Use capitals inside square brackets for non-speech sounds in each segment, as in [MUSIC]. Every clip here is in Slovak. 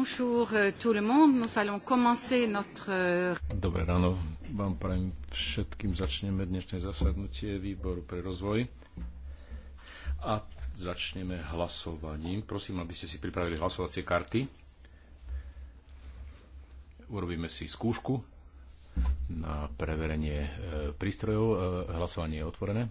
Bonjour euh, tout le monde. Nous allons commencer notre... Euh, Dobré ráno vám prajem všetkým. Začneme dnešné zasadnutie výboru pre rozvoj. A začneme hlasovaním. Prosím, aby ste si pripravili hlasovacie karty. Urobíme si skúšku na preverenie e, prístrojov. E, hlasovanie je otvorené.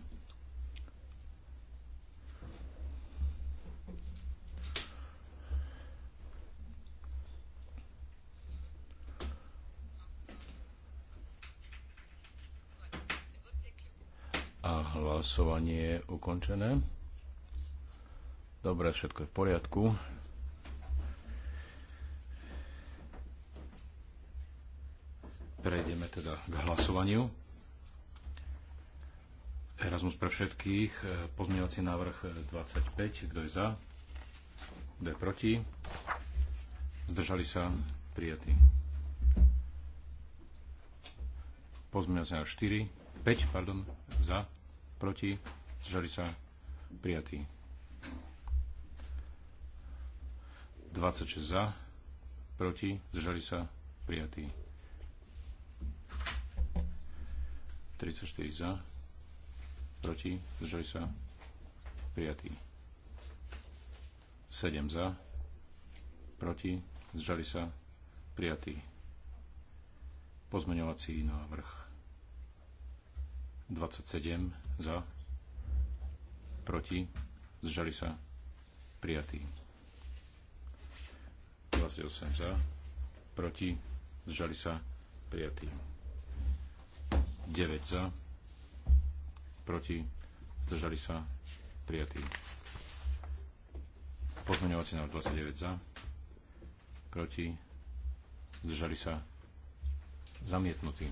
Hlasovanie je ukončené. Dobre, všetko je v poriadku. Prejdeme teda k hlasovaniu. Erasmus pre všetkých, e, pozmeňovací návrh 25, kto je za, kto je proti, zdržali sa, prijatí. Pozmeňovací návrh 4, 5, pardon, za, proti, zdržali sa prijatí. 26 za, proti, zdržali sa prijatí. 34 za, proti, zdržali sa prijatí. 7 za, proti, zdržali sa prijatí. Pozmeňovací návrh 27 za, proti, zdržali sa, prijatí. 28 za, proti, zdržali sa, prijatí. 9 za, proti, zdržali sa, prijatí. Pozmeňovací návrh 29 za, proti, zdržali sa, zamietnutí.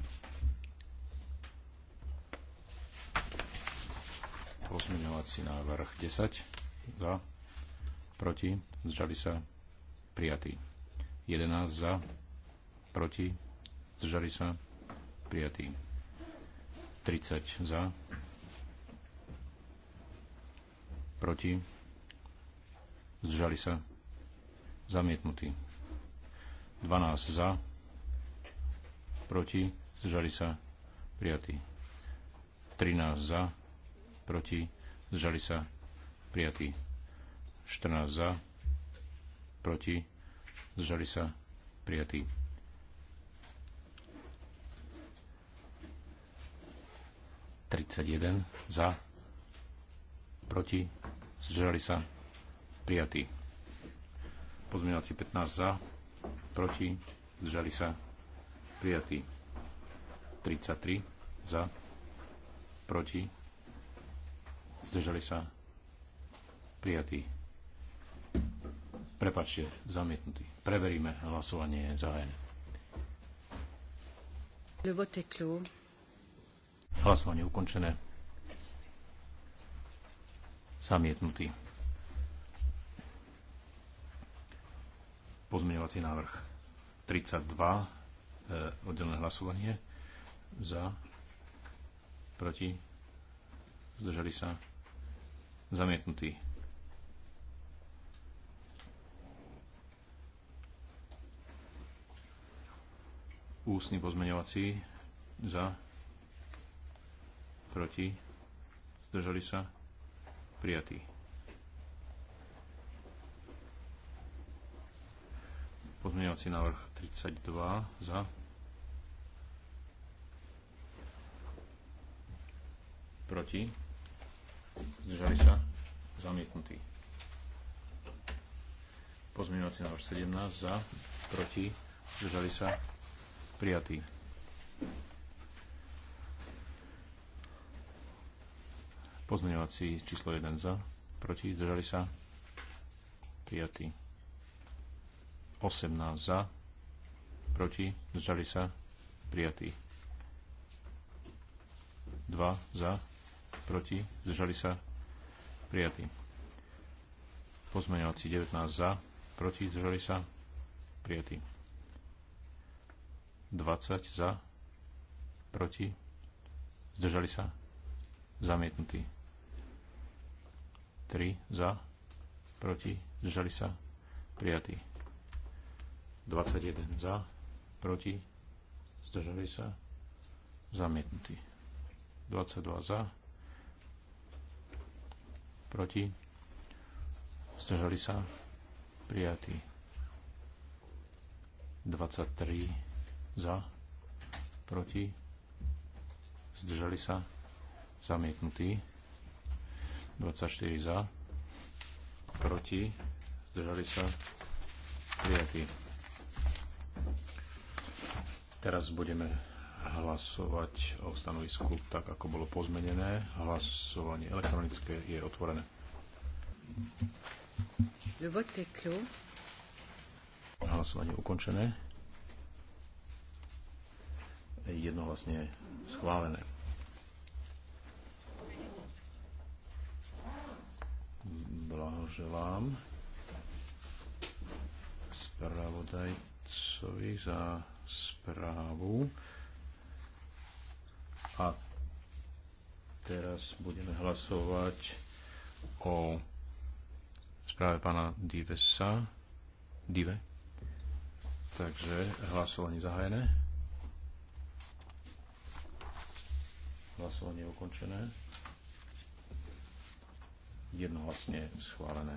Pozmeňovací návrh 10 za, proti, zdržali sa, prijatý. 11 za, proti, zdržali sa, prijatý. 30 za, proti, zdržali sa, zamietnutý. 12 za, proti, zdržali sa, prijatý. 13 za, proti, zdržali sa, prijatí. 14 za, proti, zdržali sa, prijatí. za, proti, zdržali sa, prijatý. Pozmeňovací 15 za, proti, zdržali sa, prijatý. 33 za, proti, zdržali sa, prijatí. Prepačte, zamietnutí. Preveríme hlasovanie za N. Hlasovanie ukončené. Zamietnutý. Pozmeňovací návrh 32, e, eh, oddelené hlasovanie za, proti, zdržali sa, Zamietnutý. Ústny pozmeňovací za. Proti. Zdržali sa. Prijatý. Pozmeňovací návrh 32 za. Proti. Zdržali sa? Zamietnutý. Pozmeňovací návrh 17 za, proti, zdržali sa, prijatý. Pozmeňovací číslo 1 za, proti, zdržali sa, prijatý. 18 za, proti, zdržali sa, prijatý. 2 za, proti, zdržali sa, prijatý. Pozmeňovací 19 za, proti, zdržali sa, prijatý. 20 za, proti, zdržali sa, zamietnutý. 3 za, proti, zdržali sa, prijatý. 21 za, proti, zdržali sa, zamietnutý. 22 za, proti, zdržali sa, prijatí 23 za, proti, zdržali sa, zamietnutí 24 za, proti, zdržali sa, prijatí. Teraz budeme hlasovať o stanovisku tak, ako bolo pozmenené. Hlasovanie elektronické je otvorené. Hlasovanie ukončené. Jednohlasne schválené. Blahoželám spravodajcovi za správu. A teraz budeme hlasovať o správe pána Divesa. Dive. Takže hlasovanie zahájené. Hlasovanie ukončené. Jednohlasne schválené.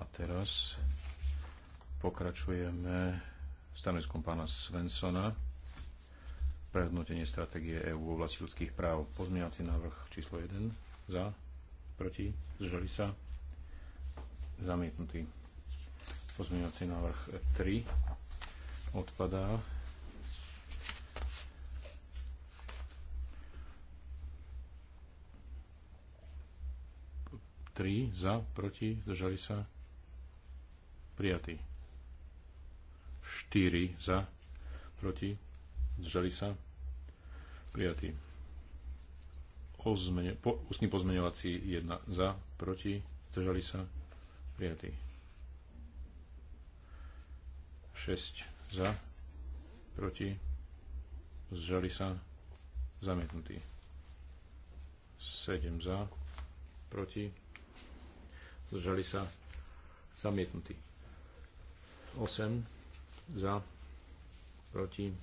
A teraz pokračujeme stanoviskom pána Svensona prehodnotenie stratégie EÚ v oblasti ľudských práv. Pozmeňovací návrh číslo 1 za, proti, zdržali sa, zamietnutý. Pozmeňovací návrh 3 odpadá. Tri za, proti, zdržali sa, prijatý. 4 za, proti, zdržali sa, prijatý. Ozmene, po, ústny pozmeňovací 1 za, proti, zdržali sa, prijatý. 6 za, proti, zdržali sa, zamietnutý. 7 za, proti, zdržali sa, zamietnutý. 8 za, proti,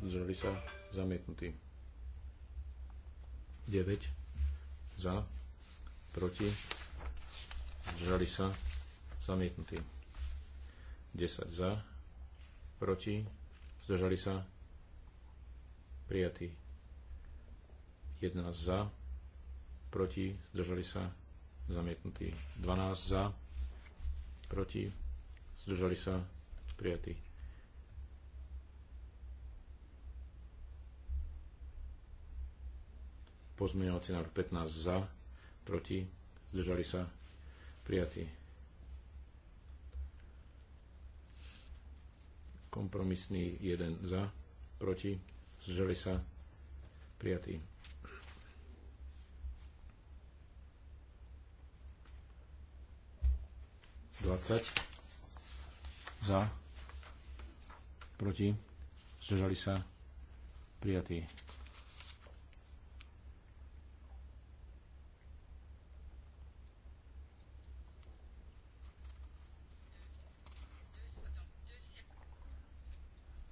zdržali sa, zamietnutý. 9 za, proti, zdržali sa, zamietnutý. 10 za, proti, zdržali sa, prijatý. 11 za, proti, zdržali sa, zamietnutý. 12 za, proti, zdržali sa, prijatí. Pozmeňovací návrh 15 za, proti, zdržali sa, prijatí. Kompromisný 1 za, proti, zdržali sa, prijatí. Dvadsať. Za. Proti. Zdržali sa. Prijatí.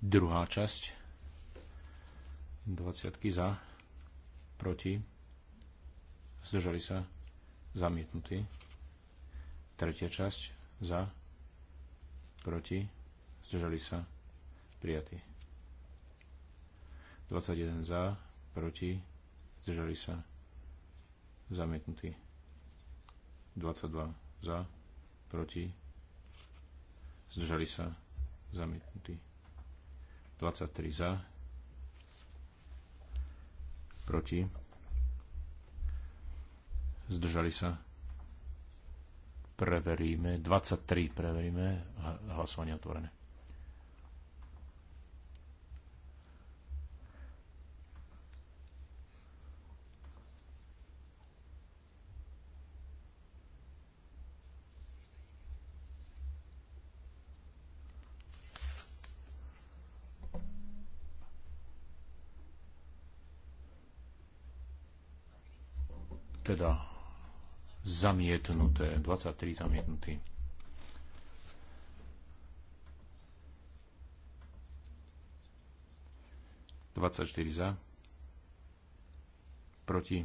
Druhá časť. 20 za. Proti. Zdržali sa. Zamietnutí. Tretia časť. Za proti, zdržali sa, prijatý. 21 za, proti, zdržali sa, zamietnutý. 22 za, proti, zdržali sa, zamietnutý. 23 za, proti, zdržali sa, preveríme, 23 preveríme, hlasovanie otvorené. zamietnuté. 23 zamietnutý. 24 za. Proti.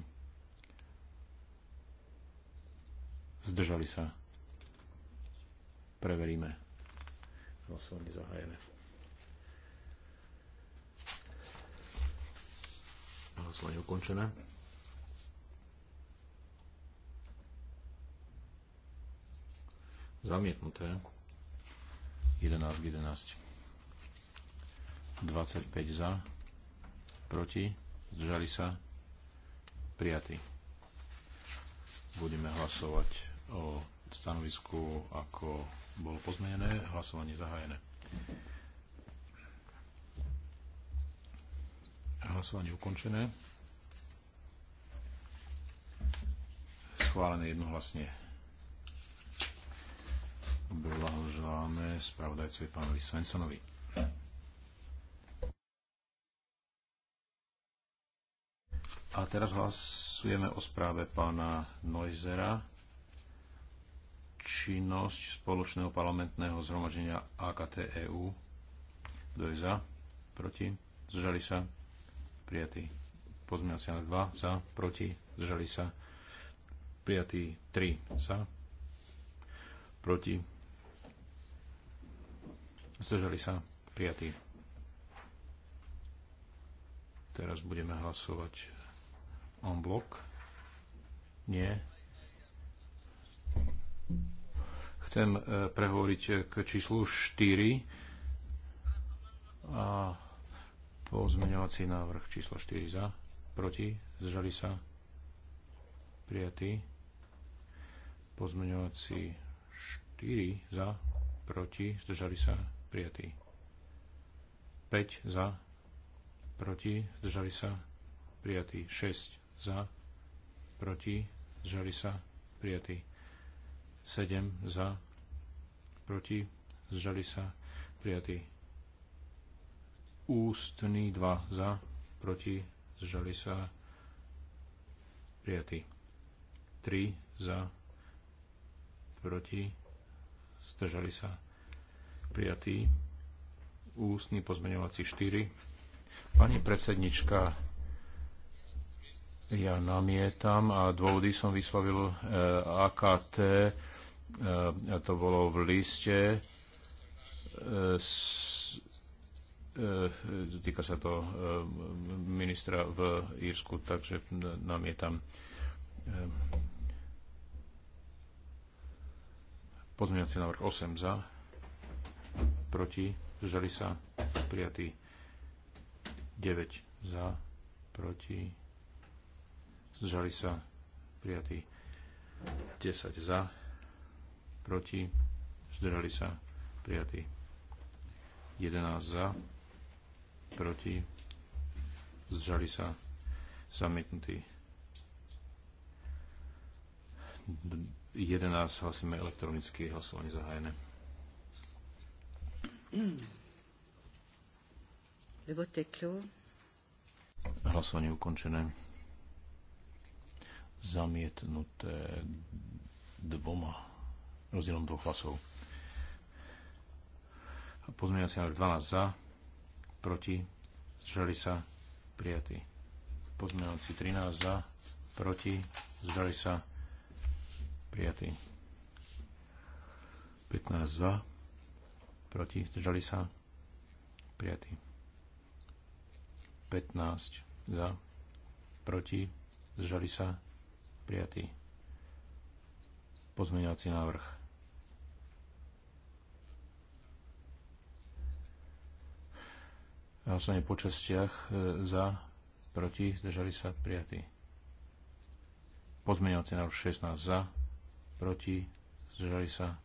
Zdržali sa. Preveríme. Hlasovanie zahájené. Hlasovanie ukončené. Zamietnuté. 11 11. 25 za. Proti. Zdržali sa. Prijatý. Budeme hlasovať o stanovisku, ako bolo pozmenené. Hlasovanie zahájené. Hlasovanie ukončené. Schválené jednohlasne. Blahoželáme spravodajcovi pánovi Svensonovi. A teraz hlasujeme o správe pána Neuzera. Činnosť spoločného parlamentného zhromaždenia AKT EU. Kto je za? Proti? Zdržali sa? Prijatý. Pozmiacia na 2. Za? Proti? Zdržali sa? Prijatý 3. Za? Proti? Zdržali sa prijatí. Teraz budeme hlasovať on blok. Nie. Chcem e, prehovoriť k číslu 4 a pozmeňovací návrh číslo 4 za, proti, zdržali sa, prijatý. Pozmeňovací 4 za, proti, zdržali sa, prijatý. 5 za, proti, zdržali sa, prijatý. 6 za, proti, zdržali sa, prijatý. 7 za, proti, zdržali sa, prijatý. Ústny 2 za, proti, zdržali sa, prijatý. 3 za, proti, zdržali sa, prijatý prijatý. Ústny pozmeňovací 4. Pani predsednička, ja namietam a dôvody som vyslovil e, AKT, e, to bolo v liste, e, týka sa to ministra v Írsku, takže namietam. Pozmeňovací návrh 8 za proti, zdržali sa, prijatí. 9 za, proti, zdržali sa, prijatí. 10 za, proti, zdržali sa, prijatí. 11 za, proti, zdržali sa, zamietnutí. 11 hlasíme elektronicky, hlasovanie zahájené. Le vote est clos. Hlasovanie ukončené. Zamietnuté dvoma rozdielom dvoch hlasov. si návrh 12 za, proti, zdržali sa, prijatý. si 13 za, proti, zdržali sa, prijatý. 15 za, proti, zdržali sa, prijatý. 15 za, proti, zdržali sa, prijatý. Pozmeňovací návrh. Hlasovanie po častiach e, za, proti, zdržali sa, prijatý. Pozmeňovací návrh 16 za, proti, zdržali sa,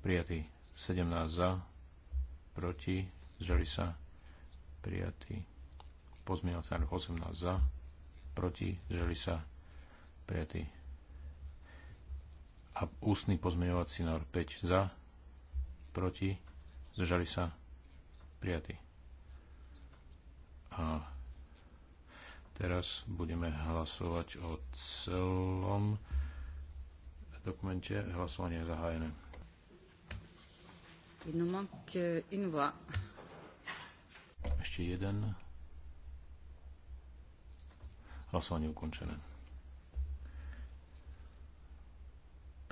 prijatý 17 za, proti, zdržali sa, prijatý. Pozmeňovací návrh 18 za, proti, zdržali sa, prijatý. A ústny pozmeňovací návrh 5 za, proti, zdržali sa, prijatý. A teraz budeme hlasovať o celom dokumente. Hlasovanie je zahájené. Il nous manque euh, une voix. Ešte jeden. Hlasovanie ukončené.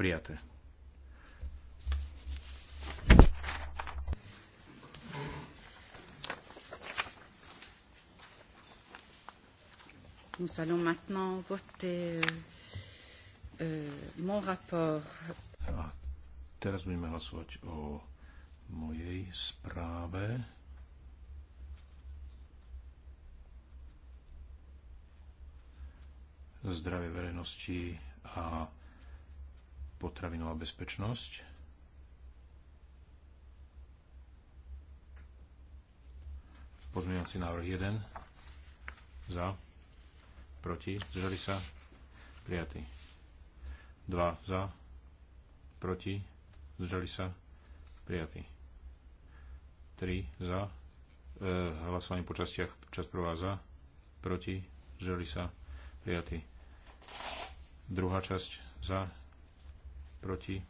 Prijaté. Nous allons maintenant voter euh, euh mon rapport. A teraz budeme hlasovať o mojej správe. Zdravie verejnosti a potravinová bezpečnosť. Pozmeňovací návrh 1. Za. Proti. Zdržali sa. Prijatý. 2. Za. Proti. Zdržali sa. Prijatý. 3 za, e, hlasovanie po častiach, časť prvá za, proti, zdržali sa, Prijatý. Druhá časť za, proti,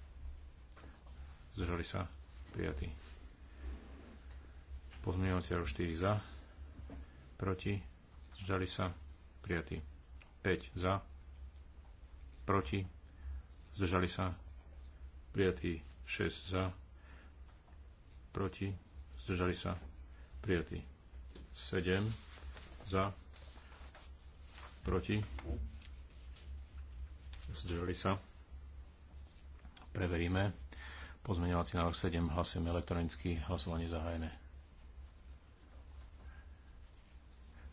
zdržali sa, Prijatý. Pozmeňovací návrh 4 za, proti, zdržali sa, Prijatý. 5 za, proti, zdržali sa, Prijatý. 6 za, proti, zdržali sa, prijatí. 7 za, proti, zdržali sa. Preveríme. Pozmeňovací návrh 7 Hlasujem elektronicky, hlasovanie zahájené.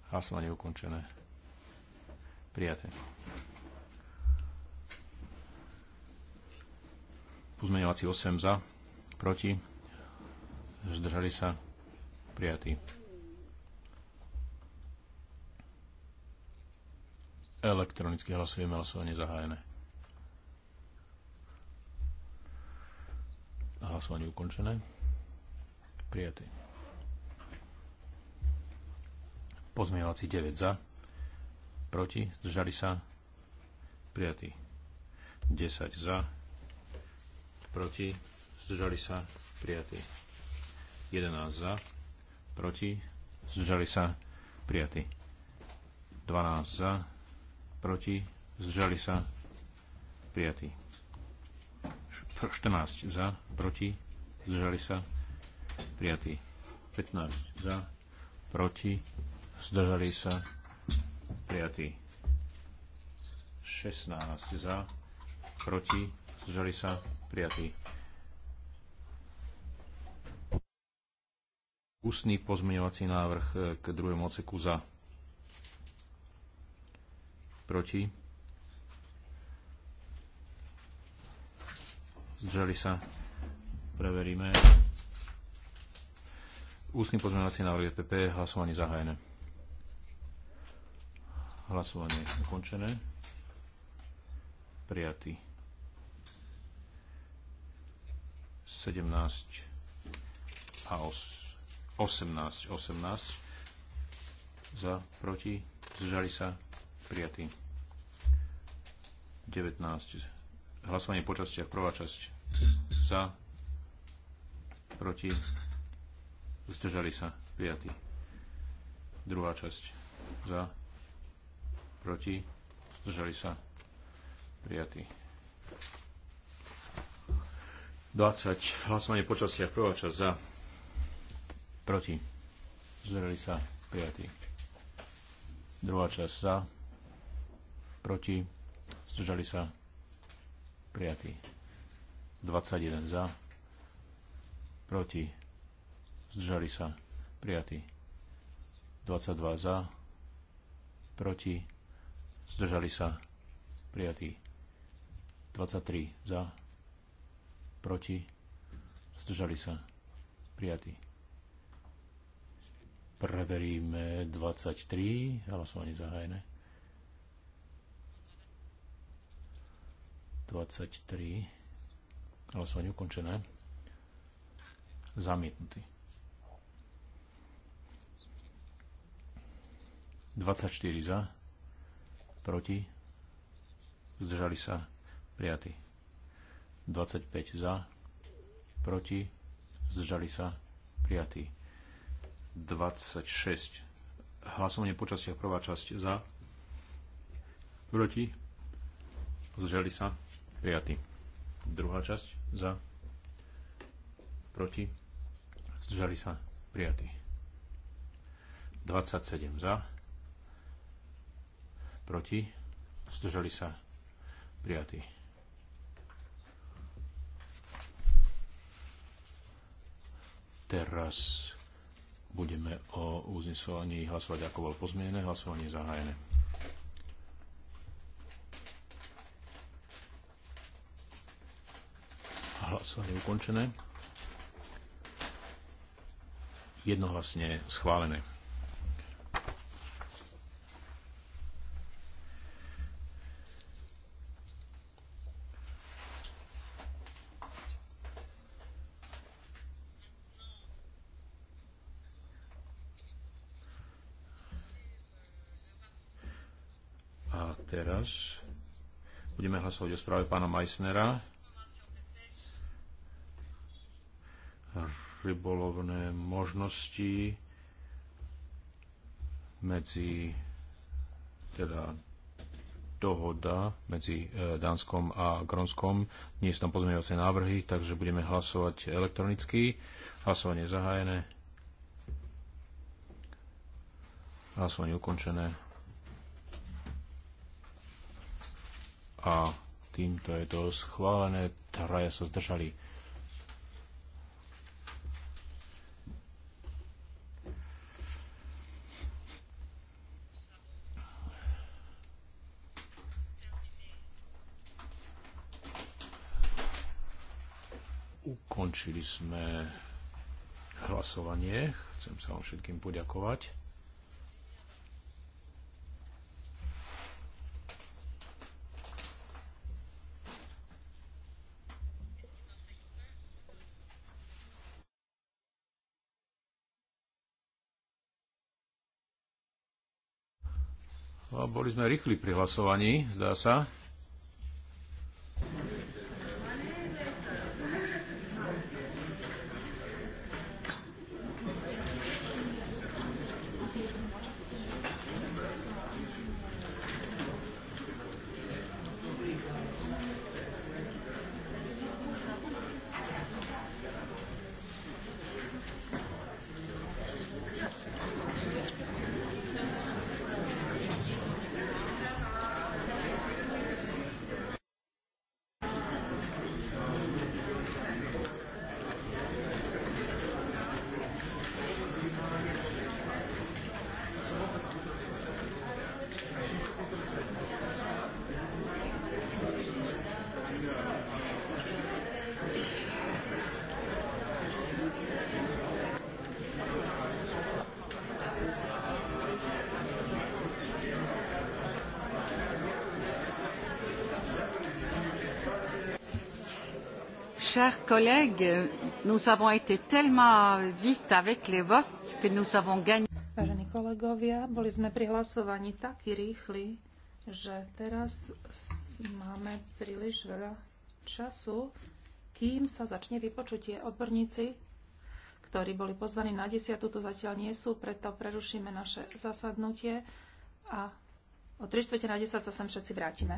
Hlasovanie ukončené. Prijaté. Pozmeňovací 8 za, proti, Zdržali sa? Prijatí. Elektronicky hlasujeme, hlasovanie zahájené. Hlasovanie ukončené. Prijatý. Pozmeňovací 9 za. Proti. Zdržali sa. Prijatý. 10 za. Proti. Zdržali sa. Prijatý. 11 za, proti, zdržali sa, prijatí. 12 za, proti, zdržali sa, prijatí. 14 za, proti, zdržali sa, prijatí. 15 za, proti, zdržali sa, prijatí. 16 za, proti, zdržali sa, prijatí. ústny pozmeňovací návrh e, k druhému odseku za. Proti. Zdržali sa. Preveríme. Ústny pozmeňovací návrh EPP, hlasovanie zahájené. Hlasovanie je ukončené. Prijatý. 17 a 8 18, 18 za, proti, zdržali sa, prijatí. 19. Hlasovanie po častiach, prvá časť za, proti, zdržali sa, prijatí. Druhá časť za, proti, zdržali sa, prijatí. 20. Hlasovanie po častiach, prvá časť za, Proti. Zdržali sa. Prijatí. Druhá časť za. Proti. Zdržali sa. Prijatí. 21 za. Proti. Zdržali sa. Prijatí. 22 za. Proti. Zdržali sa. Prijatí. 23 za. Proti. Zdržali sa. Prijatí. Preveríme 23. Hlasovanie zahajené. 23. Hlasovanie ukončené. Zamietnutý. 24 za. Proti. Zdržali sa. Prijatý. 25 za. Proti. Zdržali sa. Prijatý. 26. Hlasovanie počasia prvá časť za. Proti. Zdržali sa. Prijatý. Druhá časť za. Proti. Zdržali sa. Prijatý. 27 za. Proti. Zdržali sa. Prijatý. Teraz budeme o uznesovaní hlasovať, ako bolo pozmenené. Hlasovanie zahájené. Hlasovanie ukončené. Jednohlasne schválené. hlasovať o správe pána Meissnera. Rybolovné možnosti medzi teda dohoda medzi e, Dánskom a Gronskom. Nie sú tam pozmeňovacie návrhy, takže budeme hlasovať elektronicky. Hlasovanie zahájené. Hlasovanie ukončené. a týmto je to schválené. Traja sa zdržali. Ukončili sme hlasovanie. Chcem sa vám všetkým poďakovať. No, boli sme rýchli pri hlasovaní, zdá sa. collègues, nous avons été tellement vite avec les votes que nous avons gagné. Vážení kolegovia, boli sme pri hlasovaní takí rýchli, že teraz máme príliš veľa času, kým sa začne vypočutie. Odborníci, ktorí boli pozvaní na desiatu, tu zatiaľ nie sú, preto prerušíme naše zasadnutie a o 3 na desať sa sem všetci vrátime.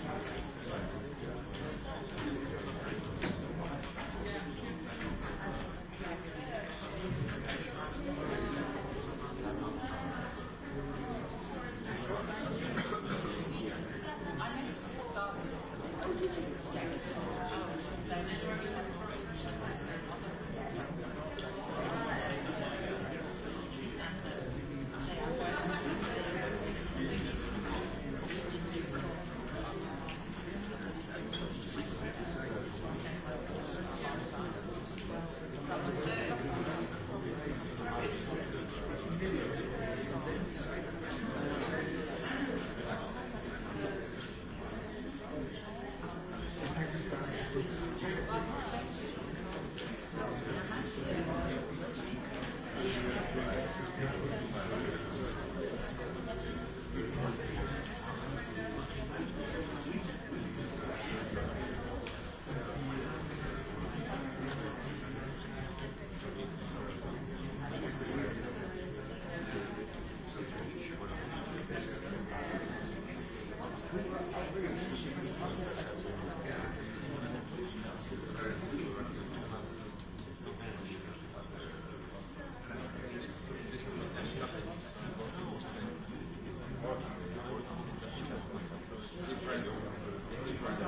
different, it's different,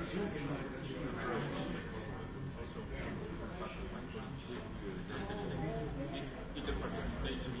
it's different approach. Also, participation in the participation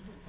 Thank you.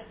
Ja,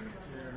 Ďakujem.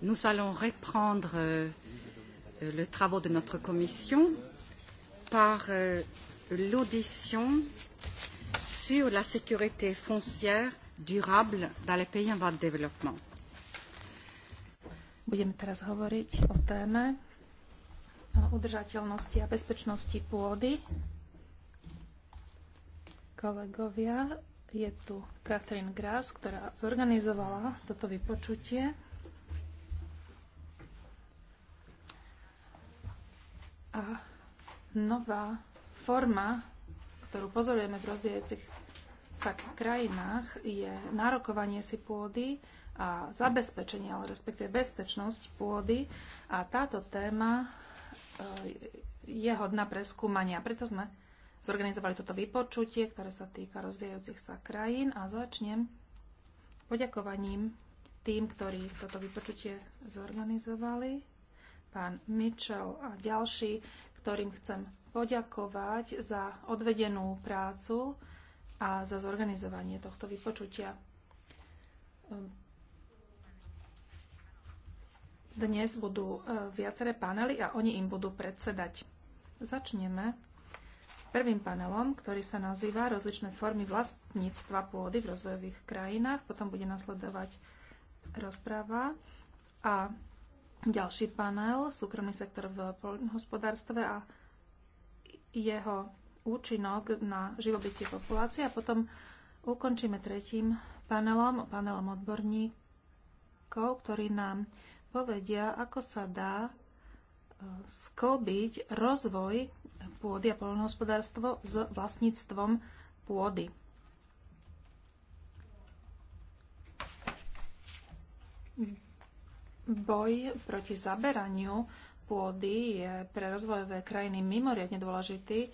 Nous allons reprendre euh, Euh, les travaux de notre commission par euh, l'audition sur la sécurité foncière durable dans les pays en voie de développement. teraz hovoriť o téme udržateľnosti a bezpečnosti pôdy. Kolegovia, je tu Katrin Gras, ktorá zorganizovala toto vypočutie. A nová forma, ktorú pozorujeme v rozvíjajúcich sa krajinách, je nárokovanie si pôdy a zabezpečenie, ale respektíve bezpečnosť pôdy. A táto téma e, je hodná preskúmania. Preto sme zorganizovali toto vypočutie, ktoré sa týka rozvíjajúcich sa krajín a začnem poďakovaním tým, ktorí toto vypočutie zorganizovali pán Mitchell a ďalší, ktorým chcem poďakovať za odvedenú prácu a za zorganizovanie tohto vypočutia. Dnes budú e, viaceré panely a oni im budú predsedať. Začneme prvým panelom, ktorý sa nazýva Rozličné formy vlastníctva pôdy v rozvojových krajinách. Potom bude nasledovať rozpráva a ďalší panel, súkromný sektor v poľnohospodárstve a jeho účinok na živobytie populácie. A potom ukončíme tretím panelom, panelom odborníkov, ktorí nám povedia, ako sa dá e, sklbiť rozvoj pôdy a poľnohospodárstvo s vlastníctvom pôdy. Boj proti zaberaniu pôdy je pre rozvojové krajiny mimoriadne dôležitý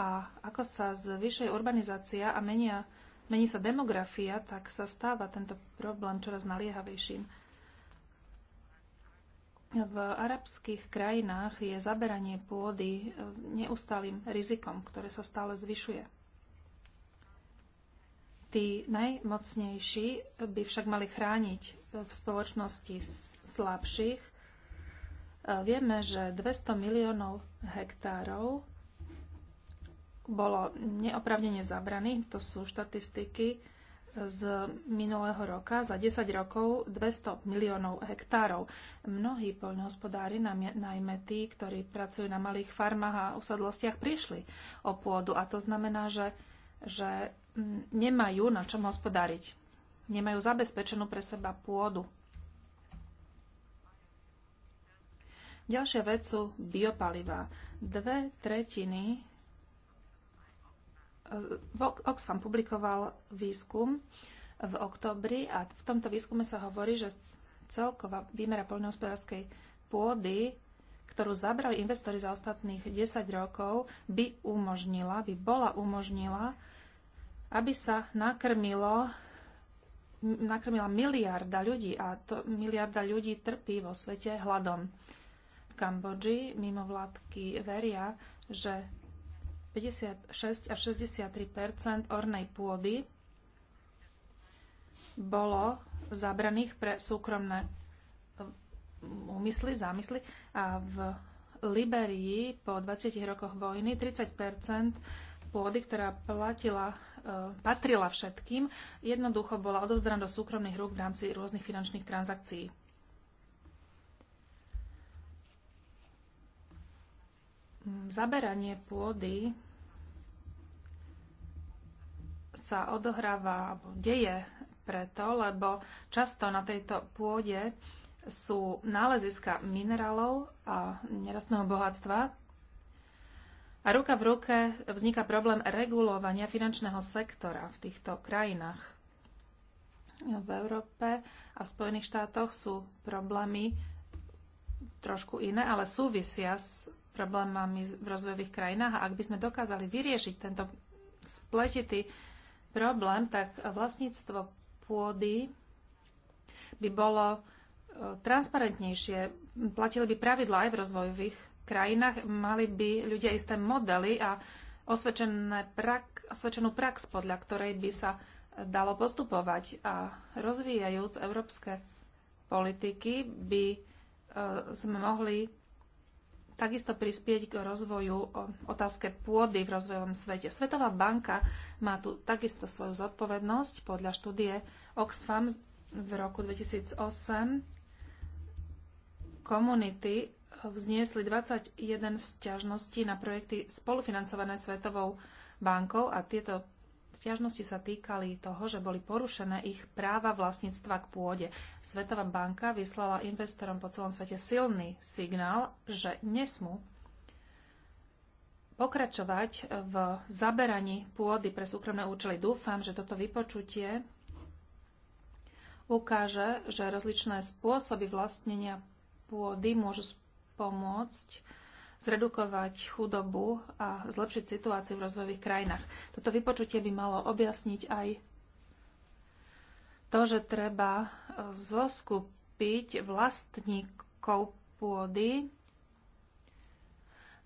a ako sa zvyšuje urbanizácia a menia, mení sa demografia, tak sa stáva tento problém čoraz naliehavejším. V arabských krajinách je zaberanie pôdy eh, neustálým rizikom, ktoré sa stále zvyšuje. Tí najmocnejší by však mali chrániť e, v spoločnosti slabších. E, vieme, že 200 miliónov hektárov bolo neopravnene zabraných. To sú štatistiky z minulého roka. Za 10 rokov 200 miliónov hektárov. Mnohí poľnohospodári, najmä tí, ktorí pracujú na malých farmách a usadlostiach, prišli o pôdu. A to znamená, že, že nemajú na čom hospodáriť. Nemajú zabezpečenú pre seba pôdu. Ďalšia vec sú biopalivá. Dve tretiny eh, Oxfam publikoval výskum v oktobri a v tomto výskume sa hovorí, že celková výmera poľnohospodárskej pôdy, ktorú zabrali investori za ostatných 10 rokov, by umožnila, by bola umožnila aby sa nakrmilo nakrmila miliarda ľudí a to miliarda ľudí trpí vo svete hladom. V Kambodži mimovládky veria, že 56 až 63 ornej pôdy bolo zabraných pre súkromné úmysly, zámysly a v Liberii po 20 rokoch vojny 30 pôdy, ktorá platila, e, patrila všetkým, jednoducho bola odovzdaná do súkromných rúk v rámci rôznych finančných transakcií. Mm, zaberanie pôdy sa odohráva alebo deje preto, lebo často na tejto pôde sú náleziska minerálov a nerastného bohatstva, a ruka v ruke vzniká problém regulovania finančného sektora v týchto krajinách. V Európe a v Spojených štátoch sú problémy trošku iné, ale súvisia s problémami v rozvojových krajinách. A ak by sme dokázali vyriešiť tento spletitý problém, tak vlastníctvo pôdy by bolo e, transparentnejšie, platili by pravidla aj v rozvojových krajinách, mali by ľudia isté modely a prak, osvedčenú prax, podľa ktorej by sa dalo postupovať. A rozvíjajúc európske politiky by e, sme mohli takisto prispieť k rozvoju otázke pôdy v rozvojovom svete. Svetová banka má tu takisto svoju zodpovednosť podľa štúdie Oxfam v roku 2008 komunity vzniesli 21 stiažností na projekty spolufinancované Svetovou bankou a tieto Sťažnosti sa týkali toho, že boli porušené ich práva vlastníctva k pôde. Svetová banka vyslala investorom po celom svete silný signál, že nesmú pokračovať v zaberaní pôdy pre súkromné účely. Dúfam, že toto vypočutie ukáže, že rozličné spôsoby vlastnenia pôdy môžu pomôcť zredukovať chudobu a zlepšiť situáciu v rozvojových krajinách. Toto vypočutie by malo objasniť aj to, že treba e, zoskupiť vlastníkov pôdy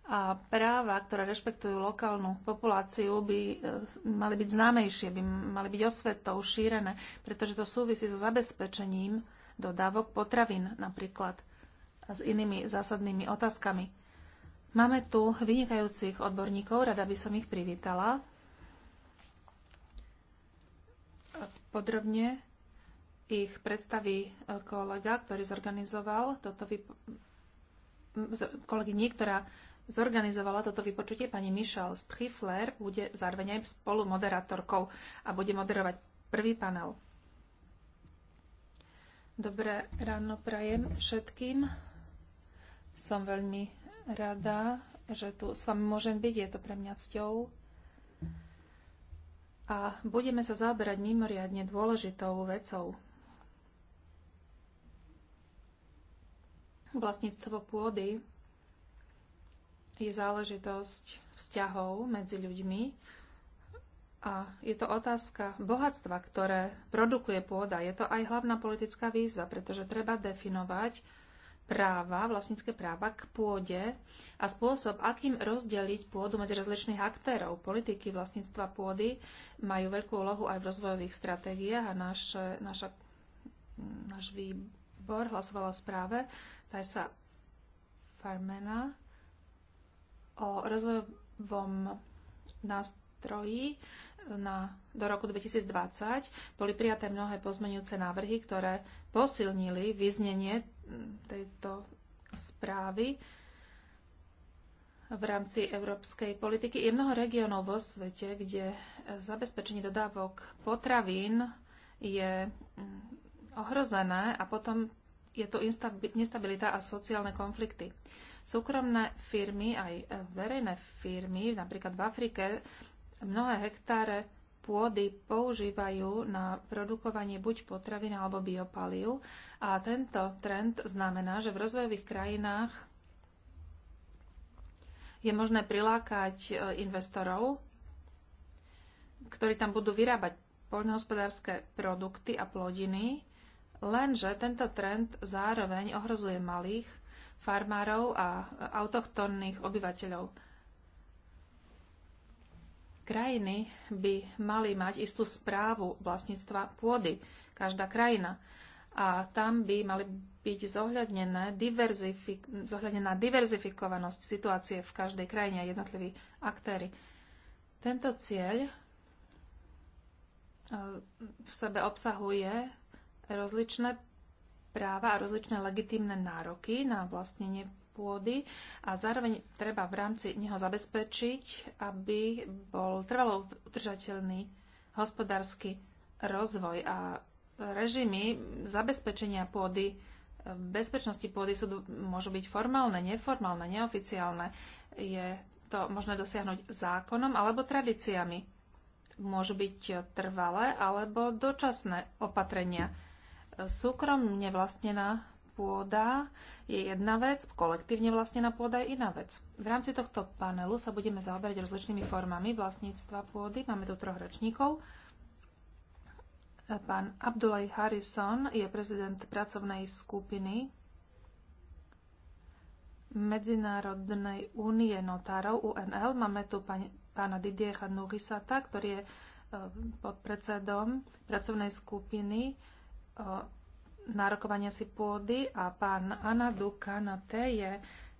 a práva, ktoré rešpektujú lokálnu populáciu, by e, mali byť známejšie, by mali byť osvetou šírené, pretože to súvisí so zabezpečením dodávok potravín napríklad a s inými zásadnými otázkami. Máme tu vynikajúcich odborníkov, rada by som ich privítala. Podrobne ich predstaví eh, kolega, ktorý zorganizoval toto vyp- kolegyni, ktorá zorganizovala toto vypočutie, pani Michelle Strifler, bude zároveň aj spolu moderátorkou a bude moderovať prvý panel. Dobré ráno prajem všetkým. Som veľmi rada, že tu s vami môžem byť. Je to pre mňa cťou. A budeme sa zaoberať mimoriadne dôležitou vecou. Vlastníctvo pôdy je záležitosť vzťahov medzi ľuďmi a je to otázka bohatstva, ktoré produkuje pôda. Je to aj hlavná politická výzva, pretože treba definovať, práva, vlastnícke práva k pôde a spôsob, akým rozdeliť pôdu medzi rozličných aktérov. Politiky vlastníctva pôdy majú veľkú úlohu aj v rozvojových stratégiách a náš, naša, náš výbor hlasoval o správe Tajsa Farmena o rozvojovom nástroji na, do roku 2020 boli prijaté mnohé pozmenujúce návrhy, ktoré posilnili vyznenie Mm, tejto správy v rámci európskej politiky. Je mnoho regionov vo svete, kde zabezpečenie dodávok potravín je mm, ohrozené a potom je tu nestabilita a sociálne konflikty. Súkromné firmy, aj verejné firmy, napríklad v Afrike, mnohé hektáre pôdy používajú na produkovanie buď potravín alebo biopalív. A tento trend znamená, že v rozvojových krajinách je možné prilákať e, investorov, ktorí tam budú vyrábať poľnohospodárske produkty a plodiny, lenže tento trend zároveň ohrozuje malých farmárov a autochtónnych obyvateľov Krajiny by mali mať istú správu vlastníctva pôdy, každá krajina. A tam by mali byť zohľadnené diverzifik- zohľadnená diverzifikovanosť situácie v každej krajine a jednotliví aktéry. Tento cieľ e, v sebe obsahuje rozličné práva a rozličné legitímne nároky na vlastnenie pôdy a zároveň treba v rámci neho zabezpečiť, aby bol trvalo udržateľný hospodársky rozvoj a režimy zabezpečenia pôdy bezpečnosti pôdy sú, môžu byť formálne, neformálne, neoficiálne. Je to možné dosiahnuť zákonom alebo tradíciami. Môžu byť trvalé alebo dočasné opatrenia. Súkromne vlastnená pôda je jedna vec, kolektívne vlastnená pôda je iná vec. V rámci tohto panelu sa budeme zaoberať rozličnými formami vlastníctva pôdy. Máme tu troch rečníkov. Pán Abdulaj Harrison je prezident pracovnej skupiny Medzinárodnej únie notárov UNL. Máme tu pána Didiecha Nurisata, ktorý je eh, podpredsedom pracovnej skupiny eh, nárokovania si pôdy a pán Anadu Dukanate je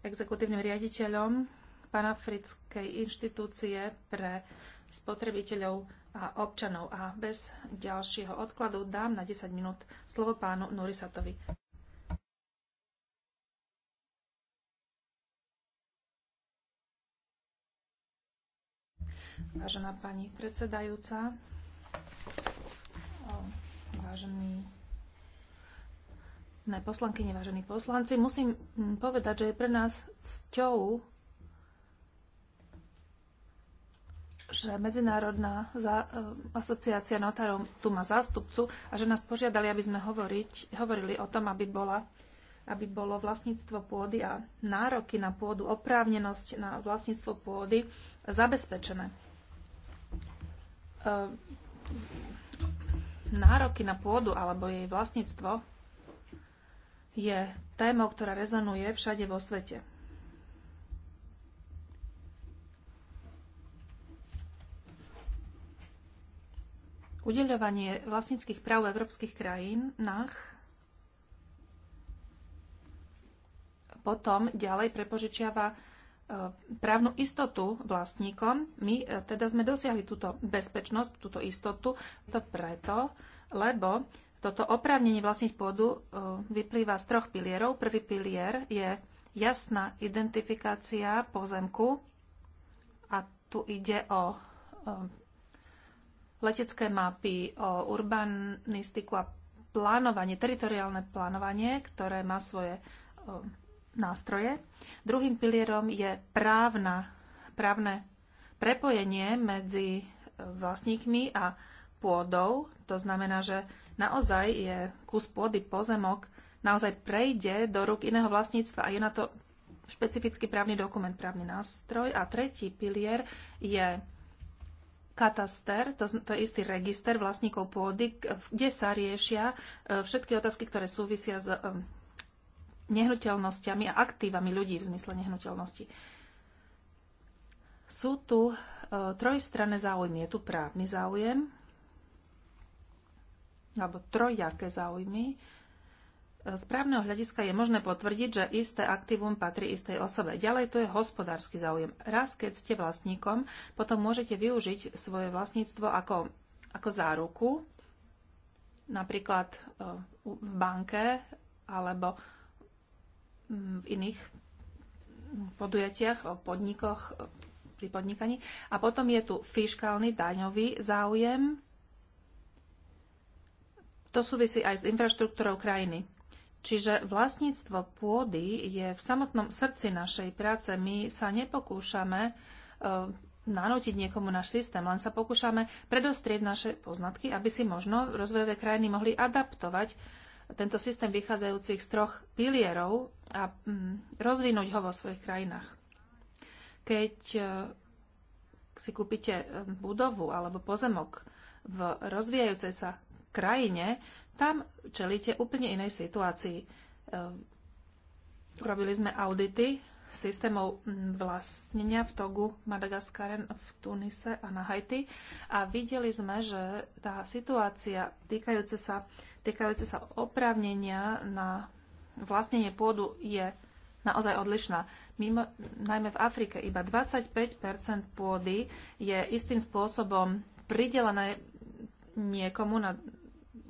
exekutívnym riaditeľom panafrickej inštitúcie pre spotrebiteľov a občanov. A bez ďalšieho odkladu dám na 10 minút slovo pánu Nurisatovi. Vážená pani predsedajúca, vážení Vážené poslanky, vážení poslanci, musím mm, povedať, že je pre nás cťou, že Medzinárodná eh, asociácia notárov tu má zástupcu a že nás požiadali, aby sme hovoriť, hovorili o tom, aby, bola, aby bolo vlastníctvo pôdy a nároky na pôdu, oprávnenosť na vlastníctvo pôdy zabezpečené. Eh, nároky na pôdu alebo jej vlastníctvo je témou, ktorá rezonuje všade vo svete. Udeľovanie vlastníckých práv v európskych krajinách potom ďalej prepožičiava e, právnu istotu vlastníkom. My e, teda sme dosiahli túto bezpečnosť, túto istotu. To preto, lebo toto oprávnenie vlastniť pôdu e, vyplýva z troch pilierov. Prvý pilier je jasná identifikácia pozemku a tu ide o e, letecké mapy, o urbanistiku a plánovanie, teritoriálne plánovanie, ktoré má svoje e, nástroje. Druhým pilierom je právna, právne prepojenie medzi vlastníkmi a pôdou. To znamená, že naozaj je kus pôdy, pozemok, naozaj prejde do rúk iného vlastníctva a je na to špecifický právny dokument, právny nástroj. A tretí pilier je kataster, to, to je istý register vlastníkov pôdy, kde sa riešia e, všetky otázky, ktoré súvisia s e, nehnuteľnosťami a aktívami ľudí v zmysle nehnuteľnosti. Sú tu e, trojstranné záujmy. Je tu právny záujem, alebo trojaké záujmy, z právneho hľadiska je možné potvrdiť, že isté aktívum patrí istej osobe. Ďalej to je hospodársky záujem. Raz, keď ste vlastníkom, potom môžete využiť svoje vlastníctvo ako, ako záruku, napríklad e, v banke alebo mm, v iných podujatiach, podnikoch, pri podnikaní. A potom je tu fiškálny daňový záujem, to súvisí aj s infraštruktúrou krajiny. Čiže vlastníctvo pôdy je v samotnom srdci našej práce. My sa nepokúšame uh, nanútiť niekomu náš systém, len sa pokúšame predostrieť naše poznatky, aby si možno rozvojové krajiny mohli adaptovať tento systém vychádzajúcich z troch pilierov a mm, rozvinúť ho vo svojich krajinách. Keď uh, si kúpite e, budovu alebo pozemok v rozvíjajúcej sa krajine, tam čelíte úplne inej situácii. Urobili ehm, sme audity systémov mm, vlastnenia v Togu, Madagaskaren, v Tunise a na Haiti a videli sme, že tá situácia týkajúce sa, týkajúce sa oprávnenia na vlastnenie pôdu je naozaj odlišná. Mimo, najmä v Afrike iba 25 pôdy je istým spôsobom pridelené niekomu na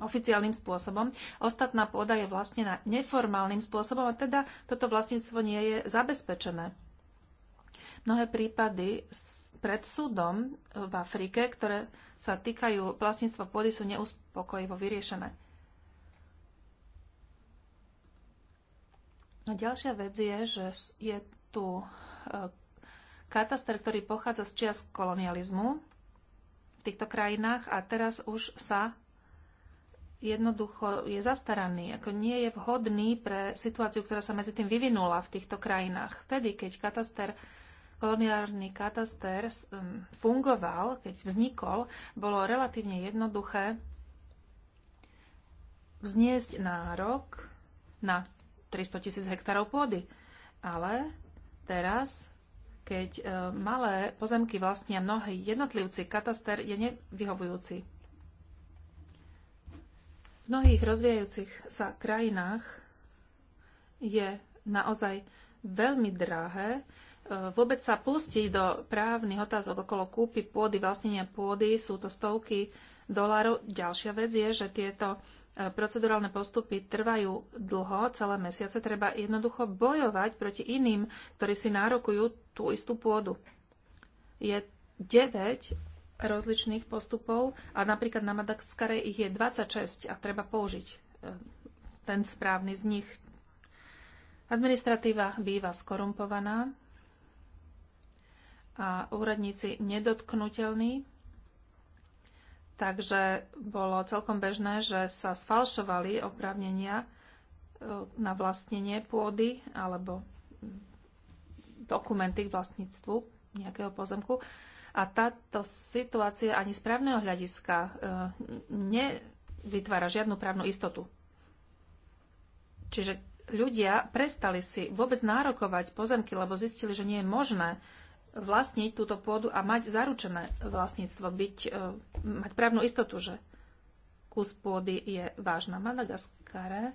oficiálnym spôsobom. Ostatná pôda je vlastnená neformálnym spôsobom a teda toto vlastníctvo nie je zabezpečené. Mnohé prípady pred súdom v Afrike, ktoré sa týkajú vlastníctva pôdy, sú neuspokojivo vyriešené. A ďalšia vec je, že je tu e, kataster, ktorý pochádza z čias kolonializmu v týchto krajinách a teraz už sa jednoducho je zastaraný, ako nie je vhodný pre situáciu, ktorá sa medzi tým vyvinula v týchto krajinách. Vtedy, keď kataster, koloniálny kataster um, fungoval, keď vznikol, bolo relatívne jednoduché vzniesť nárok na 300 tisíc hektárov pôdy. Ale teraz, keď e, malé pozemky vlastnia mnohí jednotlivci, kataster je nevyhovujúci. V mnohých rozvíjajúcich sa krajinách je naozaj veľmi drahé e, vôbec sa pustiť do právnych otázok okolo kúpy pôdy, vlastnenia pôdy, sú to stovky dolárov. Ďalšia vec je, že tieto e, procedurálne postupy trvajú dlho, celé mesiace. Treba jednoducho bojovať proti iným, ktorí si nárokujú tú istú pôdu. Je 9 rozličných postupov a napríklad na Madagaskare ich je 26 a treba použiť e, ten správny z nich. Administratíva býva skorumpovaná a úradníci nedotknutelní, takže bolo celkom bežné, že sa sfalšovali oprávnenia e, na vlastnenie pôdy alebo mm, dokumenty k vlastníctvu nejakého pozemku. A táto situácia ani z právneho hľadiska e, nevytvára žiadnu právnu istotu. Čiže ľudia prestali si vôbec nárokovať pozemky, lebo zistili, že nie je možné vlastniť túto pôdu a mať zaručené vlastníctvo, byť, e, mať právnu istotu, že kus pôdy je vážna. Madagaskare e,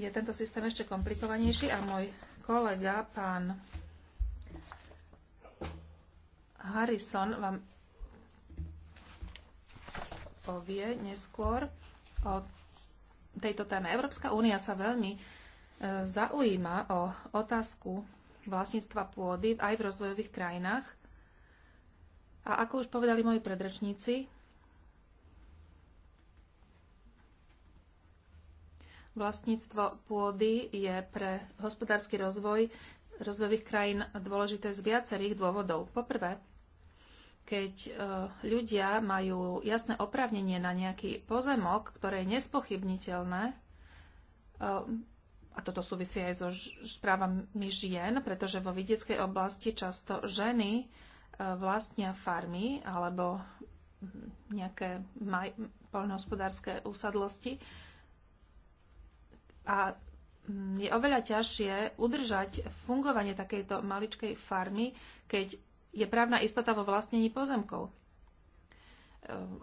je tento systém ešte komplikovanejší a môj kolega, pán Harrison vám povie neskôr o tejto téme. Európska únia sa veľmi e, zaujíma o otázku vlastníctva pôdy aj v rozvojových krajinách. A ako už povedali moji predrečníci, vlastníctvo pôdy je pre hospodársky rozvoj rozvojových krajín dôležité z viacerých dôvodov. Poprvé, keď e, ľudia majú jasné opravnenie na nejaký pozemok, ktoré je nespochybniteľné, e, a toto súvisí aj so správami žien, pretože vo vidieckej oblasti často ženy e, vlastnia farmy alebo nejaké maj- poľnohospodárske úsadlosti. A mm, je oveľa ťažšie udržať fungovanie takejto maličkej farmy, keď je právna istota vo vlastnení pozemkov. Ehm,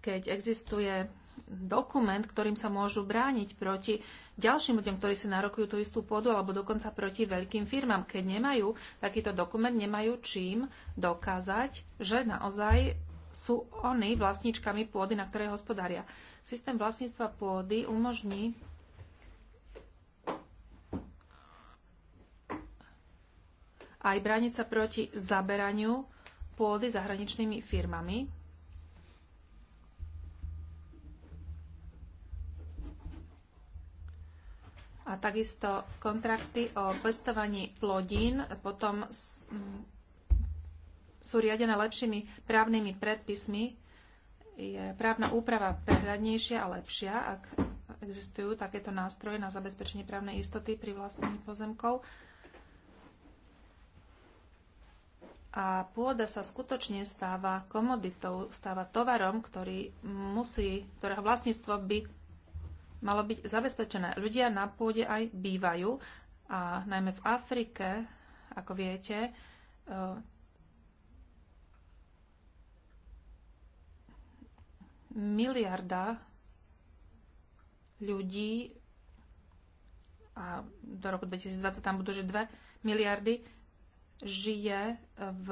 keď existuje dokument, ktorým sa môžu brániť proti ďalším ľuďom, ktorí si narokujú tú istú pôdu, alebo dokonca proti veľkým firmám. Keď nemajú takýto dokument, nemajú čím dokázať, že naozaj sú oni vlastníčkami pôdy, na ktorej hospodária. Systém vlastníctva pôdy umožní aj brániť sa proti zaberaniu pôdy zahraničnými firmami. A takisto kontrakty o pestovaní plodín potom sú riadené lepšími právnymi predpismi. Je právna úprava prehľadnejšia a lepšia, ak existujú takéto nástroje na zabezpečenie právnej istoty pri vlastnení pozemkov. a pôda sa skutočne stáva komoditou, stáva tovarom, ktorý musí, ktorého vlastníctvo by malo byť zabezpečené. Ľudia na pôde aj bývajú a najmä v Afrike, ako viete, e, miliarda ľudí a do roku 2020 tam budú že 2 miliardy žije eh, v,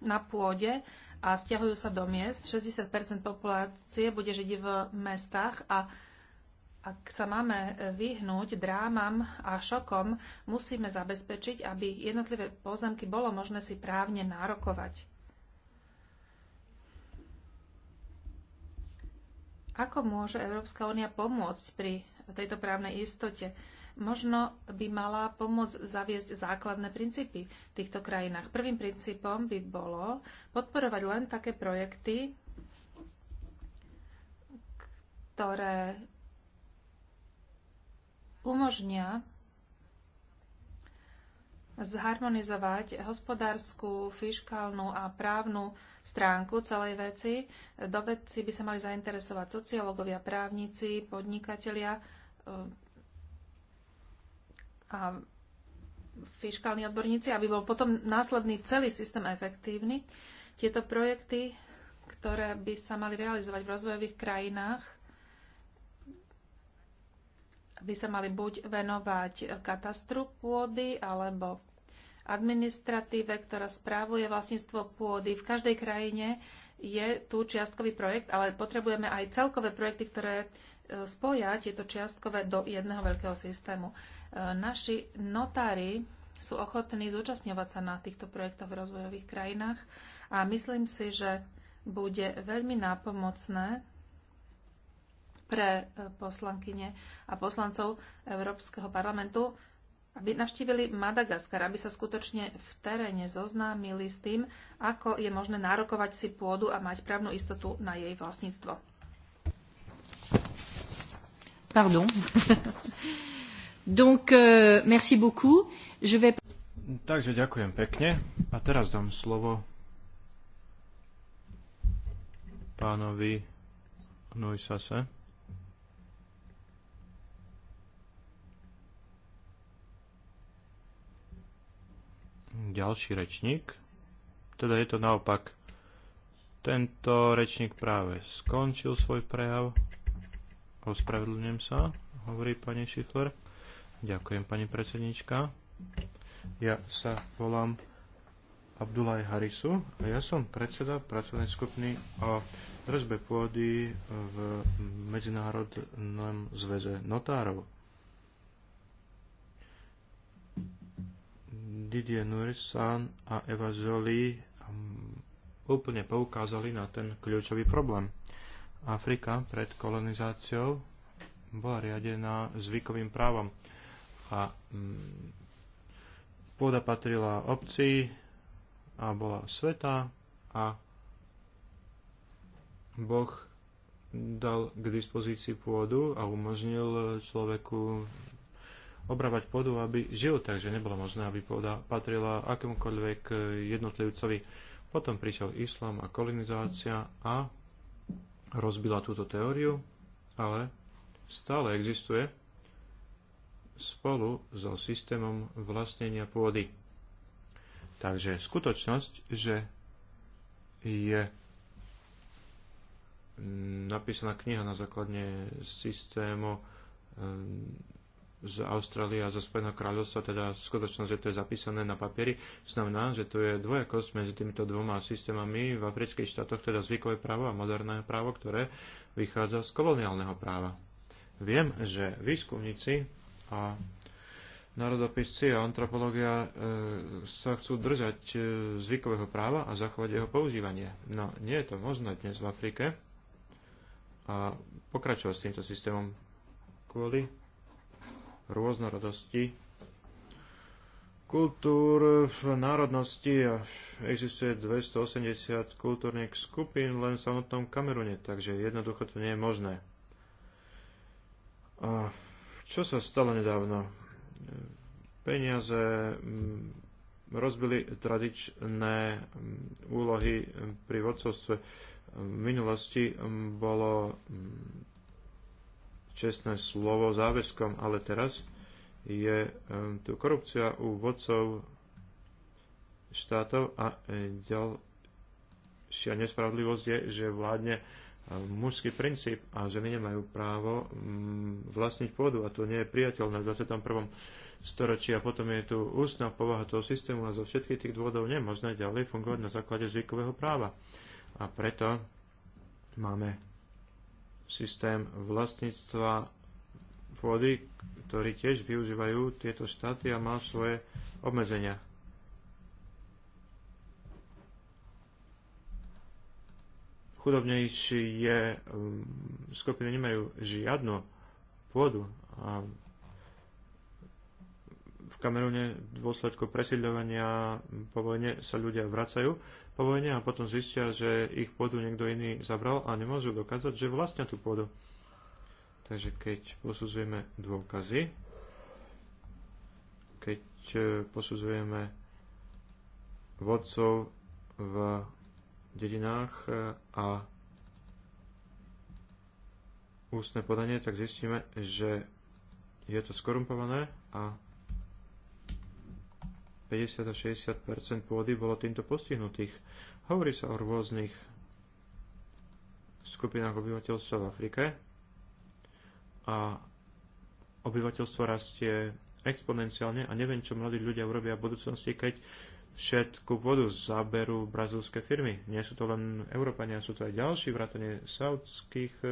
na pôde a stiahujú sa do miest. 60 populácie bude žiť v mestách a ak sa máme eh, vyhnúť drámam a šokom, musíme zabezpečiť, aby jednotlivé pozemky bolo možné si právne nárokovať. Ako môže Európska únia pomôcť pri tejto právnej istote? možno by mala pomôcť zaviesť základné princípy v týchto krajinách. Prvým princípom by bolo podporovať len také projekty, ktoré umožnia zharmonizovať hospodárskú, fiškálnu a právnu stránku celej veci. Do veci by sa mali zainteresovať sociológovia, právnici, podnikatelia, a fiškálni odborníci, aby bol potom následný celý systém efektívny. Tieto projekty, ktoré by sa mali realizovať v rozvojových krajinách, by sa mali buď venovať katastru pôdy alebo administratíve, ktorá správuje vlastníctvo pôdy. V každej krajine je tu čiastkový projekt, ale potrebujeme aj celkové projekty, ktoré e, spoja tieto čiastkové do jedného veľkého systému. Naši notári sú ochotní zúčastňovať sa na týchto projektoch v rozvojových krajinách a myslím si, že bude veľmi nápomocné pre e, poslankyne a poslancov Európskeho parlamentu, aby navštívili Madagaskar, aby sa skutočne v teréne zoznámili s tým, ako je možné nárokovať si pôdu a mať právnu istotu na jej vlastníctvo. Pardon. [LAUGHS] Donc, euh, merci beaucoup. Je vais... Takže ďakujem pekne. A teraz dám slovo pánovi Nuisase. Ďalší rečník. Teda je to naopak. Tento rečník práve skončil svoj prejav. Ospravedlňujem sa, hovorí pani Šifler. Ďakujem, pani predsednička. Ja sa volám Abdulaj Harisu a ja som predseda pracovnej skupiny o držbe pôdy v Medzinárodnom zväze notárov. Didier Nurisan a Eva Jolie mm, úplne poukázali na ten kľúčový problém. Afrika pred kolonizáciou bola riadená zvykovým právom a mm, pôda patrila obci a bola sveta a Boh dal k dispozícii pôdu a umožnil človeku obrávať pôdu, aby žil, takže nebolo možné, aby pôda patrila akémukoľvek jednotlivcovi. Potom prišiel islám a kolonizácia a rozbila túto teóriu, ale stále existuje spolu so systémom vlastnenia pôdy. Takže skutočnosť, že je napísaná kniha na základne systému e, z Austrálie a zo Spojeného kráľovstva, teda skutočnosť, že to je zapísané na papieri, znamená, že tu je dvojakosť medzi týmito dvoma systémami v afrických štátoch, teda zvykové právo a moderné právo, ktoré vychádza z koloniálneho práva. Viem, že výskumníci a národopisci a antropológia e, sa chcú držať e, zvykového práva a zachovať jeho používanie. No, nie je to možné dnes v Afrike a pokračovať s týmto systémom kvôli rôznorodosti kultúr v národnosti a existuje 280 kultúrnych skupín len v samotnom Kamerune, takže jednoducho to nie je možné. A čo sa stalo nedávno? Peniaze mm, rozbili tradičné mm, úlohy mm, pri vodcovstve. V minulosti bolo čestné slovo záväzkom, ale teraz je tu korupcia u vodcov štátov a e, ďalšia nespravodlivosť je, že vládne mužský princíp a ženy nemajú právo mm, vlastniť pôdu a to nie je priateľné v 21. storočí a potom je tu ústna povaha toho systému a zo všetkých tých dôvodov nie je možné ďalej fungovať na základe zvykového práva. A preto máme systém vlastníctva pôdy, ktorý tiež využívajú tieto štáty a má svoje obmedzenia. chudobnejšie um, skupiny nemajú žiadnu pôdu. A v Kamerune v dôsledku presiedľovania po vojne sa ľudia vracajú po vojne a potom zistia, že ich pôdu niekto iný zabral a nemôžu dokázať, že vlastnia tú pôdu. Takže keď posudzujeme dôkazy, keď e, posudzujeme vodcov v dedinách e, a ústne podanie, tak zistíme, že je to skorumpované a 50 60 pôdy bolo týmto postihnutých. Hovorí sa o rôznych skupinách obyvateľstva v Afrike a obyvateľstvo rastie exponenciálne a neviem, čo mladí ľudia urobia v budúcnosti, keď všetku vodu zaberú brazilské firmy. Nie sú to len Európania, sú to aj ďalší, vrátane saudských e,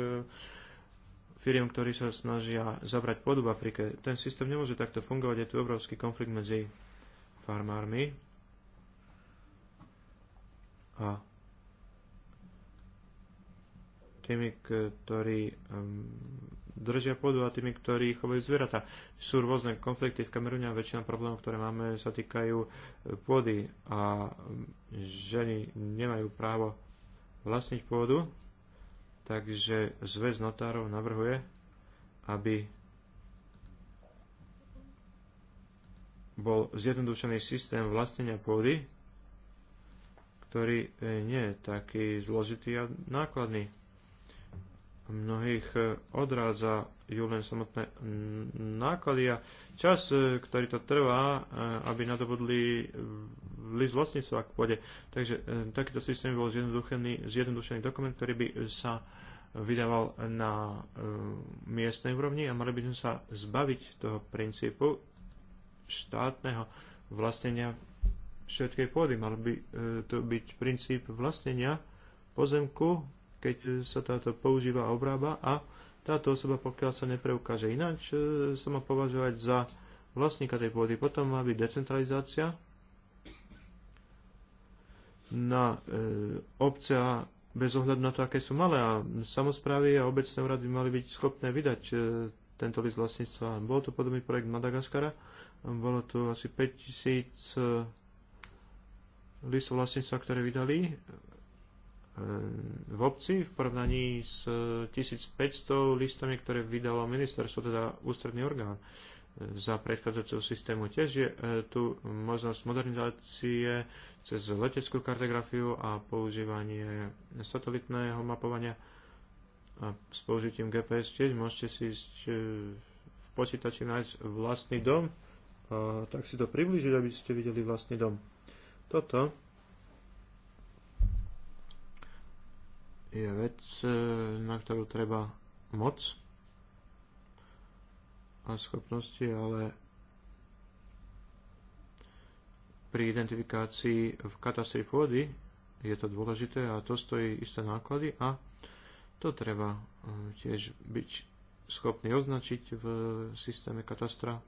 firiem, ktorí sa snažia zabrať pôdu v Afrike. Ten systém nemôže takto fungovať, je tu obrovský konflikt medzi farmármi a tými, ktorí držia pôdu a tými, ktorí chovajú zvieratá. Sú rôzne konflikty v Kamerune a väčšina problémov, ktoré máme, sa týkajú e, pôdy a ženy nemajú právo vlastniť pôdu, takže zväz notárov navrhuje, aby bol zjednodušený systém vlastnenia pôdy, ktorý e, nie je taký zložitý a nákladný mnohých e, odrádza ju len samotné náklady a čas, e, ktorý to trvá, e, aby nadobudli list vlastníctva k pôde. Takže takýto systém bol zjednodušený, zjednodušený dokument, ktorý by sa vydával na miestnej úrovni a mali by sme sa zbaviť toho princípu štátneho vlastnenia všetkej pôdy. Mal by to byť princíp vlastnenia pozemku keď e, sa táto používa a obrába a táto osoba, pokiaľ sa nepreukáže ináč, e, sa má považovať za vlastníka tej pôdy. Potom má byť decentralizácia na e, obce a bez ohľadu na to, aké sú malé. A samozprávy a obecné úrady mali byť schopné vydať e, tento list vlastníctva. Bolo to podobný projekt Madagaskara. Bolo tu asi 5000 e, listov vlastníctva, ktoré vydali v obci v porovnaní s 1500 listami, ktoré vydalo ministerstvo, teda ústredný orgán e, za predchádzajúceho systému. Tiež je e, tu možnosť modernizácie cez leteckú kartografiu a používanie satelitného mapovania a s použitím GPS tiež môžete si ísť e, v počítači nájsť vlastný dom a tak si to približiť, aby ste videli vlastný dom. Toto je vec, e, na ktorú treba moc a schopnosti, ale pri identifikácii v katastri pôdy je to dôležité a to stojí isté náklady a to treba e, tiež byť schopný označiť v systéme katastra.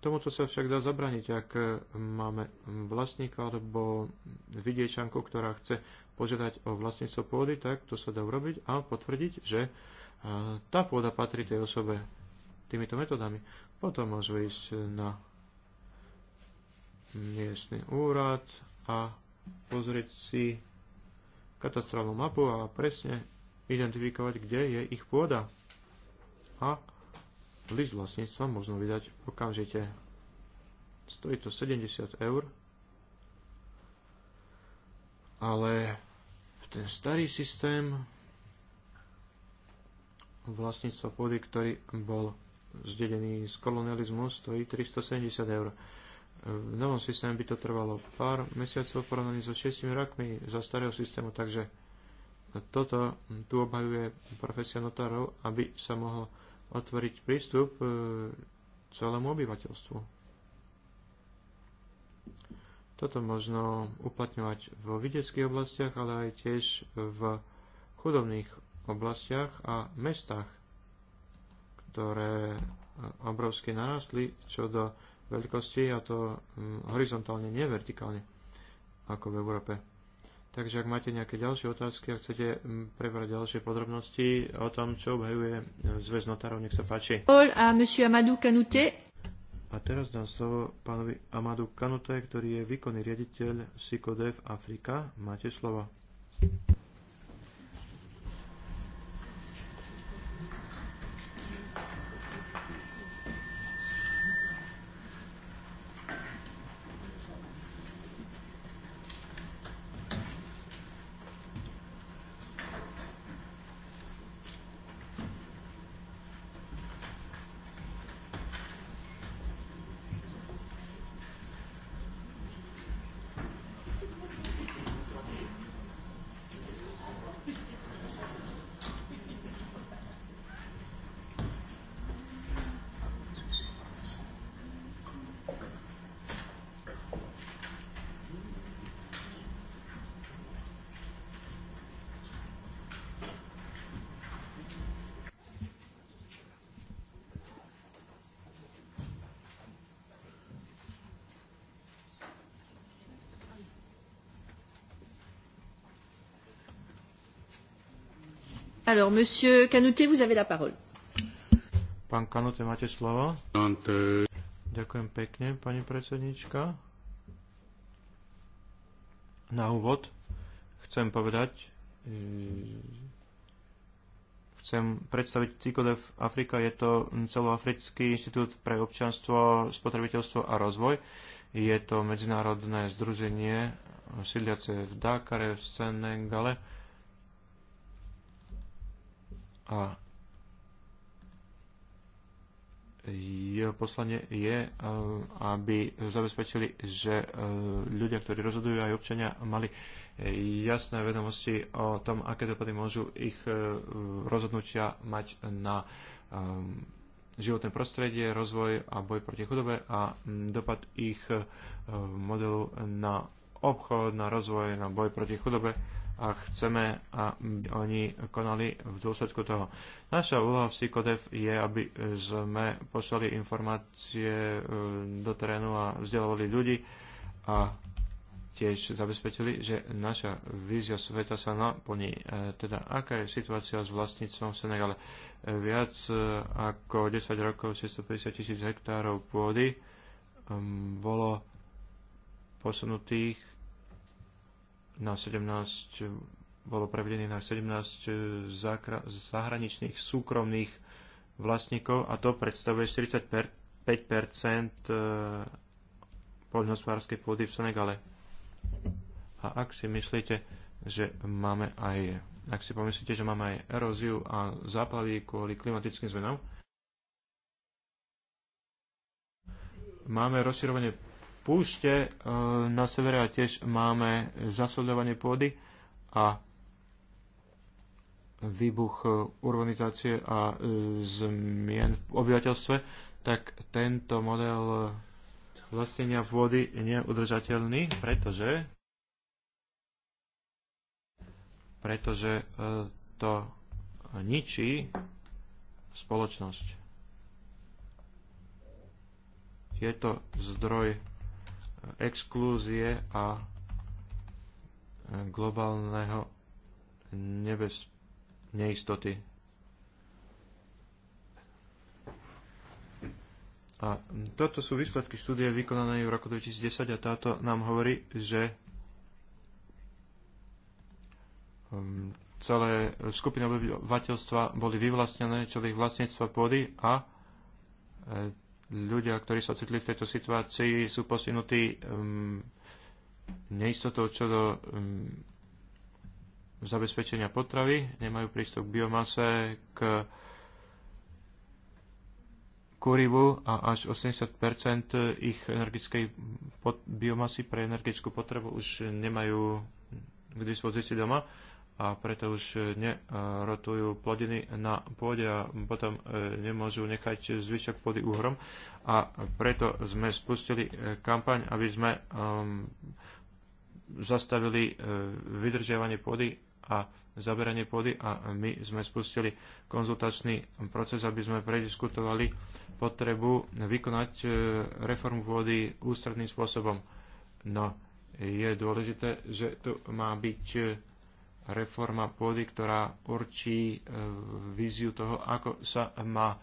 Tomuto sa však dá zabraniť, ak máme vlastníka alebo vidiečanku, ktorá chce požiadať o vlastníctvo pôdy, tak to sa dá urobiť a potvrdiť, že e, tá pôda patrí tej osobe týmito metodami. Potom môže ísť na miestny úrad a pozrieť si katastrálnu mapu a presne identifikovať, kde je ich pôda. A list vlastníctva možno vydať okamžite. Stojí to 70 eur, ale ten starý systém vlastníctva pôdy, ktorý bol zdedený z kolonializmu, stojí 370 eur. V novom systéme by to trvalo pár mesiacov porovnaní so 6 rokmi za starého systému, takže toto tu obhajuje profesia notárov, aby sa mohol otvoriť prístup eh, celému obyvateľstvu. Toto možno uplatňovať vo vidieckých oblastiach, ale aj tiež v chudobných oblastiach a mestách, ktoré e, obrovsky narastli čo do veľkosti a to horizontálne, nie vertikálne, ako v Európe. Takže ak máte nejaké ďalšie otázky a chcete prebrať ďalšie podrobnosti o tom, čo obhajuje e, zväz notárov, nech sa páči. Paul a monsieur Amadou Kanute, a teraz dám slovo pánovi Amadu Kanute, ktorý je výkonný riaditeľ SICODEF Afrika. Máte slovo. Alors, monsieur vous avez la parole. Pán Kanute, máte slovo. Ďakujem pekne, pani predsednička. Na úvod chcem povedať, e, chcem predstaviť CICODEF Afrika. Je to celoafrický inštitút pre občanstvo, spotrebiteľstvo a rozvoj. Je to medzinárodné združenie sídliace v Dakare, v Senegale a jeho poslanie je, eh, aby zabezpečili, že eh, ľudia, ktorí rozhodujú aj občania, mali eh, jasné vedomosti o tom, aké dopady môžu ich rozhodnutia mať na životné prostredie, rozvoj a boj proti chudobe a mm, dopad ich modelu na obchod, na rozvoj, na boj proti chudobe a chceme, aby oni konali v dôsledku toho. Naša úloha v SICODEF je, aby sme poslali informácie e, do terénu a vzdelovali ľudí a tiež zabezpečili, že naša vízia sveta sa naplní. E, teda, aká je situácia s vlastníctvom v Senegale? E, viac ako 10 rokov 650 tisíc hektárov pôdy bolo posunutých na 17 bolo prevedených na 17 eh, zahraničných súkromných vlastníkov a to predstavuje 45 eh, poľnohospodárskej pôdy v Senegale. A ak si myslíte, že máme aj, ak si pomyslíte, že máme aj eróziu a záplavy kvôli klimatickým zmenám, máme rozširovanie púšte e, na severe a tiež máme zasledovanie pôdy a výbuch e, urbanizácie a e, zmien v obyvateľstve, tak tento model vlastnenia pôdy je neudržateľný, pretože pretože to ničí spoločnosť. Je to zdroj exklúzie a e, globálneho nebez... neistoty. A toto sú výsledky štúdie vykonané v roku 2010 a táto nám hovorí, že um, celé skupiny obyvateľstva boli vyvlastnené, čo ich vlastníctva pôdy a e, ľudia, ktorí sa ocitli v tejto situácii, sú posunutí um, neistotou čo do um, zabezpečenia potravy, nemajú prístup k biomase, k kurivu a až 80 ich energickej biomasy pre energetickú potrebu už nemajú k dispozícii doma a preto už e, nerotujú plodiny na pôde a potom e, nemôžu nechať zvyšok pôdy úhrom. A preto sme spustili e, kampaň, aby sme um, zastavili vydržiavanie pôdy a zaberanie pôdy a my sme spustili konzultačný proces, aby sme prediskutovali potrebu vykonať reformu pôdy ústredným spôsobom. No, je dôležité, že tu má byť reforma pôdy, ktorá určí e, víziu toho, ako sa má e,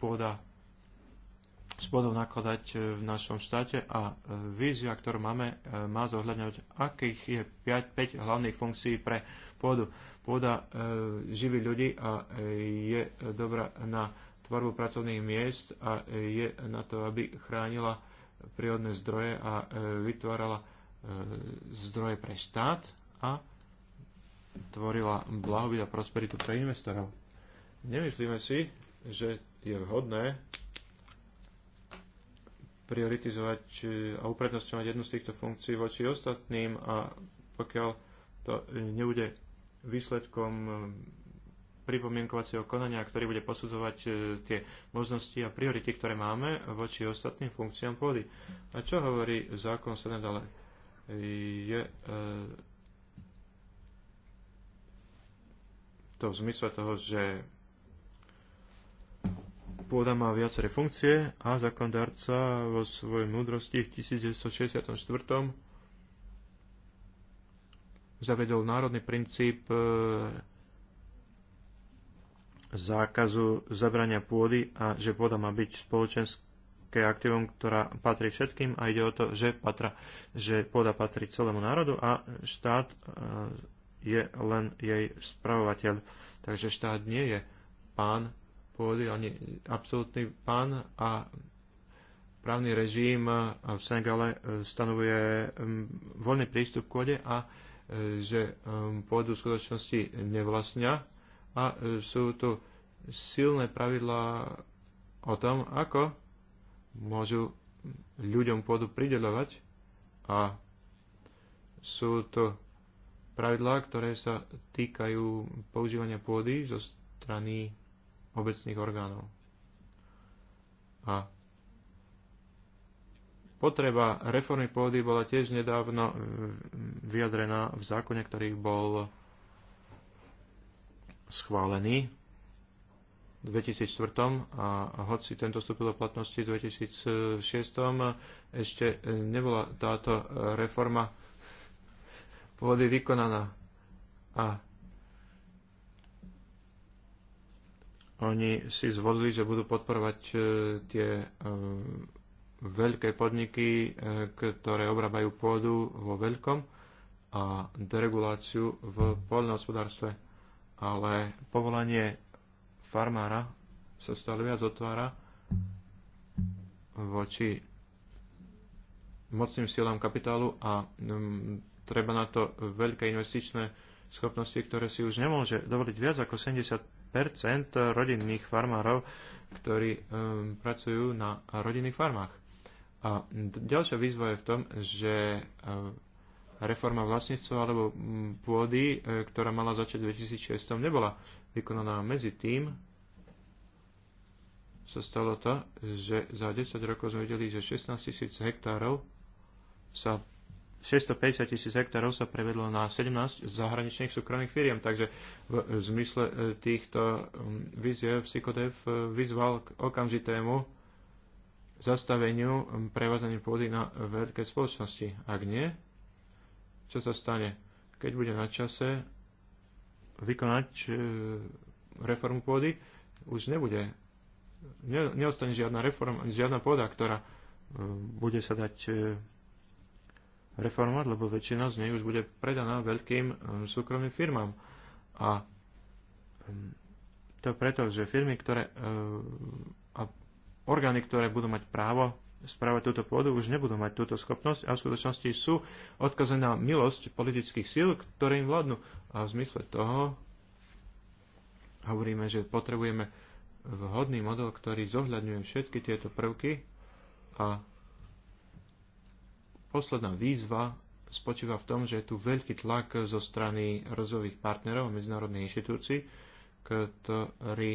pôda s pôdou nakladať e, v našom štáte a vízia, ktorú máme, má zohľadňovať, akých je 5, 5 hlavných funkcií pre pôdu. Pôda živí ľudí a je dobrá na tvorbu pracovných miest a je na to, aby chránila prírodné zdroje a vytvárala zdroje pre štát a tvorila blahobyt a prosperitu pre investorov. Nemyslíme si, že je vhodné prioritizovať eh, a uprednostňovať jednu z týchto funkcií voči ostatným a pokiaľ to eh, nebude výsledkom eh, pripomienkovacieho konania, ktorý bude posudzovať tie možnosti a priority, ktoré máme voči ostatným funkciám pôdy. A čo hovorí zákon Senedale? Je to v zmysle toho, že pôda má viaceré funkcie a zakladárca vo svojej múdrosti v 1964 zavedol národný princíp e, zákazu zabrania pôdy a že pôda má byť spoločenské aktívum, ktorá patrí všetkým a ide o to, že, patra, že pôda patrí celému národu a štát e, je len jej spravovateľ. Takže štát nie je pán pôdy, ani absolútny pán a právny režim v Senegale eh, stanovuje mm, voľný prístup k vode a eh, že mm, pôdu v skutočnosti nevlastnia a eh, sú tu silné pravidlá o tom, ako môžu ľuďom pôdu prideľovať a sú to pravidlá, ktoré sa týkajú používania pôdy zo strany obecných orgánov. A potreba reformy pôdy bola tiež nedávno vyjadrená v zákone, ktorý bol schválený v 2004 a hoci tento vstúpil do platnosti v 2006, ešte nebola táto reforma pôdy vykonaná. A oni si zvolili, že budú podporovať e, tie e, veľké podniky, e, ktoré obrábajú pôdu vo veľkom a dereguláciu v poľnohospodárstve. Ale povolanie farmára sa stále viac otvára voči mocným silám kapitálu a treba na to veľké investičné schopnosti, ktoré si už nemôže dovoliť viac ako 70 rodinných farmárov, ktorí um, pracujú na rodinných farmách. A ďalšia výzva je v tom, že um, reforma vlastníctva alebo um, pôdy, e, ktorá mala začať v 2006, nebola vykonaná. Medzi tým sa stalo to, že za 10 rokov sme videli, že 16 tisíc hektárov sa 650 tisíc hektárov sa prevedlo na 17 zahraničných súkromných firiem, takže v zmysle e, týchto víziev Sikodev e, vyzval k okamžitému zastaveniu prevádzania pôdy na veľké spoločnosti. Ak nie, čo sa stane? Keď bude na čase vykonať e, reformu pôdy, už nebude. Ne, neostane žiadna reforma, žiadna pôda, ktorá bude sa dať reformovať, lebo väčšina z nej už bude predaná veľkým um, súkromným firmám. A um, to preto, že firmy, ktoré uh, a orgány, ktoré budú mať právo správať túto pôdu, už nebudú mať túto schopnosť a v skutočnosti sú odkazené na milosť politických síl, ktoré im vládnu. A v zmysle toho hovoríme, že potrebujeme vhodný model, ktorý zohľadňuje všetky tieto prvky a Posledná výzva spočíva v tom, že je tu veľký tlak zo strany rozvojových partnerov a medzinárodných inštitúcií, ktorí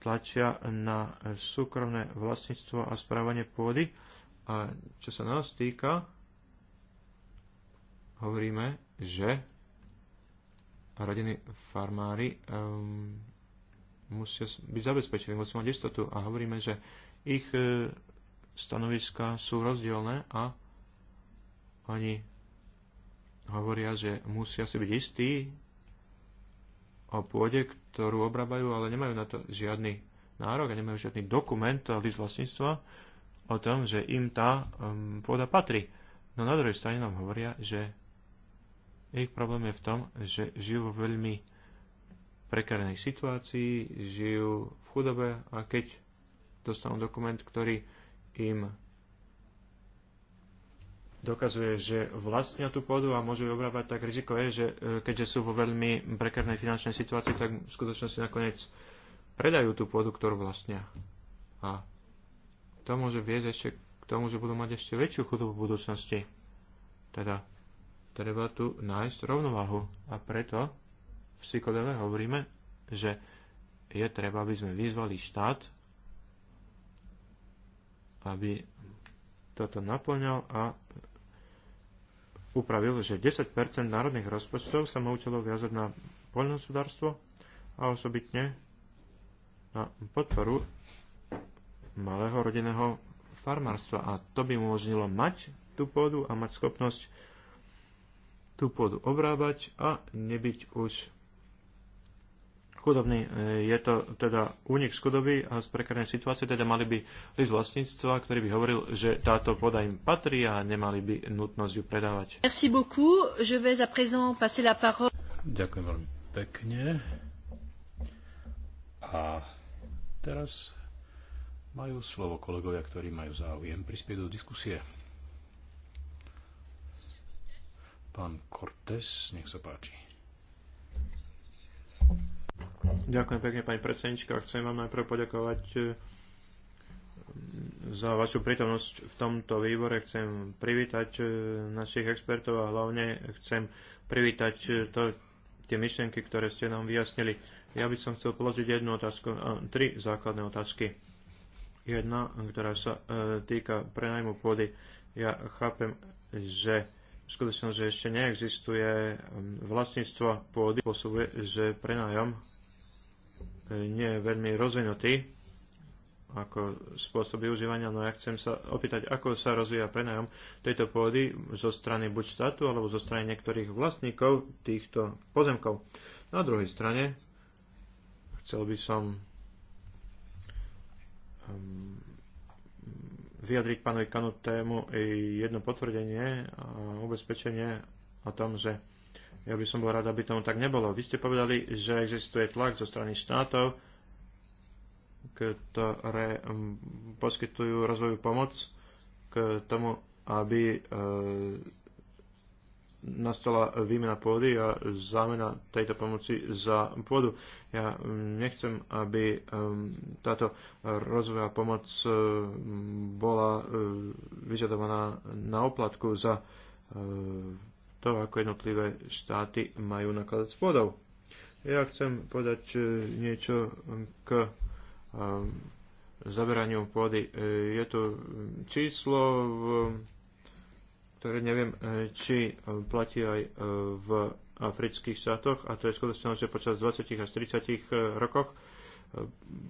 tlačia na súkromné vlastníctvo a správanie pôdy. A čo sa nás týka, hovoríme, že rodiny farmári um, musia byť zabezpečení, musia mať istotu a hovoríme, že ich eh, stanoviska sú rozdielne a oni hovoria, že musia si byť istí o pôde, ktorú obrábajú, ale nemajú na to žiadny nárok a nemajú žiadny dokument a list vlastníctva o tom, že im tá um, pôda patrí. No na druhej strane nám hovoria, že ich problém je v tom, že žijú vo veľmi prekárnej situácii, žijú v chudobe a keď dostanú dokument, ktorý im dokazuje, že vlastnia tú pôdu a môžu ju obrábať, tak riziko je, že e, keďže sú vo veľmi prekernej finančnej situácii, tak v skutočnosti nakoniec predajú tú pôdu, ktorú vlastnia. A to môže viesť ešte k tomu, že budú mať ešte väčšiu chudobu v budúcnosti. Teda treba tu nájsť rovnováhu. A preto v psychodele hovoríme, že je treba, aby sme vyzvali štát, aby toto naplňal a upravil, že 10 národných rozpočtov sa má účelo viazať na poľnohospodárstvo a osobitne na podporu malého rodinného farmárstva. A to by mu umožnilo mať tú pôdu a mať schopnosť tú pôdu obrábať a nebyť už chudobní. E, je to teda únik z chudoby a z prekárnej situácie, teda mali by list vlastníctva, ktorý by hovoril, že táto voda im patrí a nemali by nutnosť ju predávať. Merci beaucoup. Je vais à présent passer la parole. Ďakujem veľmi pekne. A teraz majú slovo kolegovia, ktorí majú záujem prispieť do diskusie. Pán Cortés, nech sa páči. Ďakujem pekne, pani predsednička. Chcem vám najprv poďakovať eh, za vašu prítomnosť v tomto výbore. Chcem privítať eh, našich expertov a hlavne chcem privítať eh, to, tie myšlienky, ktoré ste nám vyjasnili. Ja by som chcel položiť jednu otázku, tri základné otázky. Jedna, ktorá sa týka prenajmu pôdy. Ja chápem, že skutočnosť, že ešte neexistuje mm, vlastníctvo pôdy, spôsobuje, že prenajom nie je veľmi rozvinutý ako spôsob využívania, no ja chcem sa opýtať, ako sa rozvíja prenajom tejto pôdy zo strany buď štátu, alebo zo strany niektorých vlastníkov týchto pozemkov. Na druhej strane chcel by som ehm, vyjadriť pánovi Kanutému jedno potvrdenie a ubezpečenie o tom, že ja by som bol rád, aby tomu tak nebolo. Vy ste povedali, že existuje tlak zo strany štátov, ktoré poskytujú rozvoju pomoc k tomu, aby e, nastala výmena pôdy a zámena tejto pomoci za pôdu. Ja nechcem, aby e, táto rozvojová pomoc e, bola vyžadovaná na oplatku za to, ako jednotlivé štáty majú nakladať s vodou. Ja chcem podať e, niečo k e, zaberaniu pôdy. E, je to číslo, ktoré neviem, či platí aj v afrických štátoch a to je skutočnosť, že počas 20 až 30 rokoch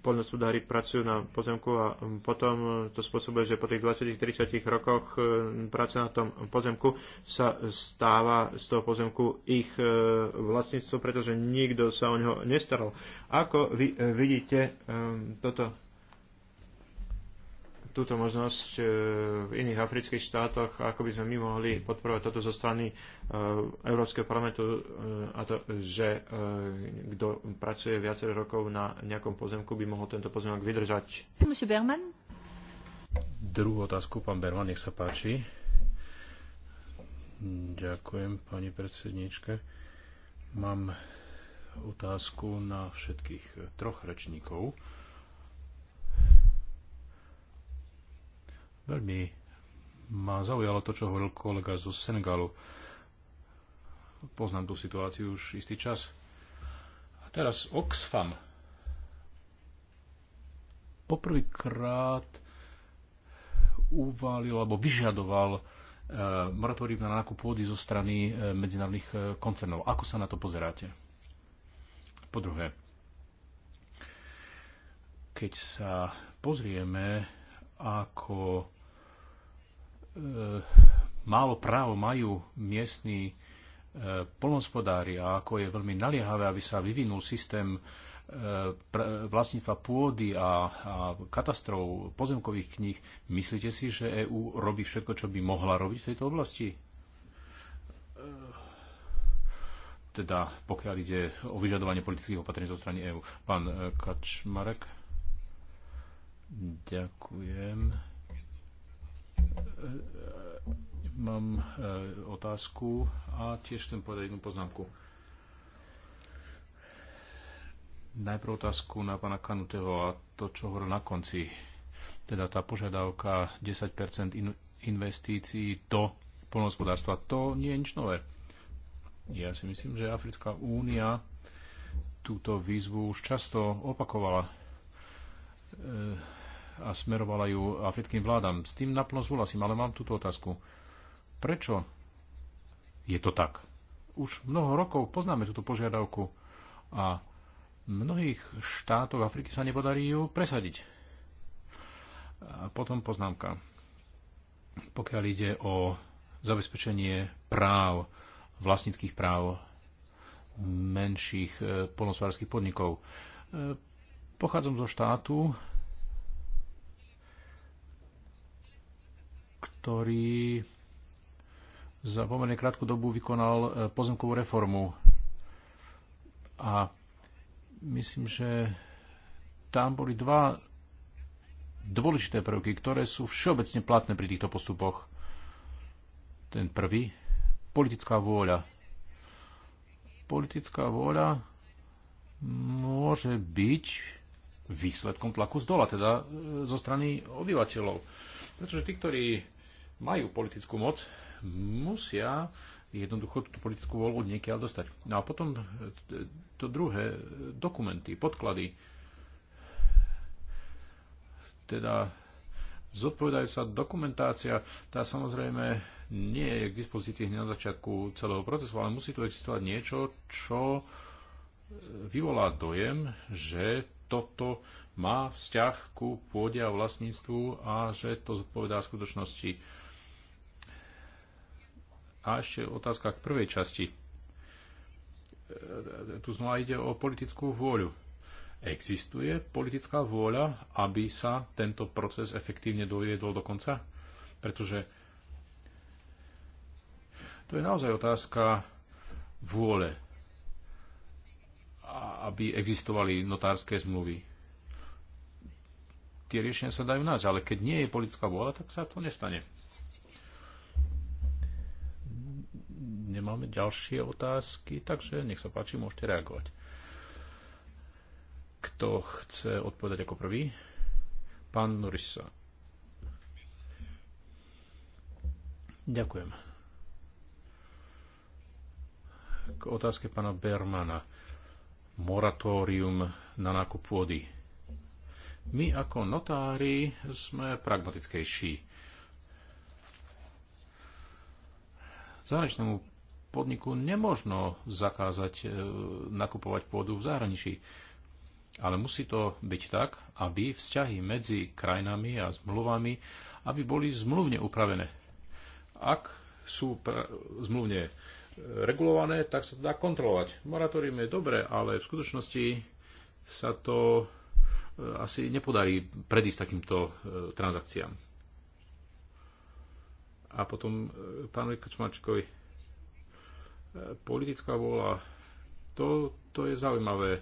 poľnospodári pracujú na pozemku a potom to spôsobuje, že po tých 20-30 rokoch e, práce na tom pozemku sa stáva z toho pozemku ich e, vlastníctvo, pretože nikto sa o neho nestaral. Ako vy e, vidíte toto túto možnosť e, v iných afrických štátoch, ako by sme my mohli podporovať toto zo strany e, Európskeho parlamentu e, a to, že kto pracuje viacero rokov na nejakom pozemku, by mohol tento pozemok vydržať. Monsieur Berman? Druhú otázku, pán Berman, nech sa páči. Ďakujem, pani predsedníčke. Mám otázku na všetkých troch rečníkov. Veľmi ma zaujalo to, čo hovoril kolega zo Senegalu. Poznám tú situáciu už istý čas. A teraz Oxfam. Poprvýkrát uvalil alebo vyžadoval e, moratórium na nákup pôdy zo strany e, medzinárodných e, koncernov. Ako sa na to pozeráte? Po druhé, keď sa pozrieme, ako E, málo práv majú e, polnospodári a ako je veľmi naliehavé, aby sa vyvinul systém e, vlastníctva pôdy a, a katastrov pozemkových kníh, myslíte si, že EÚ robí všetko, čo by mohla robiť v tejto oblasti? E, teda pokiaľ ide o vyžadovanie politických opatrení zo strany EÚ. Pán Kačmarek. Ďakujem. Eh, mám eh, otázku a tiež chcem povedať jednu poznámku. Najprv otázku na pána Kanuteho a to, čo hovoril na konci. Teda tá požiadavka 10 investícií do polnohospodárstva. To nie je nič nové. Ja si myslím, že Africká únia túto výzvu už často opakovala. E a smerovala ju africkým vládam. S tým naplno súhlasím, ale mám túto otázku. Prečo je to tak? Už mnoho rokov poznáme túto požiadavku a v mnohých štátov Afriky sa nepodarí ju presadiť. A potom poznámka. Pokiaľ ide o zabezpečenie práv, vlastnických práv menších eh, polnospodárských podnikov. Eh, pochádzam zo štátu, ktorý za pomerne krátku dobu vykonal e, pozemkovú reformu. A myslím, že tam boli dva dôležité prvky, ktoré sú všeobecne platné pri týchto postupoch. Ten prvý, politická vôľa. Politická vôľa môže byť výsledkom tlaku z dola, teda e, zo strany obyvateľov. Pretože tí, ktorí majú politickú moc, musia jednoducho túto politickú voľbu niekiaľ dostať. No a potom e, to druhé, dokumenty, podklady, teda zodpovedajúca dokumentácia, tá samozrejme nie je k dispozícii hneď na začiatku celého procesu, ale musí tu existovať niečo, čo e, vyvolá dojem, že toto má vzťah ku pôde a vlastníctvu a že to zodpovedá skutočnosti a ešte otázka k prvej časti. E, e, tu znova ide o politickú vôľu. Existuje politická vôľa, aby sa tento proces efektívne doviedol do konca? Pretože to je naozaj otázka vôle, aby existovali notárske zmluvy. Tie riešenia sa dajú nájsť, ale keď nie je politická vôľa, tak sa to nestane. nemáme ďalšie otázky, takže nech sa páči, môžete reagovať. Kto chce odpovedať ako prvý? Pán Norisa. Ďakujem. K otázke pána Bermana. Moratórium na nákup pôdy. My ako notári sme pragmatickejší. Záležnému podniku nemožno zakázať e, nakupovať pôdu v zahraničí. Ale musí to byť tak, aby vzťahy medzi krajinami a zmluvami, aby boli zmluvne upravené. Ak sú zmluvne e, regulované, tak sa to dá kontrolovať. Moratórium je dobré, ale v skutočnosti sa to e, asi nepodarí predísť takýmto transakciám. A potom pánovi Kačmačkovi politická vôľa, to, to je zaujímavé.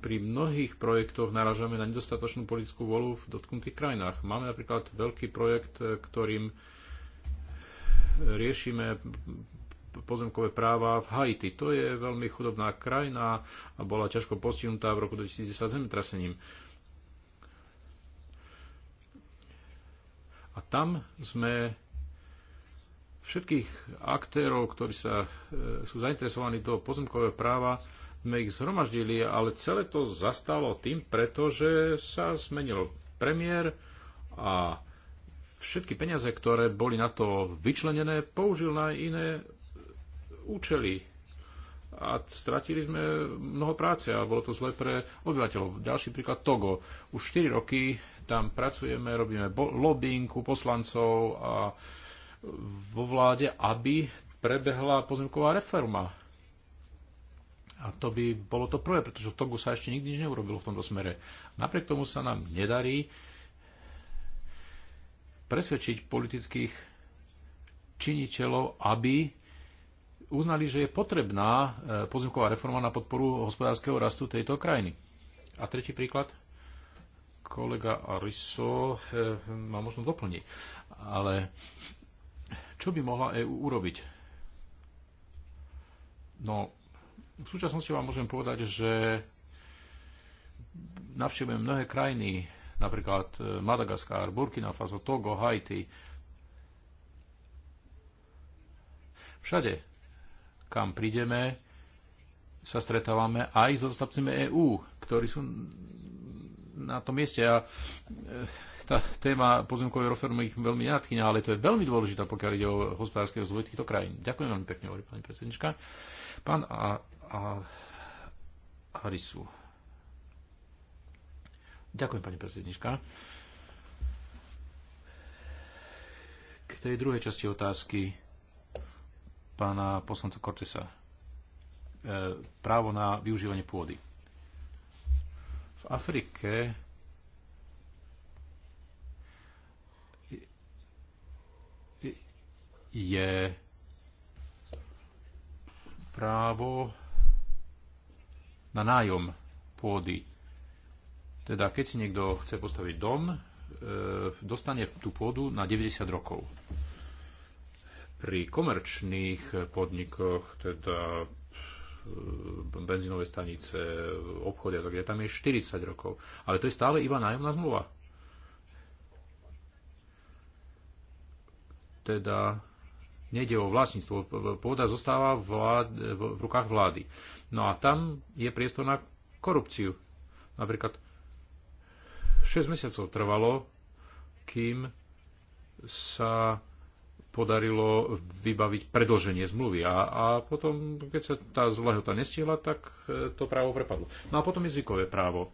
Pri mnohých projektoch naražame na nedostatočnú politickú volu v dotknutých krajinách. Máme napríklad veľký projekt, ktorým riešime pozemkové práva v Haiti. To je veľmi chudobná krajina a bola ťažko postihnutá v roku 2010 zemetrasením. A tam sme Všetkých aktérov, ktorí sa, e, sú zainteresovaní do pozemkového práva, sme ich zhromaždili, ale celé to zastalo tým, pretože sa zmenil premiér a všetky peniaze, ktoré boli na to vyčlenené, použil na iné účely. A stratili sme mnoho práce a bolo to zle pre obyvateľov. Ďalší príklad Togo. Už 4 roky tam pracujeme, robíme lobbying u poslancov a vo vláde, aby prebehla pozemková reforma. A to by bolo to prvé, pretože v Togu sa ešte nikdy nič neurobilo v tomto smere. Napriek tomu sa nám nedarí presvedčiť politických činiteľov, aby uznali, že je potrebná e, pozemková reforma na podporu hospodárskeho rastu tejto krajiny. A tretí príklad, kolega Ariso e, ma možno doplní, ale čo by mohla EÚ urobiť? No, v súčasnosti vám môžem povedať, že navštevujem mnohé krajiny, napríklad e, Madagaskar, Burkina Faso, Togo, Haiti. Všade, kam prídeme, sa stretávame aj s zastupcami EÚ, ktorí sú na tom mieste. A e, tá téma pozemkovej reformy ich veľmi nenatchýňa, ale to je veľmi dôležité pokiaľ ide o hospodárske rozvoj týchto krajín. Ďakujem veľmi pekne, hovorí pani predsednička. Pán a, a, Arisu. Ďakujem, pani predsednička. K tej druhej časti otázky pána poslanca Cortesa. E, právo na využívanie pôdy. V Afrike je právo na nájom pôdy. Teda keď si niekto chce postaviť dom, e, dostane tú pôdu na 90 rokov. Pri komerčných podnikoch, teda e, benzínové stanice, obchode, a tak tam je 40 rokov. Ale to je stále iba nájomná zmluva. Teda nejde o vlastníctvo. Pôda zostáva vlád, v rukách vlády. No a tam je priestor na korupciu. Napríklad 6 mesiacov trvalo, kým sa podarilo vybaviť predlženie zmluvy. A, a potom, keď sa tá zlehota nestihla, tak e, to právo prepadlo. No a potom je zvykové právo.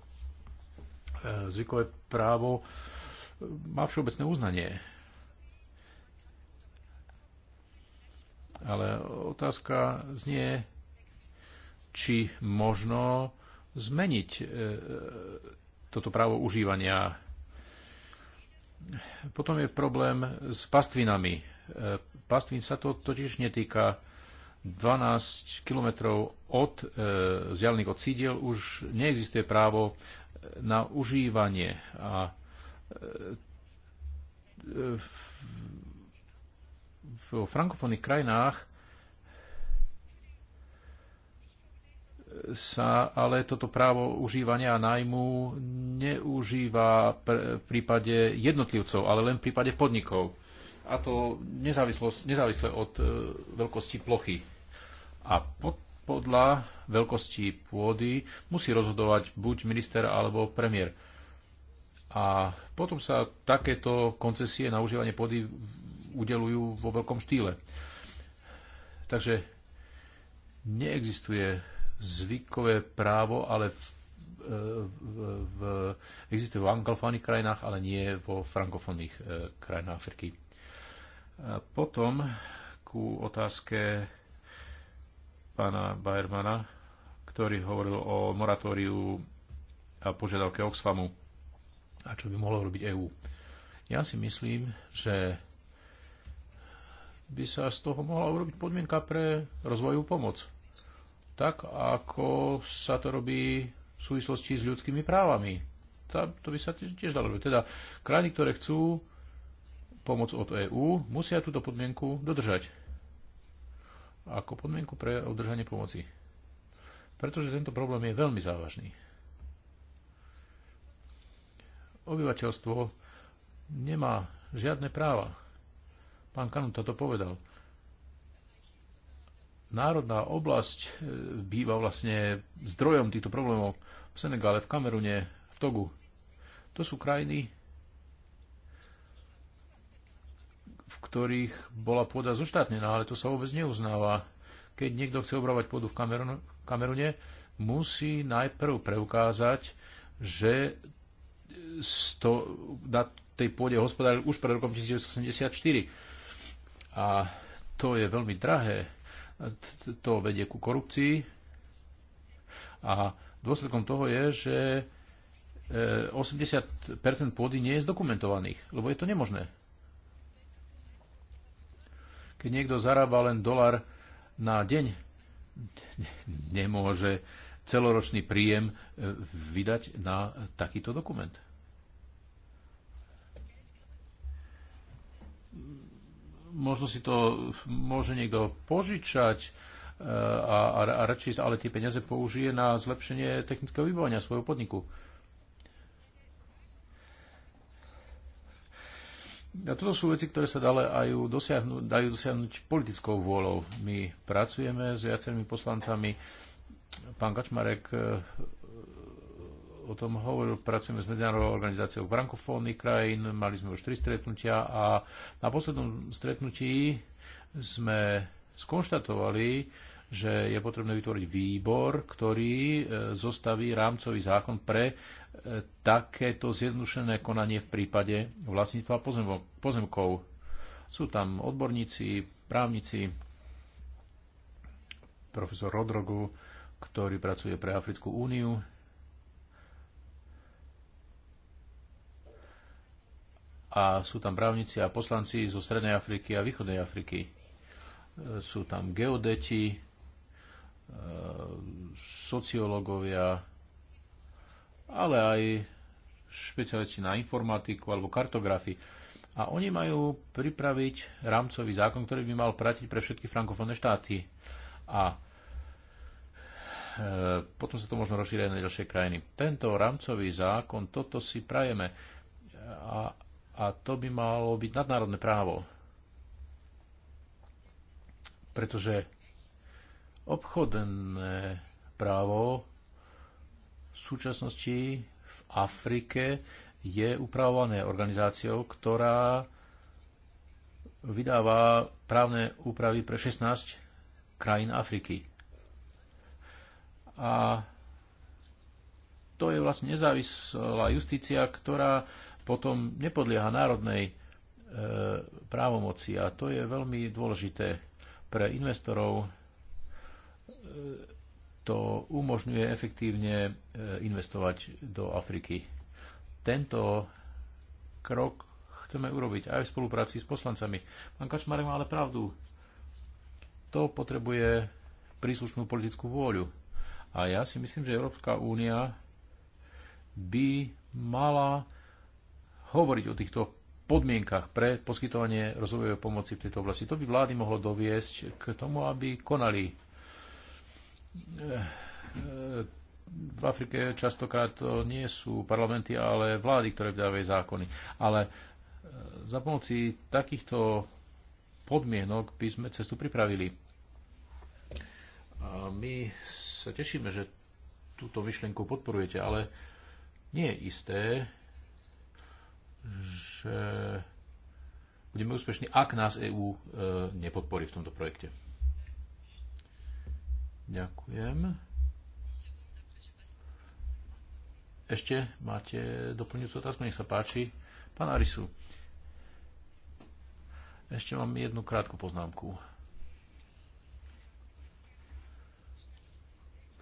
E, zvykové právo má všeobecné uznanie Ale otázka znie, či možno zmeniť e, toto právo užívania. Potom je problém s pastvinami. E, pastvin sa to totiž netýka 12 kilometrov od e, vzdialených od sídiel už neexistuje právo na užívanie. A v frankofónnych krajinách sa ale toto právo užívania a nájmu neužíva v prípade jednotlivcov, ale len v prípade podnikov. A to nezávisle od e, veľkosti plochy. A pod, podľa veľkosti pôdy musí rozhodovať buď minister alebo premiér. A potom sa takéto koncesie na užívanie pôdy udelujú vo veľkom štýle. Takže neexistuje zvykové právo, ale v, e, v, v, existuje v anglofónnych krajinách, ale nie vo frankofónnych e, krajinách Afriky. A potom ku otázke pána Bajermana, ktorý hovoril o moratóriu a požiadavke Oxfamu a čo by mohlo robiť EÚ. Ja si myslím, že by sa z toho mohla urobiť podmienka pre rozvojovú pomoc. Tak, ako sa to robí v súvislosti s ľudskými právami. Tá, to by sa tiež dalo robiť. Teda krajiny, ktoré chcú pomoc od EÚ, musia túto podmienku dodržať. Ako podmienku pre udržanie pomoci. Pretože tento problém je veľmi závažný. Obyvateľstvo nemá žiadne práva Pán Kanon toto povedal. Národná oblasť e, býva vlastne zdrojom týchto problémov v Senegále, v Kamerune, v Togu. To sú krajiny, v ktorých bola pôda zoštátnená, ale to sa vôbec neuznáva. Keď niekto chce obrovať pôdu v Kamerune, musí najprv preukázať, že sto, na tej pôde hospodáril už pred rokom 1984 a to je veľmi drahé. To vedie ku korupcii. A dôsledkom toho je, že 80% e, pôdy nie je zdokumentovaných, lebo je to nemožné. Keď niekto zarába len dolar na deň, nemôže celoročný príjem e, vydať na takýto dokument možno si to môže niekto požičať e, a, a, a radšej ale tie peniaze použije na zlepšenie technického vybavenia svojho podniku. A toto sú veci, ktoré sa dále aj dosiahnu, dajú dosiahnuť politickou vôľou. My pracujeme s viacerými poslancami. Pán Kačmarek e, o tom hovoril, pracujeme s Medzinárodnou organizáciou frankofónnych krajín, mali sme už tri stretnutia a na poslednom stretnutí sme skonštatovali, že je potrebné vytvoriť výbor, ktorý e, zostaví rámcový zákon pre e, takéto zjednodušené konanie v prípade vlastníctva pozemkov. Sú tam odborníci, právnici, profesor Rodrogu, ktorý pracuje pre Africkú úniu a sú tam právnici a poslanci zo Strednej Afriky a Východnej Afriky. E, sú tam geodeti, e, sociológovia, ale aj špecialisti na informatiku alebo kartografi. A oni majú pripraviť rámcový zákon, ktorý by mal pratiť pre všetky frankofónne štáty. A e, potom sa to možno rozšíriť aj na ďalšie krajiny. Tento rámcový zákon, toto si prajeme. A a to by malo byť nadnárodné právo. Pretože obchodné právo v súčasnosti v Afrike je upravované organizáciou, ktorá vydáva právne úpravy pre 16 krajín Afriky. A to je vlastne nezávislá justícia, ktorá potom nepodlieha národnej e, právomoci a to je veľmi dôležité pre investorov. E, to umožňuje efektívne e, investovať do Afriky. Tento krok chceme urobiť aj v spolupráci s poslancami. Pán Kačmarek má ale pravdu. To potrebuje príslušnú politickú vôľu. A ja si myslím, že Európska únia by mala hovoriť o týchto podmienkach pre poskytovanie rozvojovej pomoci v tejto oblasti. To by vlády mohlo doviesť k tomu, aby konali. E, e, v Afrike častokrát to nie sú parlamenty, ale vlády, ktoré vydávajú zákony. Ale e, za pomoci takýchto podmienok by sme cestu pripravili. A my sa tešíme, že túto myšlienku podporujete, ale nie je isté, že budeme úspešní, ak nás EÚ e, nepodporí v tomto projekte. Ďakujem. Ešte máte doplňujúcu otázku? Nech sa páči. Pán Arisu, ešte mám jednu krátku poznámku.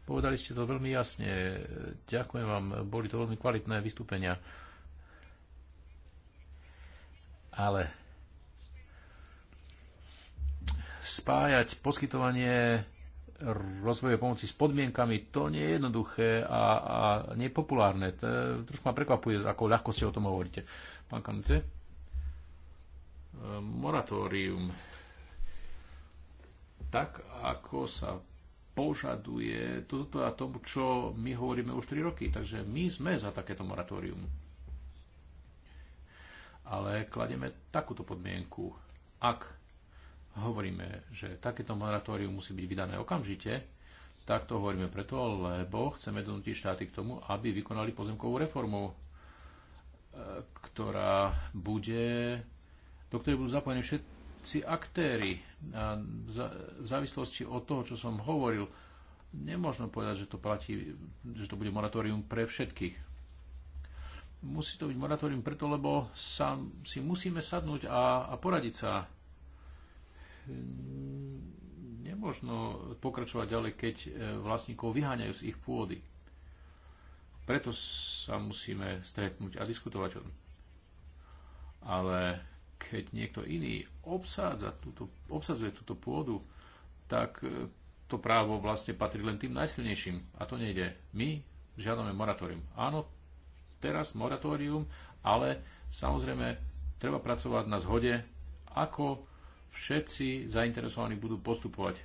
Povedali ste to veľmi jasne. Ďakujem vám, boli to veľmi kvalitné vystúpenia. Ale spájať poskytovanie rozvoje pomoci s podmienkami, to nie je jednoduché a, a nepopulárne. To, trošku ma prekvapuje, ako ľahko si o tom hovoríte. Pán Kanute? E, moratórium. Tak, ako sa požaduje, to zodpovedá tomu, čo my hovoríme už 3 roky. Takže my sme za takéto moratórium ale klademe takúto podmienku. Ak hovoríme, že takéto moratórium musí byť vydané okamžite, tak to hovoríme preto, lebo chceme donútiť štáty k tomu, aby vykonali pozemkovú reformu, e, ktorá bude, do ktorej budú zapojení všetci aktéry. A v závislosti od toho, čo som hovoril, nemôžno povedať, že to platí, že to bude moratórium pre všetkých. Musí to byť moratórium preto, lebo sa, si musíme sadnúť a, a poradiť sa. Nemôžno pokračovať ďalej, keď e, vlastníkov vyháňajú z ich pôdy. Preto sa musíme stretnúť a diskutovať o tom. Ale keď niekto iný obsádza túto, obsadzuje túto pôdu, tak e, to právo vlastne patrí len tým najsilnejším. A to nejde. My žiadame moratórium. Áno, teraz moratórium, ale samozrejme treba pracovať na zhode, ako všetci zainteresovaní budú postupovať,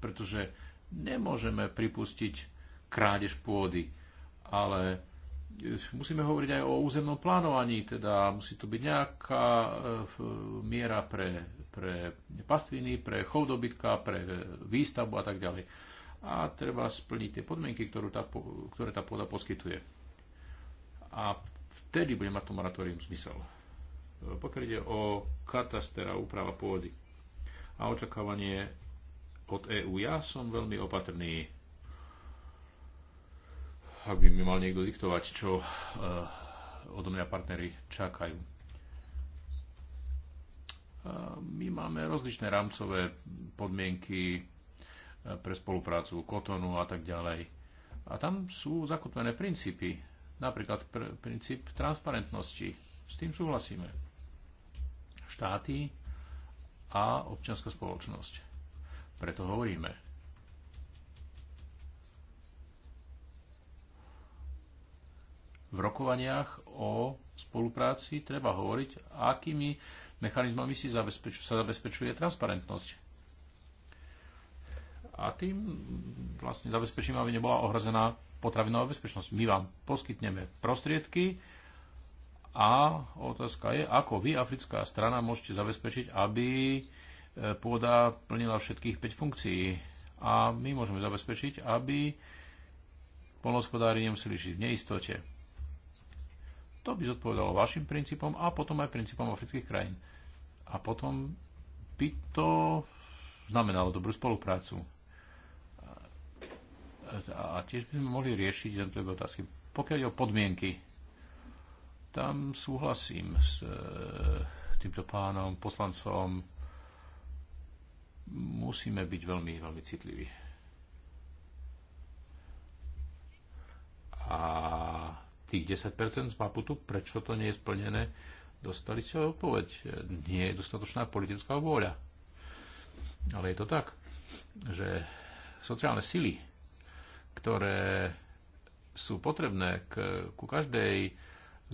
pretože nemôžeme pripustiť krádež pôdy, ale e, musíme hovoriť aj o územnom plánovaní, teda musí to byť nejaká e, miera pre, pre pastviny, pre chov dobytka, pre výstavbu a tak ďalej. A treba splniť tie podmienky, ktoré tá pôda poskytuje a vtedy bude mať to moratórium zmysel. Pokiaľ ide o katastera úprava pôdy a očakávanie od EÚ, ja som veľmi opatrný, aby mi mal niekto diktovať, čo uh, odo mňa partnery čakajú. Uh, my máme rozličné rámcové podmienky eh, pre spoluprácu, kotonu a tak ďalej. A tam sú zakotvené princípy, Napríklad pr- princíp transparentnosti. S tým súhlasíme. Štáty a občianská spoločnosť. Preto hovoríme. V rokovaniach o spolupráci treba hovoriť, akými mechanizmami si zabezpeču, sa zabezpečuje transparentnosť. A tým vlastne zabezpečím, aby nebola ohrozená potravinová bezpečnosť. My vám poskytneme prostriedky a otázka je, ako vy, africká strana, môžete zabezpečiť, aby e, pôda plnila všetkých 5 funkcií. A my môžeme zabezpečiť, aby polnospodári nemuseli žiť v neistote. To by zodpovedalo vašim princípom a potom aj princípom afrických krajín. A potom by to znamenalo dobrú spoluprácu a tiež by sme mohli riešiť jednotlivé otázky. Pokiaľ je o podmienky, tam súhlasím s e, týmto pánom, poslancom. Musíme byť veľmi, veľmi citliví. A tých 10% z Maputu, prečo to nie je splnené, dostali ste odpoveď. Nie je dostatočná politická vôľa. Ale je to tak, že sociálne sily ktoré sú potrebné k, ku každej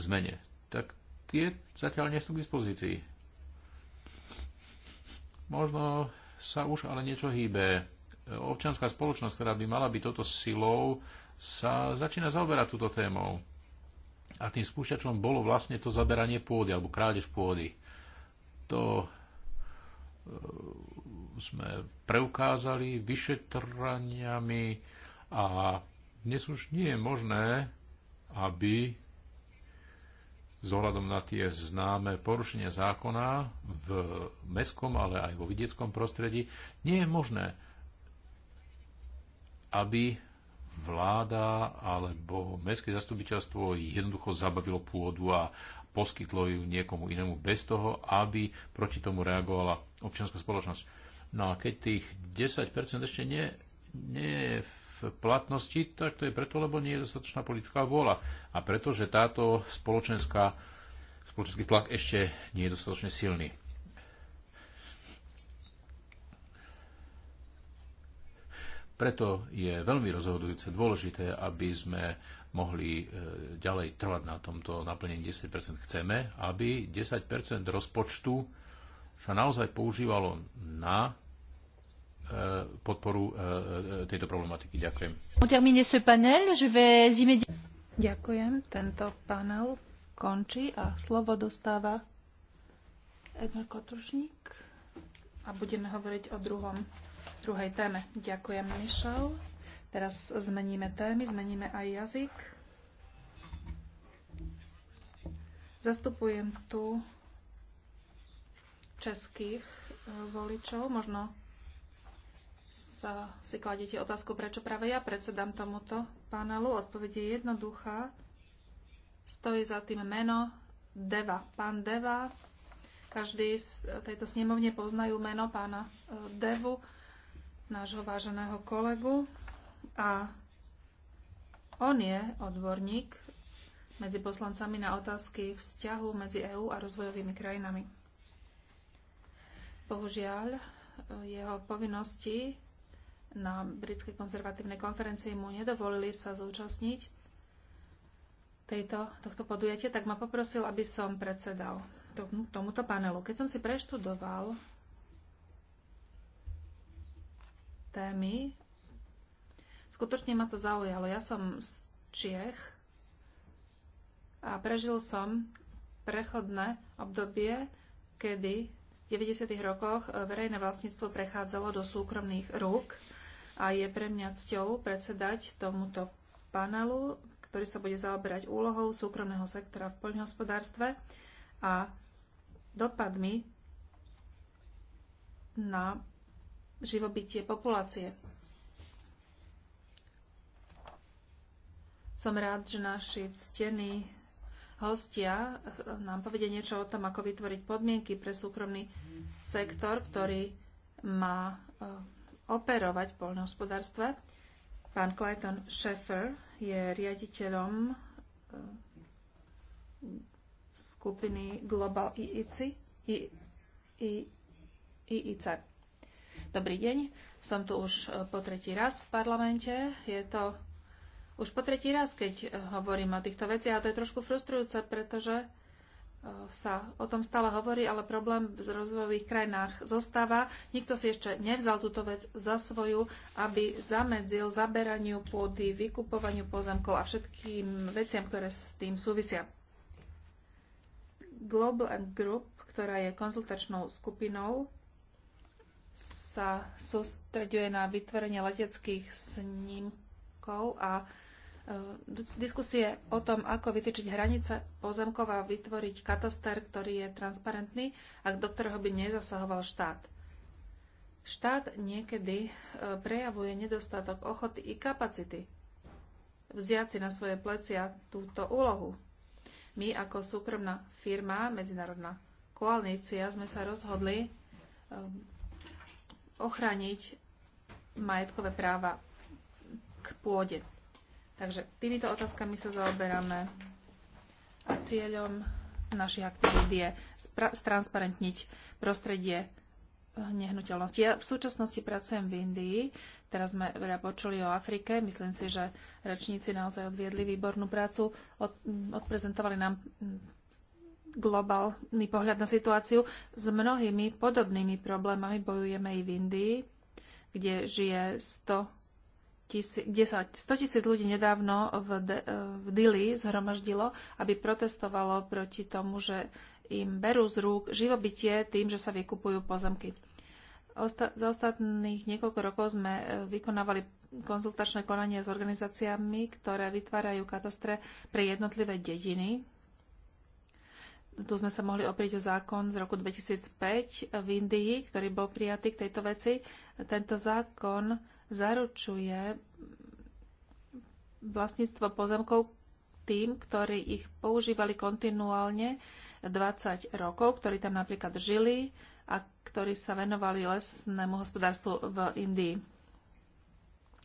zmene, tak tie zatiaľ nie sú k dispozícii. Možno sa už ale niečo hýbe. Občianská spoločnosť, ktorá by mala byť toto silou, sa začína zaoberať túto témou. A tým spúšťačom bolo vlastne to zaberanie pôdy alebo krádež pôdy. To e, sme preukázali vyšetraniami a dnes už nie je možné, aby zohľadom na tie známe porušenia zákona v mestskom, ale aj vo vidieckom prostredí, nie je možné, aby vláda alebo mestské zastupiteľstvo jednoducho zabavilo pôdu a poskytlo ju niekomu inému bez toho, aby proti tomu reagovala občianská spoločnosť. No a keď tých 10% ešte nie, nie je v v platnosti, tak to je preto, lebo nie je dostatočná politická vôľa. A preto, že táto spoločenská, spoločenský tlak ešte nie je dostatočne silný. Preto je veľmi rozhodujúce dôležité, aby sme mohli e, ďalej trvať na tomto naplnení 10 Chceme, aby 10 rozpočtu sa naozaj používalo na Eh, podporu eh, eh, tejto problematiky. Ďakujem. Ďakujem. Tento panel končí a slovo dostáva Edmar Kotrušník a budeme hovoriť o druhom, druhej téme. Ďakujem, Mišel. Teraz zmeníme témy, zmeníme aj jazyk. Zastupujem tu českých voličov, možno sa si kladiete otázku, prečo práve ja predsedám tomuto panelu. Odpoveď je jednoduchá. Stojí za tým meno Deva. Pán Deva, každý z tejto snemovne poznajú meno pána e, Devu, nášho váženého kolegu. A on je odborník medzi poslancami na otázky vzťahu medzi EÚ a rozvojovými krajinami. Bohužiaľ, e, jeho povinnosti na britskej konzervatívnej konferencii mu nedovolili sa zúčastniť tejto, tohto podujatia, tak ma poprosil, aby som predsedal tomuto panelu. Keď som si preštudoval témy, skutočne ma to zaujalo. Ja som z Čiech a prežil som prechodné obdobie, kedy v 90. rokoch verejné vlastníctvo prechádzalo do súkromných rúk a je pre mňa cťou predsedať tomuto panelu, ktorý sa bude zaoberať úlohou súkromného sektora v poľnohospodárstve a dopadmi na živobytie populácie. Som rád, že naši ctení hostia nám povedia niečo o tom, ako vytvoriť podmienky pre súkromný sektor, ktorý má eh, operovať v Pán Clayton Sheffer je riaditeľom e, skupiny Global e IIC. I, I, IIC. Dobrý deň, som tu už e, po tretí raz v parlamente. Je to už po tretí raz, keď hovorím o týchto veciach a to je trošku frustrujúce, pretože sa o tom stále hovorí, ale problém v rozvojových krajinách zostáva. Nikto si ešte nevzal túto vec za svoju, aby zamedzil zaberaniu pôdy, vykupovaniu pozemkov a všetkým veciam, ktoré s tým súvisia. Global and Group, ktorá je konzultačnou skupinou, sa sústreďuje na vytvorenie leteckých snímkov a Eh, diskusie o tom, ako vytýčiť hranice pozemkov a vytvoriť kataster, ktorý je transparentný a do ktorého by nezasahoval štát. Štát niekedy eh, prejavuje nedostatok ochoty i kapacity vziať si na svoje plecia túto úlohu. My ako súkromná firma, medzinárodná koalícia, sme sa rozhodli eh, ochraniť majetkové práva k pôde. Takže týmito otázkami sa zaoberáme a cieľom našich aktivít je stransparentniť prostredie nehnuteľnosti. Ja v súčasnosti pracujem v Indii, teraz sme veľa počuli o Afrike, myslím si, že rečníci naozaj odviedli výbornú prácu, od, odprezentovali nám globálny pohľad na situáciu. S mnohými podobnými problémami bojujeme i v Indii, kde žije 100 100 tisíc ľudí nedávno v, de, v Dili zhromaždilo, aby protestovalo proti tomu, že im berú z rúk živobytie tým, že sa vykupujú pozemky. Osta- za ostatných niekoľko rokov sme e, vykonávali konzultačné konanie s organizáciami, ktoré vytvárajú katastre pre jednotlivé dediny. Tu sme sa mohli oprieť o zákon z roku 2005 v Indii, ktorý bol prijatý k tejto veci. Tento zákon zaručuje vlastníctvo pozemkov tým, ktorí ich používali kontinuálne 20 rokov, ktorí tam napríklad žili a ktorí sa venovali lesnému hospodárstvu v Indii.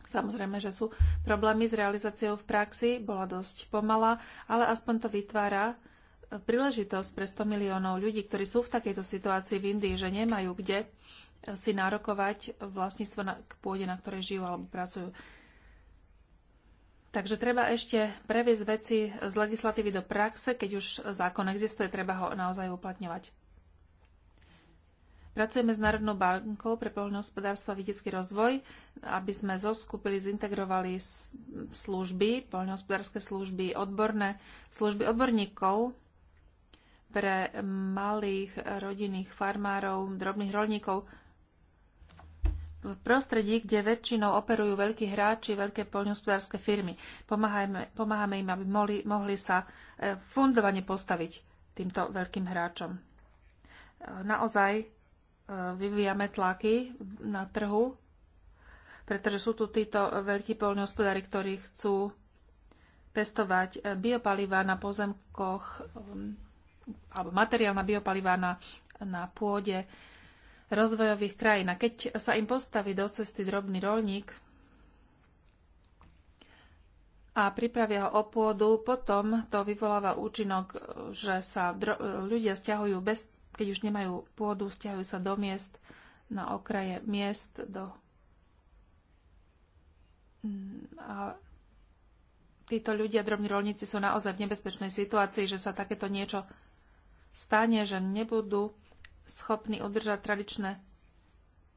Samozrejme, že sú problémy s realizáciou v praxi, bola dosť pomalá, ale aspoň to vytvára príležitosť pre 100 miliónov ľudí, ktorí sú v takejto situácii v Indii, že nemajú kde si nárokovať vlastníctvo na, k pôde, na ktorej žijú alebo pracujú. Takže treba ešte previesť veci z legislatívy do praxe, keď už zákon existuje, treba ho naozaj uplatňovať. Pracujeme s Národnou bankou pre poľnohospodárstvo a vidiecký rozvoj, aby sme zoskupili, zintegrovali služby, poľnohospodárske služby, odborné služby odborníkov pre malých rodinných farmárov, drobných rolníkov, v prostredí, kde väčšinou operujú veľkí hráči, veľké poľnohospodárske firmy. Pomáhajme, pomáhame im, aby mohli, mohli sa e, fundovane postaviť týmto veľkým hráčom. E, naozaj e, vyvíjame tlaky na trhu, pretože sú tu títo veľkí poľnohospodári, ktorí chcú pestovať biopalivá na pozemkoch alebo materiál na biopalivá na, na pôde rozvojových krajín. A keď sa im postaví do cesty drobný rolník a pripravia ho o pôdu, potom to vyvoláva účinok, že sa ľudia stiahujú bez, keď už nemajú pôdu, stiahujú sa do miest, na okraje miest, do a títo ľudia, drobní rolníci, sú naozaj v nebezpečnej situácii, že sa takéto niečo stane, že nebudú schopní udržať tradičné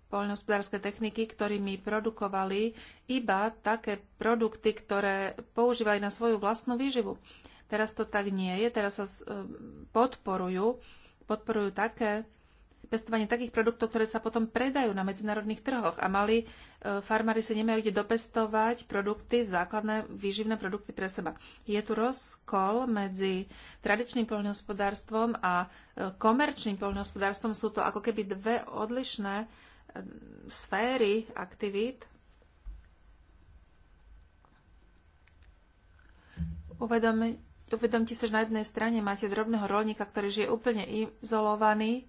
poľnohospodárske techniky, ktorými produkovali iba také produkty, ktoré používali na svoju vlastnú výživu. Teraz to tak nie je, teraz sa podporujú, podporujú také pestovanie takých produktov, ktoré sa potom predajú na medzinárodných trhoch. A mali e, farmári si nemajú kde dopestovať produkty, základné výživné produkty pre seba. Je tu rozkol medzi tradičným poľnohospodárstvom a e, komerčným poľnohospodárstvom. Sú to ako keby dve odlišné e, sféry aktivít. Uvedom, uvedomte sa, že na jednej strane máte drobného rolníka, ktorý žije úplne izolovaný,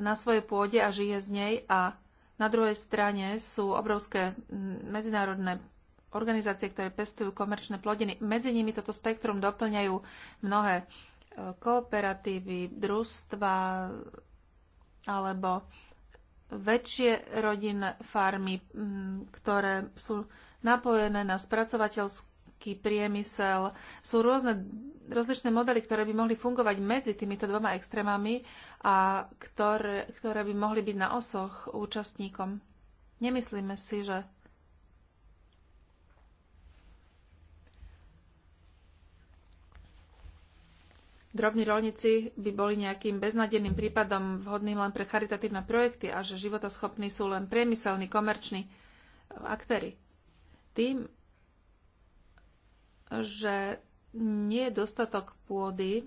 na svojej pôde a žije z nej a na druhej strane sú obrovské medzinárodné organizácie, ktoré pestujú komerčné plodiny. Medzi nimi toto spektrum doplňajú mnohé e, kooperatívy, družstva alebo väčšie rodinné farmy, ktoré sú napojené na spracovateľské letecký priemysel. Sú rôzne rozličné modely, ktoré by mohli fungovať medzi týmito dvoma extrémami a ktoré, ktoré by mohli byť na osoch účastníkom. Nemyslíme si, že drobní rolníci by boli nejakým beznadeným prípadom vhodným len pre charitatívne projekty a že životaschopní sú len priemyselní, komerční aktéry. Tým že nie je dostatok pôdy,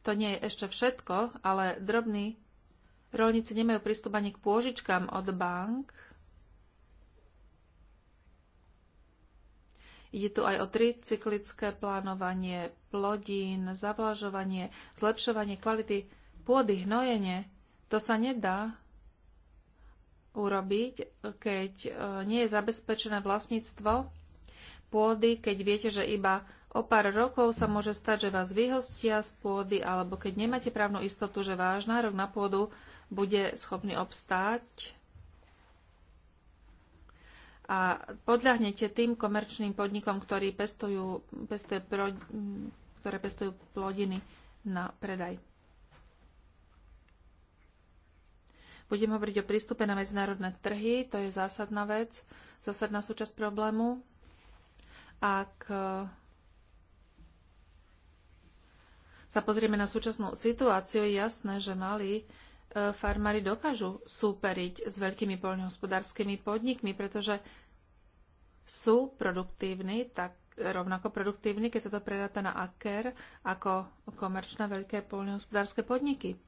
to nie je ešte všetko, ale drobní rolníci nemajú prístup ani k pôžičkám od bank. Ide tu aj o tricyklické plánovanie, plodín, zavlažovanie, zlepšovanie kvality pôdy, hnojenie. To sa nedá urobiť, keď e, nie je zabezpečené vlastníctvo pôdy, keď viete, že iba o pár rokov sa môže stať, že vás vyhostia z pôdy, alebo keď nemáte právnu istotu, že váš nárok na pôdu bude schopný obstáť a podľahnete tým komerčným podnikom, ktorí pestujú, pestujú, ktoré pestujú plodiny na predaj. Budem hovoriť o prístupe na medzinárodné trhy, to je zásadná vec, zásadná súčasť problému. Ak e, sa pozrieme na súčasnú situáciu, je jasné, že mali e, farmári dokážu súperiť s veľkými poľnohospodárskymi podnikmi, pretože sú produktívni, tak rovnako produktívni, keď sa to predáta na aker, ako komerčné veľké poľnohospodárske podniky.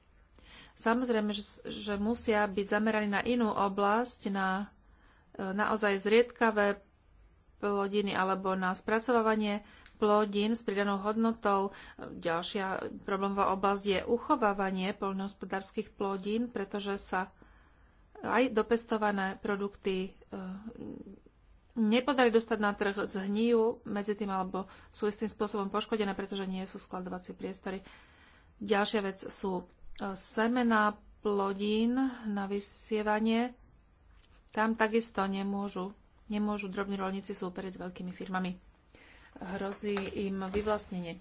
Samozrejme, že musia byť zameraní na inú oblasť, na e, naozaj zriedkavé plodiny alebo na spracovávanie plodín s pridanou hodnotou. Ďalšia problémová oblasť je uchovávanie poľnohospodárskych plodín, pretože sa aj dopestované produkty e, nepodarí dostať na trh, zhnijú medzi tým alebo sú istým spôsobom poškodené, pretože nie sú skladovacie priestory. Ďalšia vec sú e, semená plodín na vysievanie. Tam takisto nemôžu nemôžu drobní rolníci súperiť s veľkými firmami. Hrozí im vyvlastnenie.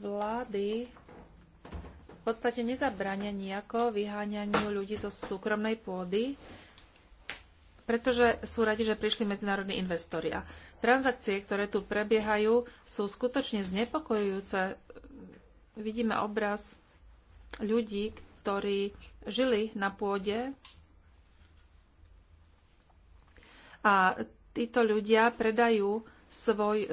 Vlády v podstate nezabrania nejako vyháňaniu ľudí zo súkromnej pôdy, pretože sú radi, že prišli medzinárodní investori. A transakcie, ktoré tu prebiehajú, sú skutočne znepokojujúce. Vidíme obraz ľudí, ktorí žili na pôde a títo ľudia predajú svoj,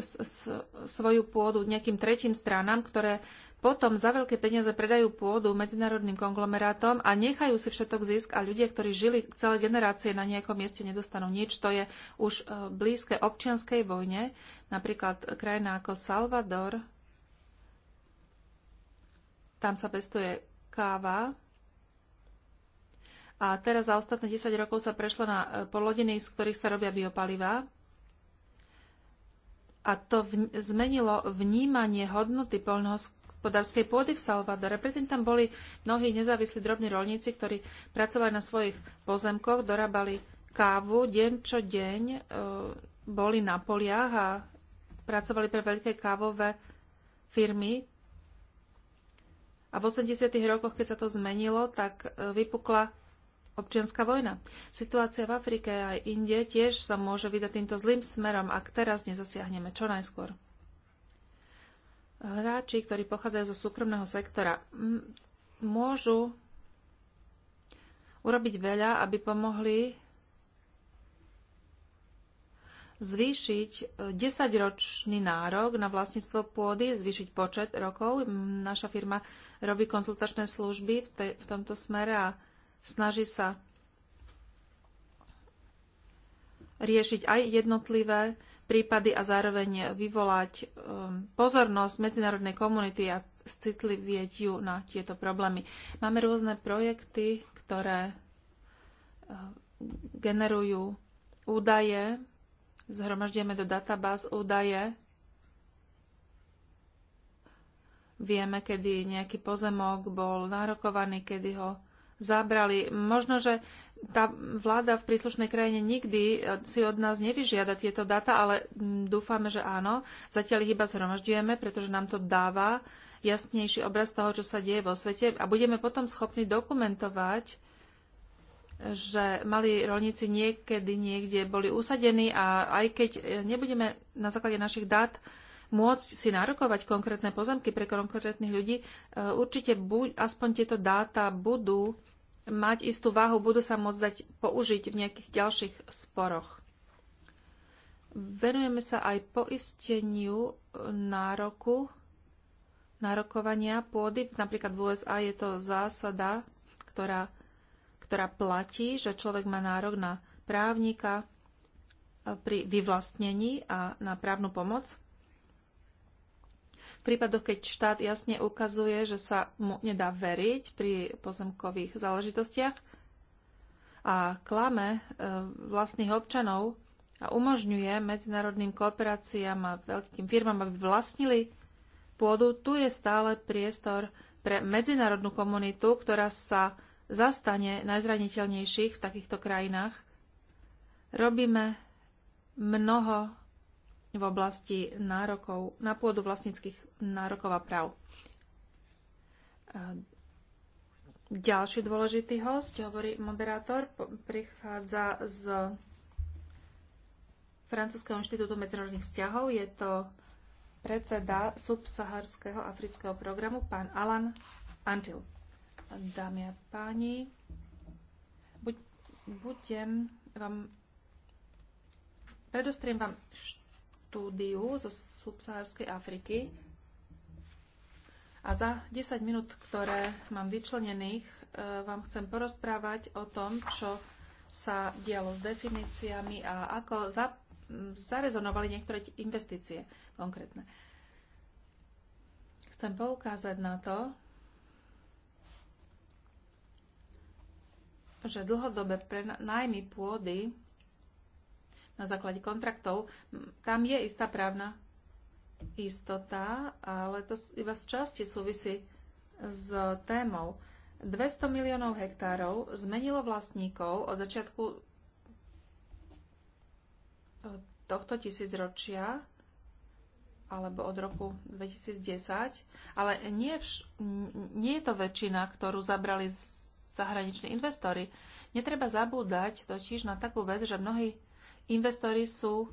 svoju pôdu nejakým tretím stranám, ktoré potom za veľké peniaze predajú pôdu medzinárodným konglomerátom a nechajú si všetok zisk a ľudia, ktorí žili celé generácie na nejakom mieste, nedostanú nič. To je už e, blízke občianskej vojne. Napríklad krajina ako Salvador, tam sa pestuje káva a teraz za ostatné 10 rokov sa prešlo na e, polodiny, z ktorých sa robia biopalivá. A to v, zmenilo vnímanie hodnoty poľnohospodárskej pôdy v Salvadore. Predtým tam boli mnohí nezávislí drobní rolníci, ktorí pracovali na svojich pozemkoch, dorábali kávu deň čo deň, e, boli na poliach a pracovali pre veľké kávové firmy. A v 80. rokoch, keď sa to zmenilo, tak e, vypukla občianská vojna. Situácia v Afrike aj inde tiež sa môže vydať týmto zlým smerom, ak teraz nezasiahneme čo najskôr. Hráči, ktorí pochádzajú zo súkromného sektora, môžu urobiť veľa, aby pomohli zvýšiť 10-ročný e, nárok na vlastníctvo pôdy, zvýšiť počet rokov. Naša firma robí konzultačné služby v, te, v tomto smere a Snaží sa riešiť aj jednotlivé prípady a zároveň vyvolať um, pozornosť medzinárodnej komunity a citlivieť ju na tieto problémy. Máme rôzne projekty, ktoré uh, generujú údaje, zhromaždíme do databáz údaje, vieme, kedy nejaký pozemok bol nárokovaný, kedy ho zabrali. Možno, že tá vláda v príslušnej krajine nikdy eh, si od nás nevyžiada tieto dáta, ale mm, dúfame, že áno. Zatiaľ ich iba zhromažďujeme, pretože nám to dáva jasnejší obraz toho, čo sa deje vo svete a budeme potom schopní dokumentovať, že mali rolníci niekedy niekde boli usadení a aj keď eh, nebudeme na základe našich dát môcť si nárokovať konkrétne pozemky pre konkrétnych ľudí, eh, určite buď, aspoň tieto dáta budú mať istú váhu, budú sa môcť dať použiť v nejakých ďalších sporoch. Venujeme sa aj poisteniu nároku, nárokovania pôdy. Napríklad v USA je to zásada, ktorá, ktorá platí, že človek má nárok na právnika pri vyvlastnení a na právnu pomoc prípadoch, keď štát jasne ukazuje, že sa mu nedá veriť pri pozemkových záležitostiach a klame e, vlastných občanov a umožňuje medzinárodným kooperáciám a veľkým firmám, aby vlastnili pôdu, tu je stále priestor pre medzinárodnú komunitu, ktorá sa zastane najzraniteľnejších v takýchto krajinách. Robíme mnoho v oblasti nárokov, na pôdu vlastníckých nárokov a práv. Ďalší dôležitý host, hovorí moderátor, prichádza z Francúzského inštitútu medzinárodných vzťahov. Je to predseda subsaharského afrického programu, pán Alan Antil. Dámy a páni, budem vám, predostriem vám št- štúdiu zo subsahárskej Afriky a za 10 minút, ktoré mám vyčlenených, e, vám chcem porozprávať o tom, čo sa dialo s definíciami a ako za, zarezonovali niektoré investície konkrétne. Chcem poukázať na to, že dlhodobé nájmy pôdy na základe kontraktov. Tam je istá právna istota, ale to iba z časti súvisí s témou. 200 miliónov hektárov zmenilo vlastníkov od začiatku e, tohto tisícročia alebo od roku 2010, ale nie, vš- nie je to väčšina, ktorú zabrali zahraniční investori. Netreba zabúdať totiž na takú vec, že mnohí investori sú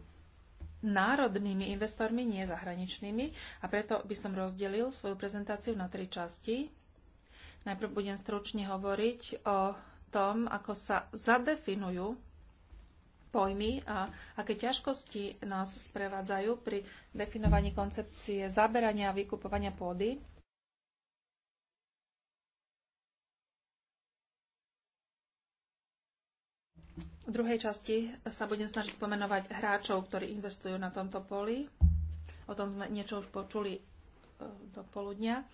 národnými investormi, nie zahraničnými a preto by som rozdelil svoju prezentáciu na tri časti. Najprv budem stručne hovoriť o tom, ako sa zadefinujú pojmy a aké ťažkosti nás sprevádzajú pri definovaní koncepcie zaberania a vykupovania pôdy. V druhej časti sa budem snažiť pomenovať hráčov, ktorí investujú na tomto poli. O tom sme niečo už počuli e, do poludnia.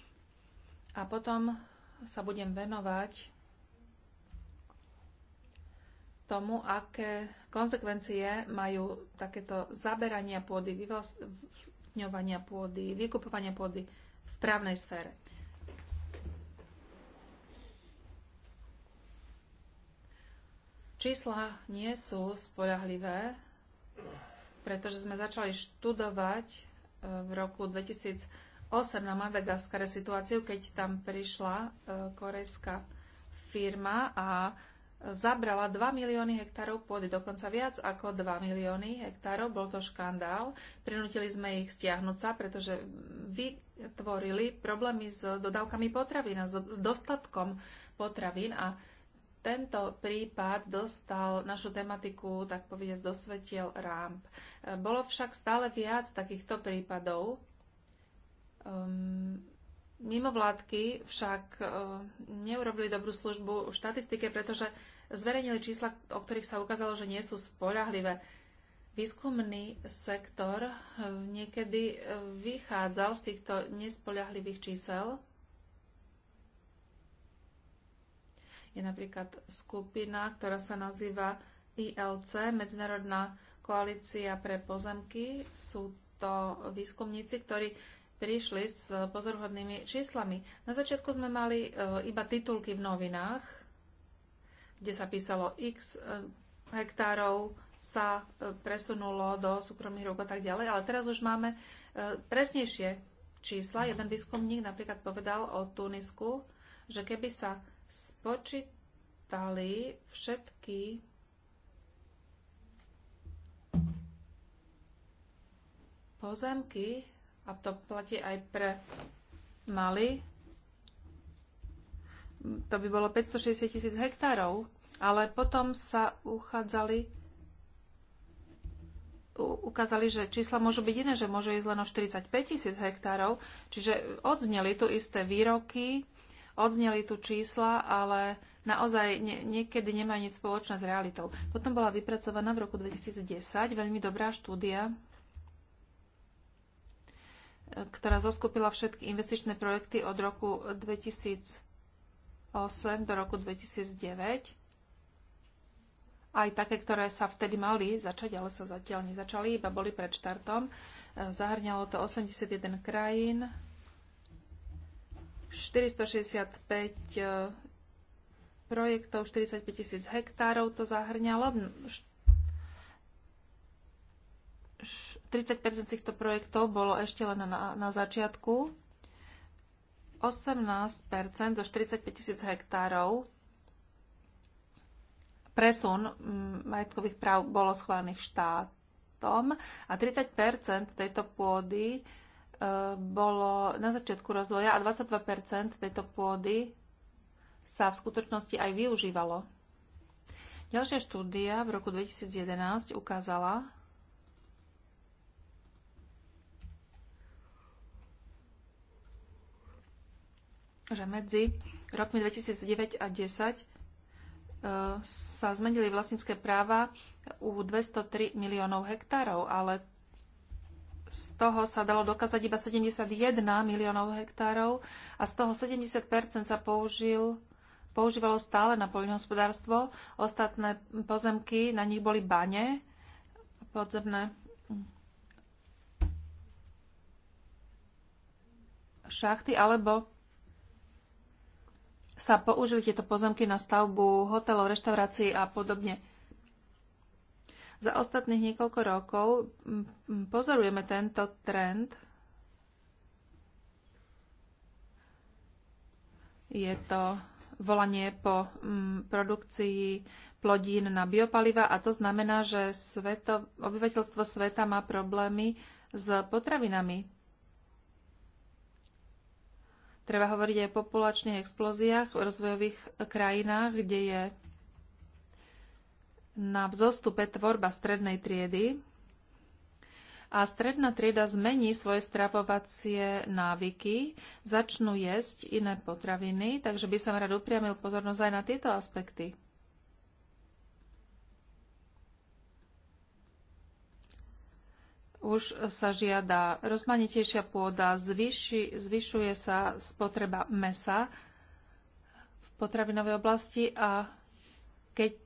A potom sa budem venovať tomu, aké konsekvencie majú takéto zaberania pôdy, vyvlastňovania pôdy, vykupovania pôdy v právnej sfére. Čísla nie sú spoľahlivé, pretože sme začali študovať e, v roku 2008 na Madagaskare situáciu, keď tam prišla e, korejská firma a zabrala 2 milióny hektárov pôdy, dokonca viac ako 2 milióny hektárov, bol to škandál. Prinútili sme ich stiahnuť sa, pretože vytvorili problémy s dodávkami potravín a s dostatkom potravín a tento prípad dostal našu tematiku, tak povediať, do svetiel rámp. E, bolo však stále viac takýchto prípadov. Um, mimovládky však um, neurobili dobrú službu štatistike, pretože zverejnili čísla, o ktorých sa ukázalo, že nie sú spoľahlivé. Výskumný sektor e, niekedy vychádzal z týchto nespoľahlivých čísel Je napríklad skupina, ktorá sa nazýva ILC, Medzinárodná koalícia pre pozemky. Sú to výskumníci, ktorí prišli s pozoruhodnými číslami. Na začiatku sme mali e, iba titulky v novinách, kde sa písalo x e, hektárov sa e, presunulo do súkromných rúk a tak ďalej, ale teraz už máme presnejšie čísla. Jeden výskumník napríklad povedal o Tunisku, že keby sa spočítali všetky pozemky, a to platí aj pre Mali, to by bolo 560 tisíc hektárov, ale potom sa uchádzali ukázali, že čísla môžu byť iné, že môže ísť len o 45 tisíc hektárov. Čiže odzneli tu isté výroky, odzneli tu čísla, ale naozaj nie, niekedy nemajú nič spoločné s realitou. Potom bola vypracovaná v roku 2010 veľmi dobrá štúdia, ktorá zoskupila všetky investičné projekty od roku 2008 do roku 2009. Aj také, ktoré sa vtedy mali začať, ale sa zatiaľ nezačali, iba boli pred štartom. Zahrňalo to 81 krajín, 465 eh, projektov, 45 tisíc hektárov to zahrňalo. 30 z týchto projektov bolo ešte len na, na začiatku. 18 zo 45 tisíc hektárov presun mm, majetkových práv bolo schválených štátom a 30 tejto pôdy bolo na začiatku rozvoja a 22 tejto pôdy sa v skutočnosti aj využívalo. Ďalšia štúdia v roku 2011 ukázala, že medzi rokmi 2009 a 2010 e, sa zmenili vlastnícke práva u 203 miliónov hektárov, ale z toho sa dalo dokázať iba 71 miliónov hektárov a z toho 70 sa použil, používalo stále na poľnohospodárstvo. Ostatné pozemky, na nich boli bane, podzemné šachty, alebo sa použili tieto pozemky na stavbu hotelov, reštaurácií a podobne. Za ostatných niekoľko rokov pozorujeme tento trend. Je to volanie po produkcii plodín na biopaliva a to znamená, že sveto, obyvateľstvo sveta má problémy s potravinami. Treba hovoriť aj o populačných explóziách v rozvojových krajinách, kde je na vzostupe tvorba strednej triedy a stredná trieda zmení svoje stravovacie návyky, začnú jesť iné potraviny, takže by som rád upriamil pozornosť aj na tieto aspekty. Už sa žiada rozmanitejšia pôda, zvyši, zvyšuje sa spotreba mesa v potravinovej oblasti a keď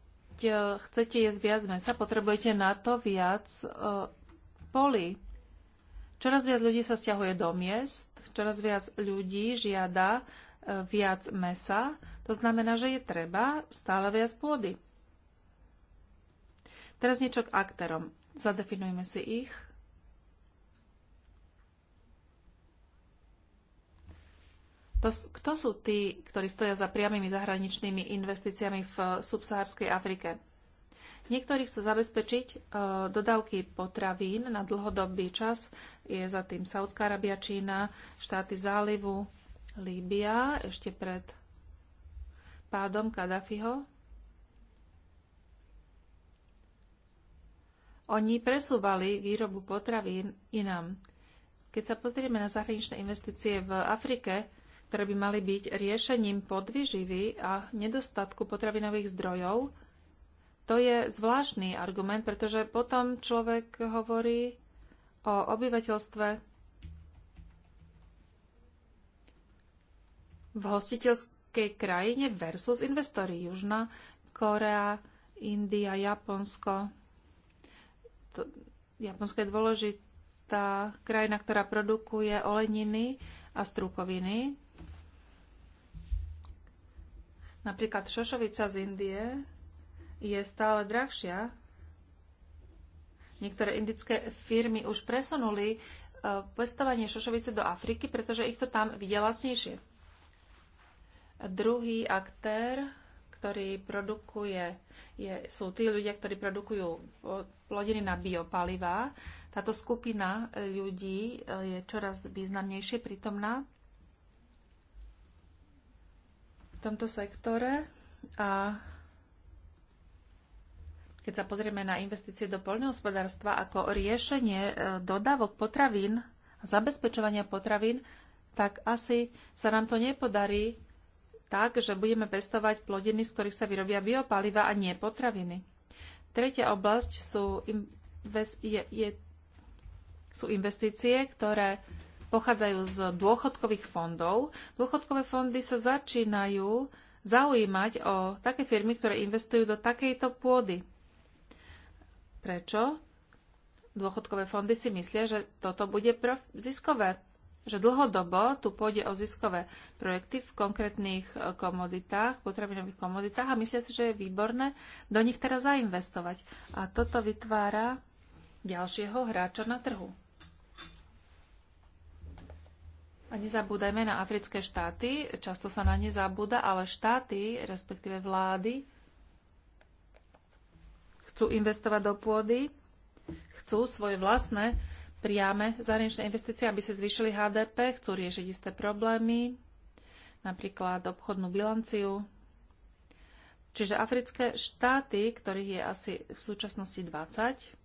E, chcete jesť viac mesa, potrebujete na to viac e, polí. Čoraz viac ľudí sa stiahuje do miest, čoraz viac ľudí žiada e, viac mesa, to znamená, že je treba stále viac pôdy. Teraz niečo k aktérom. Zadefinujme si ich. Kto sú tí, ktorí stoja za priamými zahraničnými investíciami v eh, subsahárskej Afrike? Niektorí chcú zabezpečiť eh, dodávky potravín na dlhodobý čas. Je za tým Saudská Arabia, Čína, štáty zálivu, Líbia, ešte pred pádom Kadafiho. Oni presúvali výrobu potravín inám. Keď sa pozrieme na zahraničné investície v Afrike, ktoré by mali byť riešením podvyživy a nedostatku potravinových zdrojov, to je zvláštny argument, pretože potom človek hovorí o obyvateľstve v hostiteľskej krajine versus investori Južná Korea, India, Japonsko. To, Japonsko je dôležitá krajina, ktorá produkuje oleniny a strukoviny. Napríklad šošovica z Indie je stále drahšia. Niektoré indické firmy už presunuli e, pestovanie šošovice do Afriky, pretože ich to tam vidia lacnejšie. Druhý aktér, ktorý produkuje, je, sú tí ľudia, ktorí produkujú plodiny na biopalivá. Táto skupina ľudí e, je čoraz významnejšie prítomná v tomto sektore a keď sa pozrieme na investície do poľnohospodárstva ako riešenie e, dodávok potravín a zabezpečovania potravín, tak asi sa nám to nepodarí tak, že budeme pestovať plodiny, z ktorých sa vyrobia biopaliva a nie potraviny. Tretia oblasť sú, inves, je, je, sú investície, ktoré pochádzajú z dôchodkových fondov. Dôchodkové fondy sa začínajú zaujímať o také firmy, ktoré investujú do takejto pôdy. Prečo? Dôchodkové fondy si myslia, že toto bude ziskové, že dlhodobo tu pôjde o ziskové projekty v konkrétnych e, komoditách, potravinových komoditách a myslia si, že je výborné do nich teraz zainvestovať. A toto vytvára ďalšieho hráča na trhu. A nezabúdajme na africké štáty, často sa na ne zabúda, ale štáty, respektíve vlády, chcú investovať do pôdy, chcú svoje vlastné priame zahraničné investície, aby sa zvýšili HDP, chcú riešiť isté problémy, napríklad obchodnú bilanciu. Čiže africké štáty, ktorých je asi v súčasnosti 20,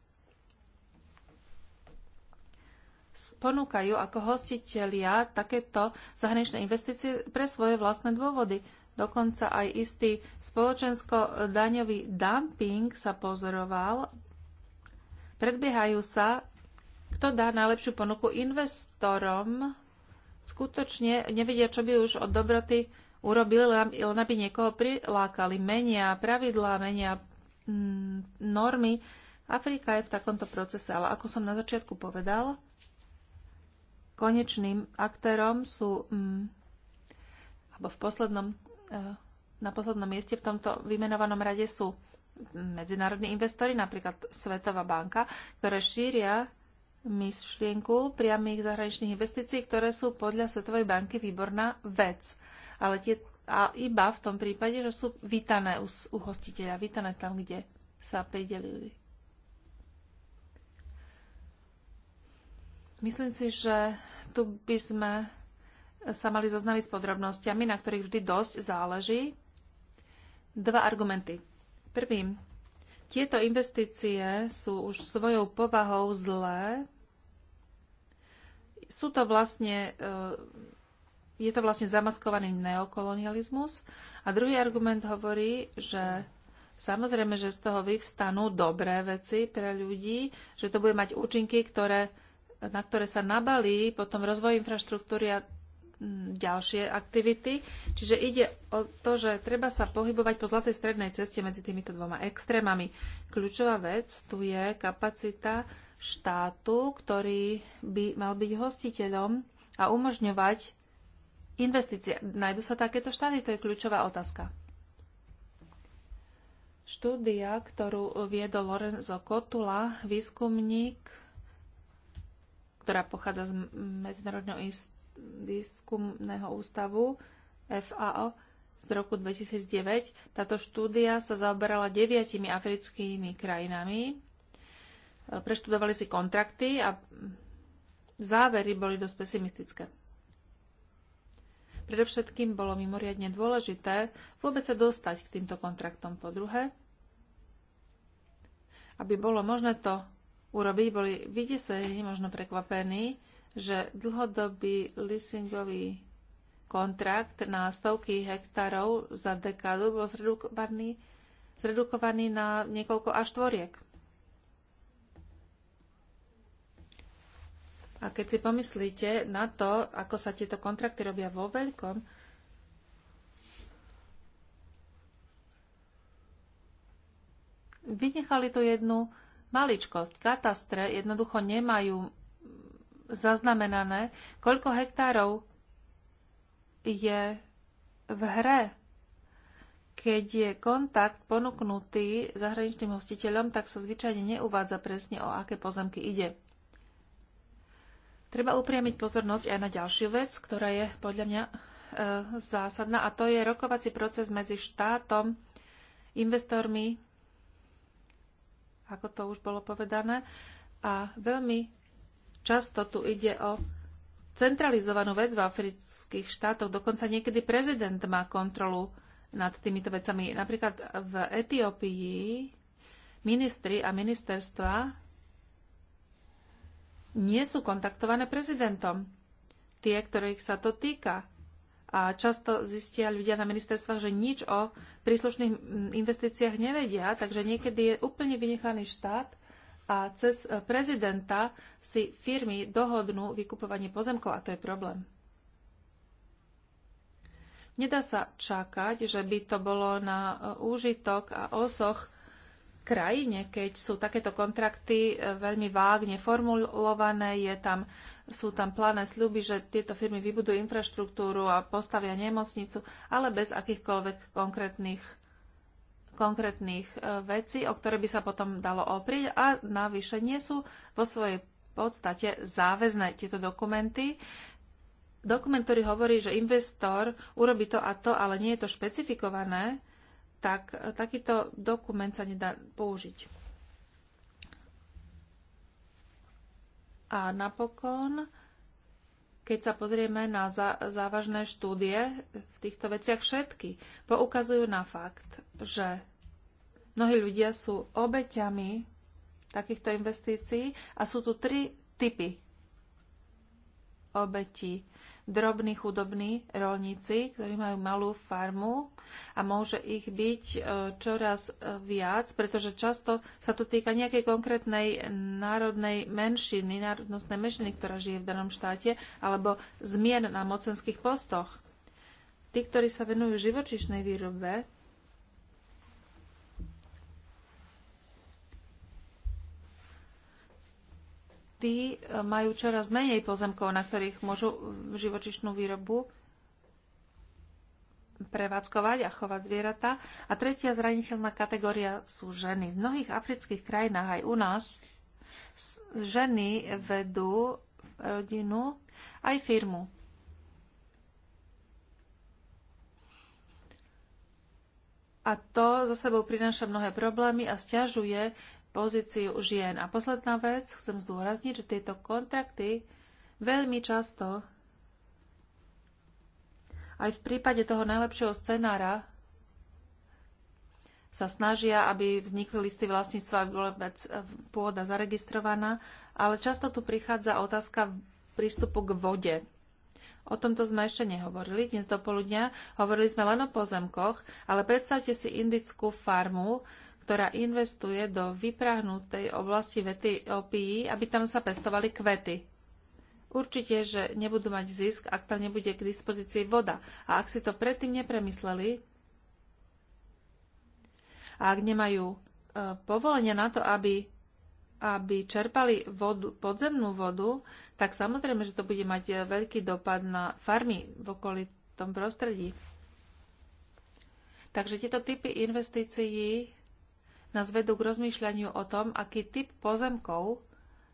ponúkajú ako hostitelia takéto zahraničné investície pre svoje vlastné dôvody. Dokonca aj istý spoločensko-daňový dumping sa pozoroval. Predbiehajú sa, kto dá najlepšiu ponuku investorom. Skutočne nevedia, čo by už od dobroty urobili, len aby niekoho prilákali. Menia pravidlá, menia mm, normy. Afrika je v takomto procese, ale ako som na začiatku povedal, konečným aktérom sú, mm, alebo v poslednom, e, na poslednom mieste v tomto vymenovanom rade sú medzinárodní investori, napríklad Svetová banka, ktoré šíria myšlienku priamých zahraničných investícií, ktoré sú podľa Svetovej banky výborná vec. Ale tie, a iba v tom prípade, že sú vítané u, u hostiteľa, vítané tam, kde sa pridelili. Myslím si, že tu by sme sa mali zoznaviť s podrobnostiami, na ktorých vždy dosť záleží. Dva argumenty. Prvým, tieto investície sú už svojou povahou zlé. Sú to vlastne, e, je to vlastne zamaskovaný neokolonializmus. A druhý argument hovorí, že samozrejme, že z toho vyvstanú dobré veci pre ľudí, že to bude mať účinky, ktoré na ktoré sa nabalí potom rozvoj infraštruktúry a mm, ďalšie aktivity. Čiže ide o to, že treba sa pohybovať po zlatej strednej ceste medzi týmito dvoma extrémami. Kľúčová vec tu je kapacita štátu, ktorý by mal byť hostiteľom a umožňovať investície. Najdu sa takéto štáty? To je kľúčová otázka. Štúdia, ktorú viedol Lorenzo Kotula, výskumník ktorá pochádza z Medzinárodného výskumného ústavu FAO z roku 2009. Táto štúdia sa zaoberala deviatimi africkými krajinami. E, preštudovali si kontrakty a závery boli dosť pesimistické. Predovšetkým bolo mimoriadne dôležité vôbec sa dostať k týmto kontraktom po druhé, aby bolo možné to urobiť, boli vydesení, možno prekvapení, že dlhodobý leasingový kontrakt na stovky hektárov za dekádu bol zredukovaný, zredukovaný na niekoľko až tvoriek. A keď si pomyslíte na to, ako sa tieto kontrakty robia vo veľkom, vynechali tu jednu maličkosť. Katastre jednoducho nemajú zaznamenané, koľko hektárov je v hre. Keď je kontakt ponúknutý zahraničným hostiteľom, tak sa zvyčajne neuvádza presne, o aké pozemky ide. Treba upriamiť pozornosť aj na ďalšiu vec, ktorá je podľa mňa e, zásadná, a to je rokovací proces medzi štátom, investormi ako to už bolo povedané. A veľmi často tu ide o centralizovanú vec v afrických štátoch. Dokonca niekedy prezident má kontrolu nad týmito vecami. Napríklad v Etiópii ministri a ministerstva nie sú kontaktované prezidentom. Tie, ktorých sa to týka. A často zistia ľudia na ministerstvách, že nič o príslušných investíciách nevedia, takže niekedy je úplne vynechaný štát a cez e, prezidenta si firmy dohodnú vykupovanie pozemkov a to je problém. Nedá sa čakať, že by to bolo na e, úžitok a osoch krajine, keď sú takéto kontrakty e, veľmi vágne formulované, je tam sú tam plané sľuby, že tieto firmy vybudujú infraštruktúru a postavia nemocnicu, ale bez akýchkoľvek konkrétnych, konkrétnych e, vecí, o ktoré by sa potom dalo oprieť a navyše nie sú vo svojej podstate záväzné tieto dokumenty. Dokument, ktorý hovorí, že investor urobí to a to, ale nie je to špecifikované, tak e, takýto dokument sa nedá použiť. A napokon, keď sa pozrieme na závažné štúdie v týchto veciach, všetky poukazujú na fakt, že mnohí ľudia sú obeťami takýchto investícií a sú tu tri typy obetí drobní chudobní rolníci, ktorí majú malú farmu a môže ich byť e, čoraz e, viac, pretože často sa to týka nejakej konkrétnej národnej menšiny, národnostnej menšiny, ktorá žije v danom štáte, alebo zmien na mocenských postoch. Tí, ktorí sa venujú živočišnej výrobe, štáty e, majú čoraz menej pozemkov, na ktorých môžu živočišnú výrobu prevádzkovať a chovať zvieratá. A tretia zraniteľná kategória sú ženy. V mnohých afrických krajinách aj u nás ženy vedú rodinu aj firmu. A to za sebou prináša mnohé problémy a stiažuje pozíciu žien. A posledná vec, chcem zdôrazniť, že tieto kontrakty veľmi často aj v prípade toho najlepšieho scenára sa snažia, aby vznikli listy vlastníctva, aby bola vec eh, pôda zaregistrovaná, ale často tu prichádza otázka prístupu k vode. O tomto sme ešte nehovorili. Dnes do poludnia hovorili sme len o pozemkoch, ale predstavte si indickú farmu, ktorá investuje do vyprahnutej oblasti v Etiópii, aby tam sa pestovali kvety. Určite, že nebudú mať zisk, ak tam nebude k dispozícii voda. A ak si to predtým nepremysleli, a ak nemajú e, povolenia na to, aby, aby čerpali vodu, podzemnú vodu, tak samozrejme, že to bude mať e, veľký dopad na farmy v okolitom prostredí. Takže tieto typy investícií nás vedú k rozmýšľaniu o tom, aký typ pozemkov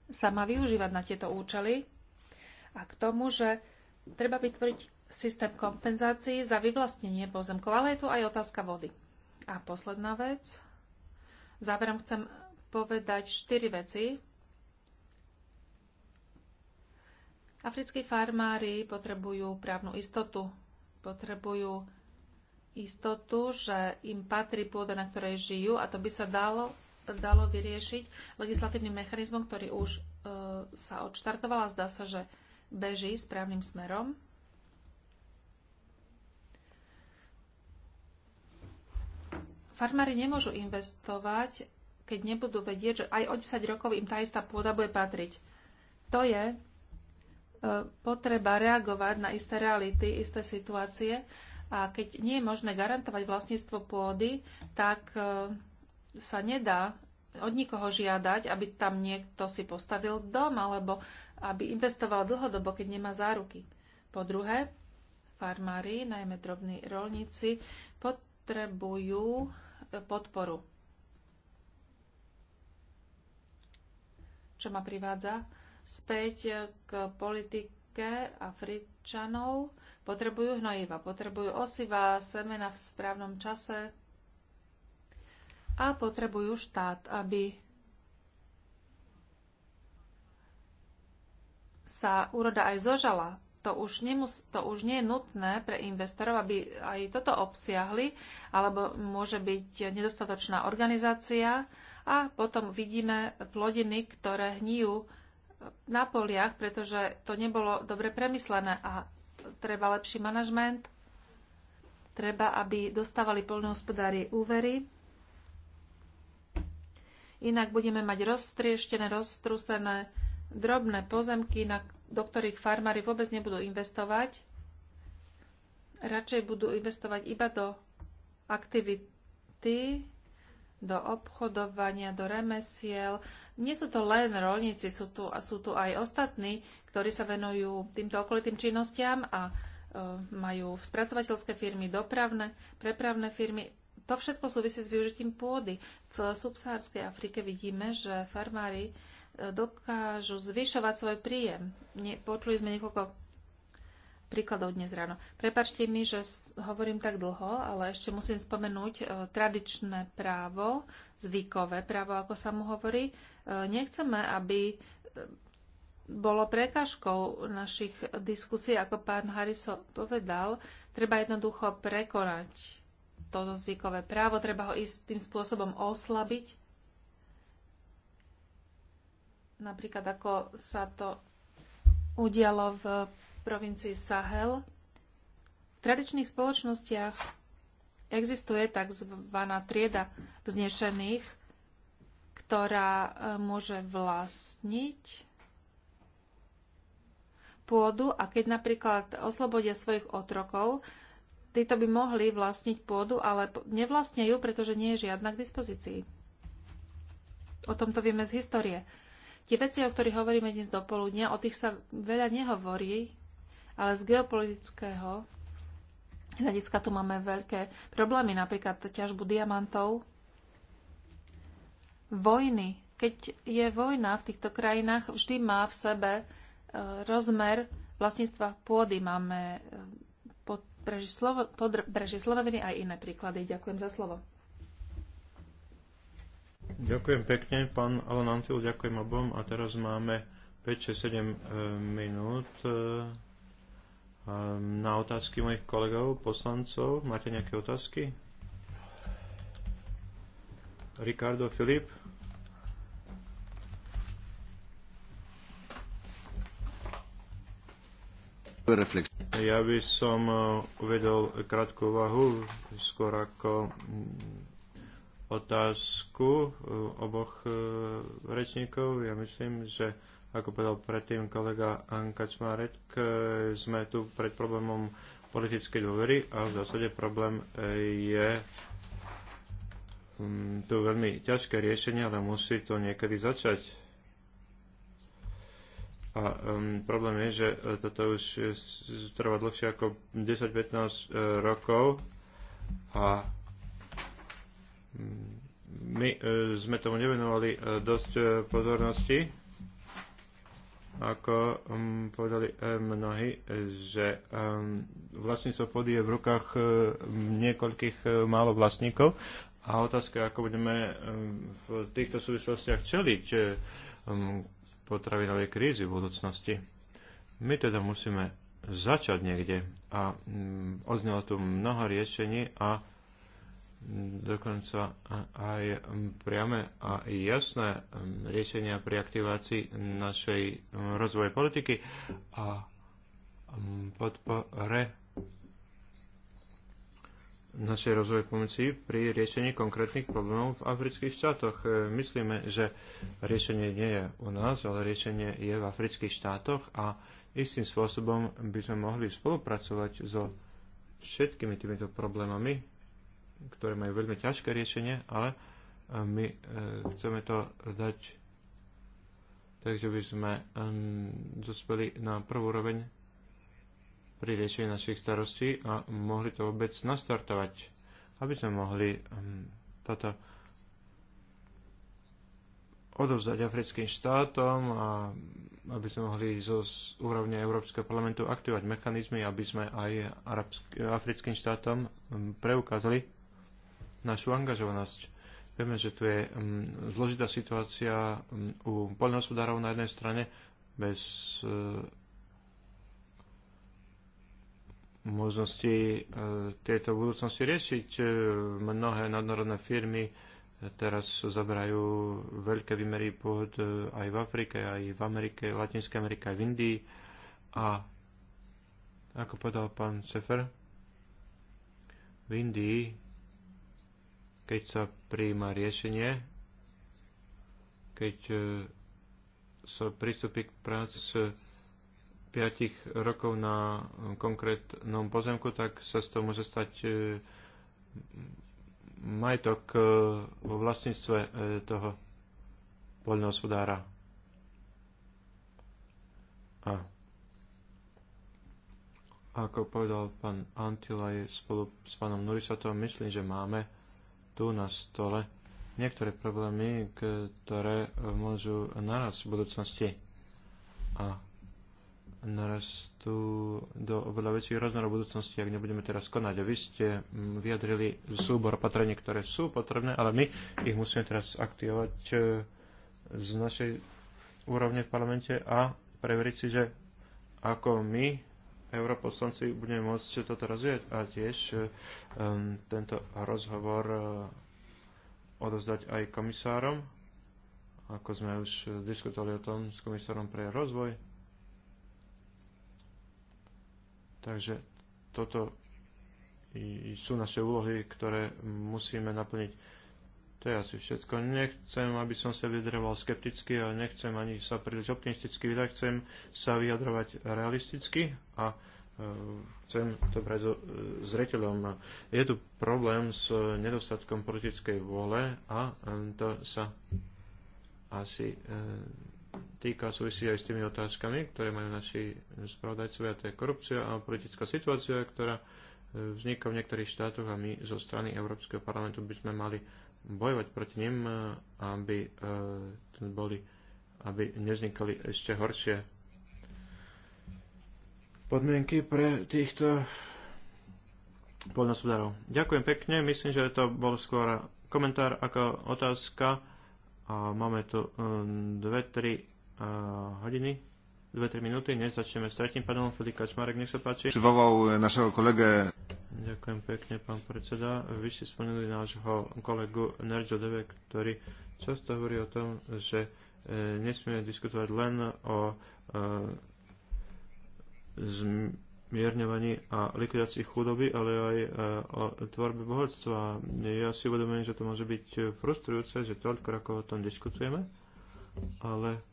sa má využívať na tieto účely a k tomu, že treba vytvoriť systém kompenzácií za vyvlastnenie pozemkov, ale je tu aj otázka vody. A posledná vec. Záverom chcem povedať štyri veci. Africkí farmári potrebujú právnu istotu, potrebujú istotu, že im patrí pôda, na ktorej žijú a to by sa dalo, dalo vyriešiť legislatívnym mechanizmom, ktorý už e, sa odštartoval a zdá sa, že beží správnym smerom. Farmári nemôžu investovať, keď nebudú vedieť, že aj o 10 rokov im tá istá pôda bude patriť. To je e, potreba reagovať na isté reality, isté situácie a keď nie je možné garantovať vlastníctvo pôdy, tak e, sa nedá od nikoho žiadať, aby tam niekto si postavil dom alebo aby investoval dlhodobo, keď nemá záruky. Po druhé, farmári, najmä drobní rolníci, potrebujú e, podporu. Čo ma privádza späť e, k politike Afričanov, Potrebujú hnojiva, potrebujú osiva, semena v správnom čase a potrebujú štát, aby sa úroda aj zožala. To už, nemus- to už nie je nutné pre investorov, aby aj toto obsiahli, alebo môže byť nedostatočná organizácia a potom vidíme plodiny, ktoré hníjú na poliach, pretože to nebolo dobre premyslené a treba lepší manažment, treba, aby dostávali poľnohospodári úvery. Inak budeme mať roztrieštené, roztrusené drobné pozemky, na, do ktorých farmári vôbec nebudú investovať. Radšej budú investovať iba do aktivity, do obchodovania, do remesiel. Nie sú to len rolníci, sú tu, sú tu aj ostatní, ktorí sa venujú týmto okolitým činnostiam a e, majú spracovateľské firmy, dopravné, prepravné firmy. To všetko súvisí s využitím pôdy. V subsahárskej Afrike vidíme, že farmári e, dokážu zvyšovať svoj príjem. počuli sme niekoľko príkladov dnes ráno. Prepačte mi, že hovorím tak dlho, ale ešte musím spomenúť e, tradičné právo, zvykové právo, ako sa mu hovorí. E, nechceme, aby e, bolo prekážkou našich diskusí, ako pán Hariso povedal, treba jednoducho prekonať toto zvykové právo, treba ho istým spôsobom oslabiť. Napríklad ako sa to udialo v provincii Sahel v tradičných spoločnostiach existuje tzv. trieda vznešených, ktorá e, môže vlastniť pôdu a keď napríklad oslobodia svojich otrokov, títo by mohli vlastniť pôdu, ale nevlastnia ju, pretože nie je žiadna k dispozícii. O tom to vieme z histórie. Tie veci, o ktorých hovoríme dnes do poludnia, o tých sa veľa nehovorí, ale z geopolitického hľadiska tu máme veľké problémy, napríklad ťažbu diamantov, vojny. Keď je vojna v týchto krajinách, vždy má v sebe e, rozmer vlastníctva pôdy. Máme e, pod breži Sloveniny aj iné príklady. Ďakujem za slovo. Ďakujem pekne, pán Alan Antil, ďakujem obom. A teraz máme 5-7 e, minút Ehm, na otázky mojich kolegov, poslancov. Máte nejaké otázky? Ricardo Filip. Ja by som eh, uvedol krátku vahu, skôr ako mm, otázku eh, oboch eh, rečníkov. Ja myslím, že ako povedal predtým kolega Čmárek, eh, sme tu pred problémom politickej dôvery a v zásade problém eh, je mm, to veľmi ťažké riešenie, ale musí to niekedy začať. A um, problém je, že eh, toto už trvá dlhšie ako 10-15 rokov a mm, my sme tomu nevenovali dosť pozornosti ako um, povedali eh, mnohí, že um, vlastníctvo pôdy je v rukách um, niekoľkých um, málo vlastníkov a otázka, ako budeme um, v týchto súvislostiach čeliť um, potravinovej krízy v budúcnosti. My teda musíme začať niekde a um, oznelo tu mnoho riešení a dokonca aj priame a jasné riešenia pri aktivácii našej um, rozvoje politiky a um, podpore našej rozvoj pomoci pri riešení konkrétnych problémov v afrických štátoch. E, myslíme, že riešenie nie je u nás, ale riešenie je v afrických štátoch a istým spôsobom by sme mohli spolupracovať so všetkými týmito problémami ktoré majú veľmi ťažké riešenie, ale e, my e, chceme to dať takže by sme e, dospeli na prvú roveň pri riešení našich starostí a mohli to vôbec nastartovať, aby sme mohli toto odovzdať africkým štátom a aby sme mohli zo úrovne Európskeho parlamentu aktivovať mechanizmy, aby sme aj africkým štátom preukázali, našu angažovanosť. Vieme, že tu je mm, zložitá situácia mm, u poľnohospodárov na jednej strane bez e, možnosti e, tieto budúcnosti riešiť. E, mnohé nadnárodné firmy teraz zabrajú veľké výmery pôd aj v Afrike, aj v Amerike, v Latinskej Amerike, aj v Indii. A ako povedal pán Sefer, v Indii keď sa prijíma riešenie, keď e, sa pristúpi k práci z 5 rokov na konkrétnom pozemku, tak sa z toho môže stať e, majetok e, vo vlastníctve toho poľnohospodára. A ako povedal pán Antila je spolu s pánom Nurisatom, myslím, že máme tu na stole niektoré problémy, ktoré môžu naraz v budúcnosti a naraz tu do oveľa väčších rozmerov budúcnosti, ak nebudeme teraz konať. A vy ste vyjadrili súbor opatrení, ktoré sú potrebné, ale my ich musíme teraz aktivovať e, z našej úrovne v parlamente a preveriť si, že ako my europoslanci budeme môcť toto rozvíjať a tiež um, tento rozhovor uh, odozdať aj komisárom, ako sme už diskutovali o tom s komisárom pre rozvoj. Takže toto sú naše úlohy, ktoré musíme naplniť to je asi všetko. Nechcem, aby som sa vyjadroval skepticky a nechcem ani sa príliš optimisticky vydať. Chcem sa vyjadrovať realisticky a e, chcem to brať so e, zreteľom. Je tu problém s nedostatkom politickej vôle a e, to sa asi týka súvisí aj s tými otázkami, ktoré majú naši spravodajcovia, to je korupcia a politická situácia, ktorá vzniká v niektorých štátoch a my zo strany Európskeho parlamentu by sme mali bojovať proti ním, e, aby e, boli aby nevznikali ešte horšie podmienky pre týchto poľnospodárov. Ďakujem pekne, myslím, že to bol skôr komentár ako otázka. A máme tu 2-3 e, hodiny. 2-3 minúty, než začneme s tretím panelom. Filip Kačmarek, nech sa páči. Přivolal eh, našeho kolege. Ďakujem pekne, pán predseda. Vy ste spomenuli nášho kolegu Nerjo Deve, ktorý často hovorí o tom, že eh, nesmieme diskutovať len o eh, zmierňovaní a likvidácii chudoby, ale aj o tvorbe bohatstva. Ja si uvedomujem, že to môže byť frustrujúce, že toľko rokov o tom diskutujeme, ale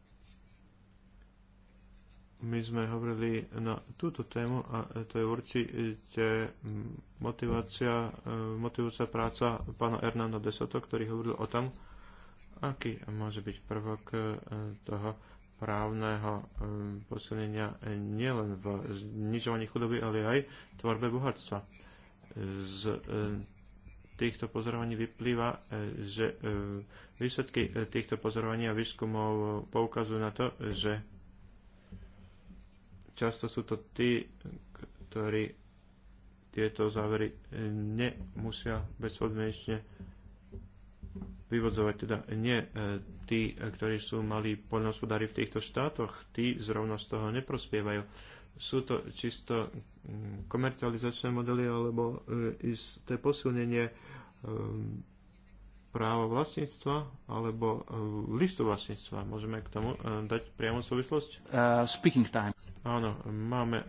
my sme hovorili na túto tému a to je určite mm, motivácia, e, motivujúca práca pána De Desoto, ktorý hovoril o tom, aký môže byť prvok e, toho právneho e, posilnenia nielen v znižovaní chudoby, ale aj tvorbe bohatstva. Z týchto pozorovaní vyplýva, že výsledky týchto pozorovaní a výskumov poukazujú na to, že často sú to tí, ktorí tieto závery e, nemusia bezodmienečne vyvodzovať. Teda nie e, tí, e, ktorí sú mali poľnohospodári v týchto štátoch, tí zrovna z toho neprospievajú. Sú to čisto mm, komercializačné modely alebo isté posilnenie právo vlastníctva alebo eh, listu vlastníctva. Môžeme k tomu eh, dať priamo súvislosť? Uh, speaking time. Áno, máme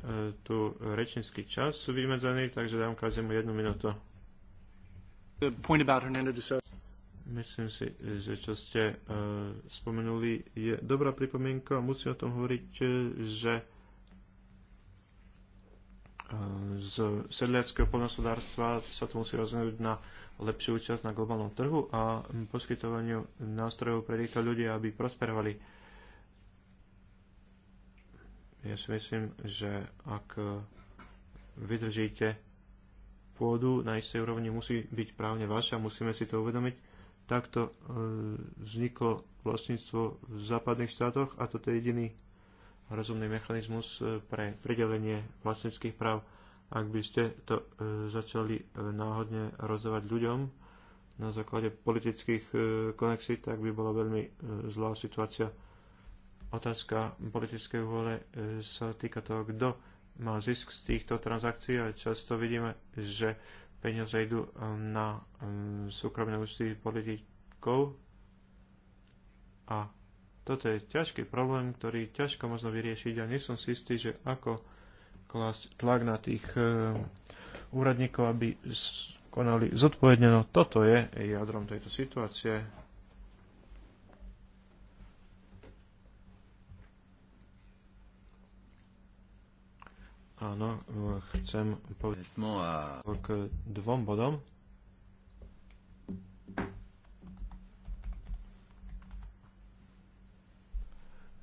tu rečnícky čas vymedzený, takže dám každému jednu minútu. Point about Hernando de Myslím si, že čo ste uh, spomenuli, je dobrá pripomienka. Musím o tom hovoriť, že z sedliackého poľnohospodárstva sa to musí rozhodnúť na uh, lepšiu účasť na globálnom trhu a poskytovaniu nástrojov pre týchto ľudí, aby prosperovali. Ja si myslím, že ak vydržíte pôdu na istej úrovni, musí byť právne vaša, musíme si to uvedomiť. Takto e, vzniklo vlastníctvo v západných štátoch a toto je jediný rozumný mechanizmus e, pre pridelenie vlastníckých práv ak by ste to e, začali e, náhodne rozdávať ľuďom na základe politických e, konexí, tak by bola veľmi zlá situácia. Otázka politickej vôle sa týka toho, kto má zisk z týchto transakcií a často vidíme, že peniaze idú na súkromné účty politikov a toto je ťažký problém, ktorý ťažko možno vyriešiť a nie som si istý, že ako klásť tlak na tých eh, úradníkov, aby konali zodpovedne. No toto je jadrom tejto situácie. Áno, chcem povedať k dvom bodom.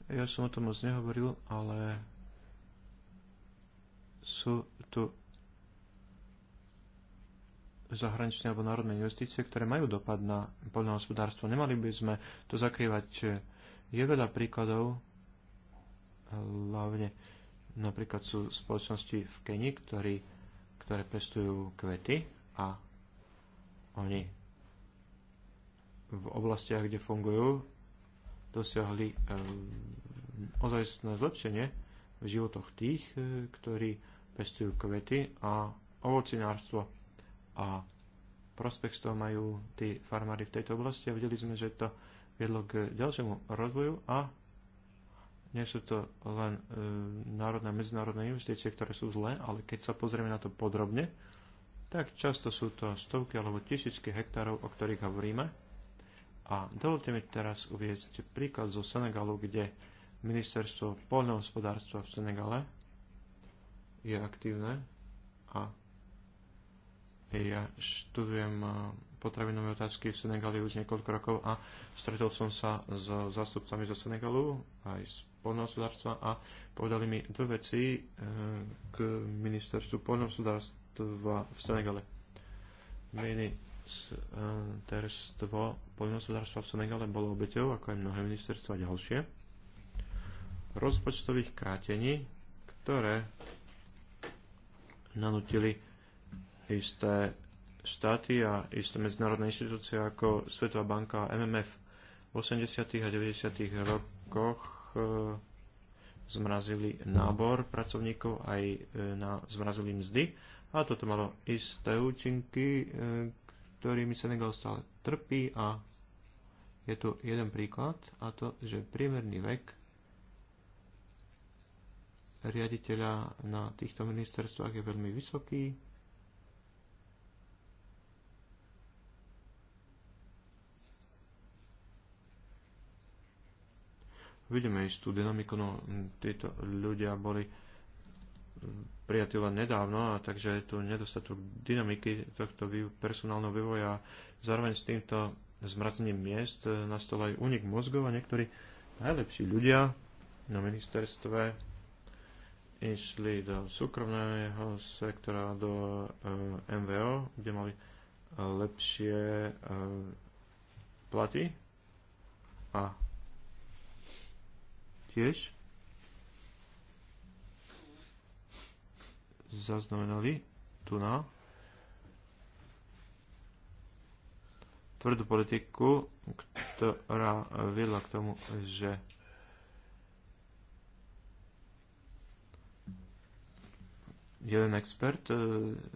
Ja som o tom moc nehovoril, ale sú tu zahraničné alebo národné investície, ktoré majú dopad na poľnohospodárstvo. Nemali by sme to zakrývať. Je veľa príkladov, hlavne napríklad sú spoločnosti v Keni, ktorí, ktoré pestujú kvety a oni v oblastiach, kde fungujú, dosiahli eh, ozajstné zlepšenie v životoch tých, eh, ktorí pestujú kvety a ovocinárstvo. A prospech z toho majú tí farmári v tejto oblasti a videli sme, že to viedlo k ďalšiemu rozvoju a nie sú to len e, národné a medzinárodné investície, ktoré sú zlé, ale keď sa pozrieme na to podrobne, tak často sú to stovky alebo tisícky hektárov, o ktorých hovoríme. A dovolte mi teraz uviezť príklad zo Senegalu, kde ministerstvo poľnohospodárstva v Senegale je aktívne a ja študujem eh, potravinové otázky v Senegali už niekoľko rokov a stretol som sa s zástupcami zo Senegalu aj z poľnohospodárstva a povedali mi dve veci eh, k ministerstvu poľnohospodárstva v Senegale. Eh, ministerstvo poľnohospodárstva v Senegale bolo obeťou, ako aj mnohé ministerstva ďalšie, rozpočtových krátení, ktoré nanutili isté štáty a isté medzinárodné inštitúcie ako Svetová banka a MMF. V 80. a 90. rokoch eh, zmrazili nábor pracovníkov, aj eh, na, zmrazili mzdy a toto malo isté účinky, eh, ktorými Senegal stále trpí a je tu jeden príklad a to, že priemerný vek riaditeľa na týchto ministerstvách je veľmi vysoký. Vidíme istú dynamiku, no títo ľudia boli prijatí len nedávno, a takže je tu nedostatok dynamiky tohto personálneho vývoja. Zároveň s týmto zmrazením miest e, nastol aj únik mozgov a niektorí najlepší ľudia na ministerstve išli do súkromného sektora, do eh, MVO, kde mali eh, lepšie eh, platy a tiež zaznamenali tu na tvrdú politiku, ktorá viedla k tomu, že jeden expert eh,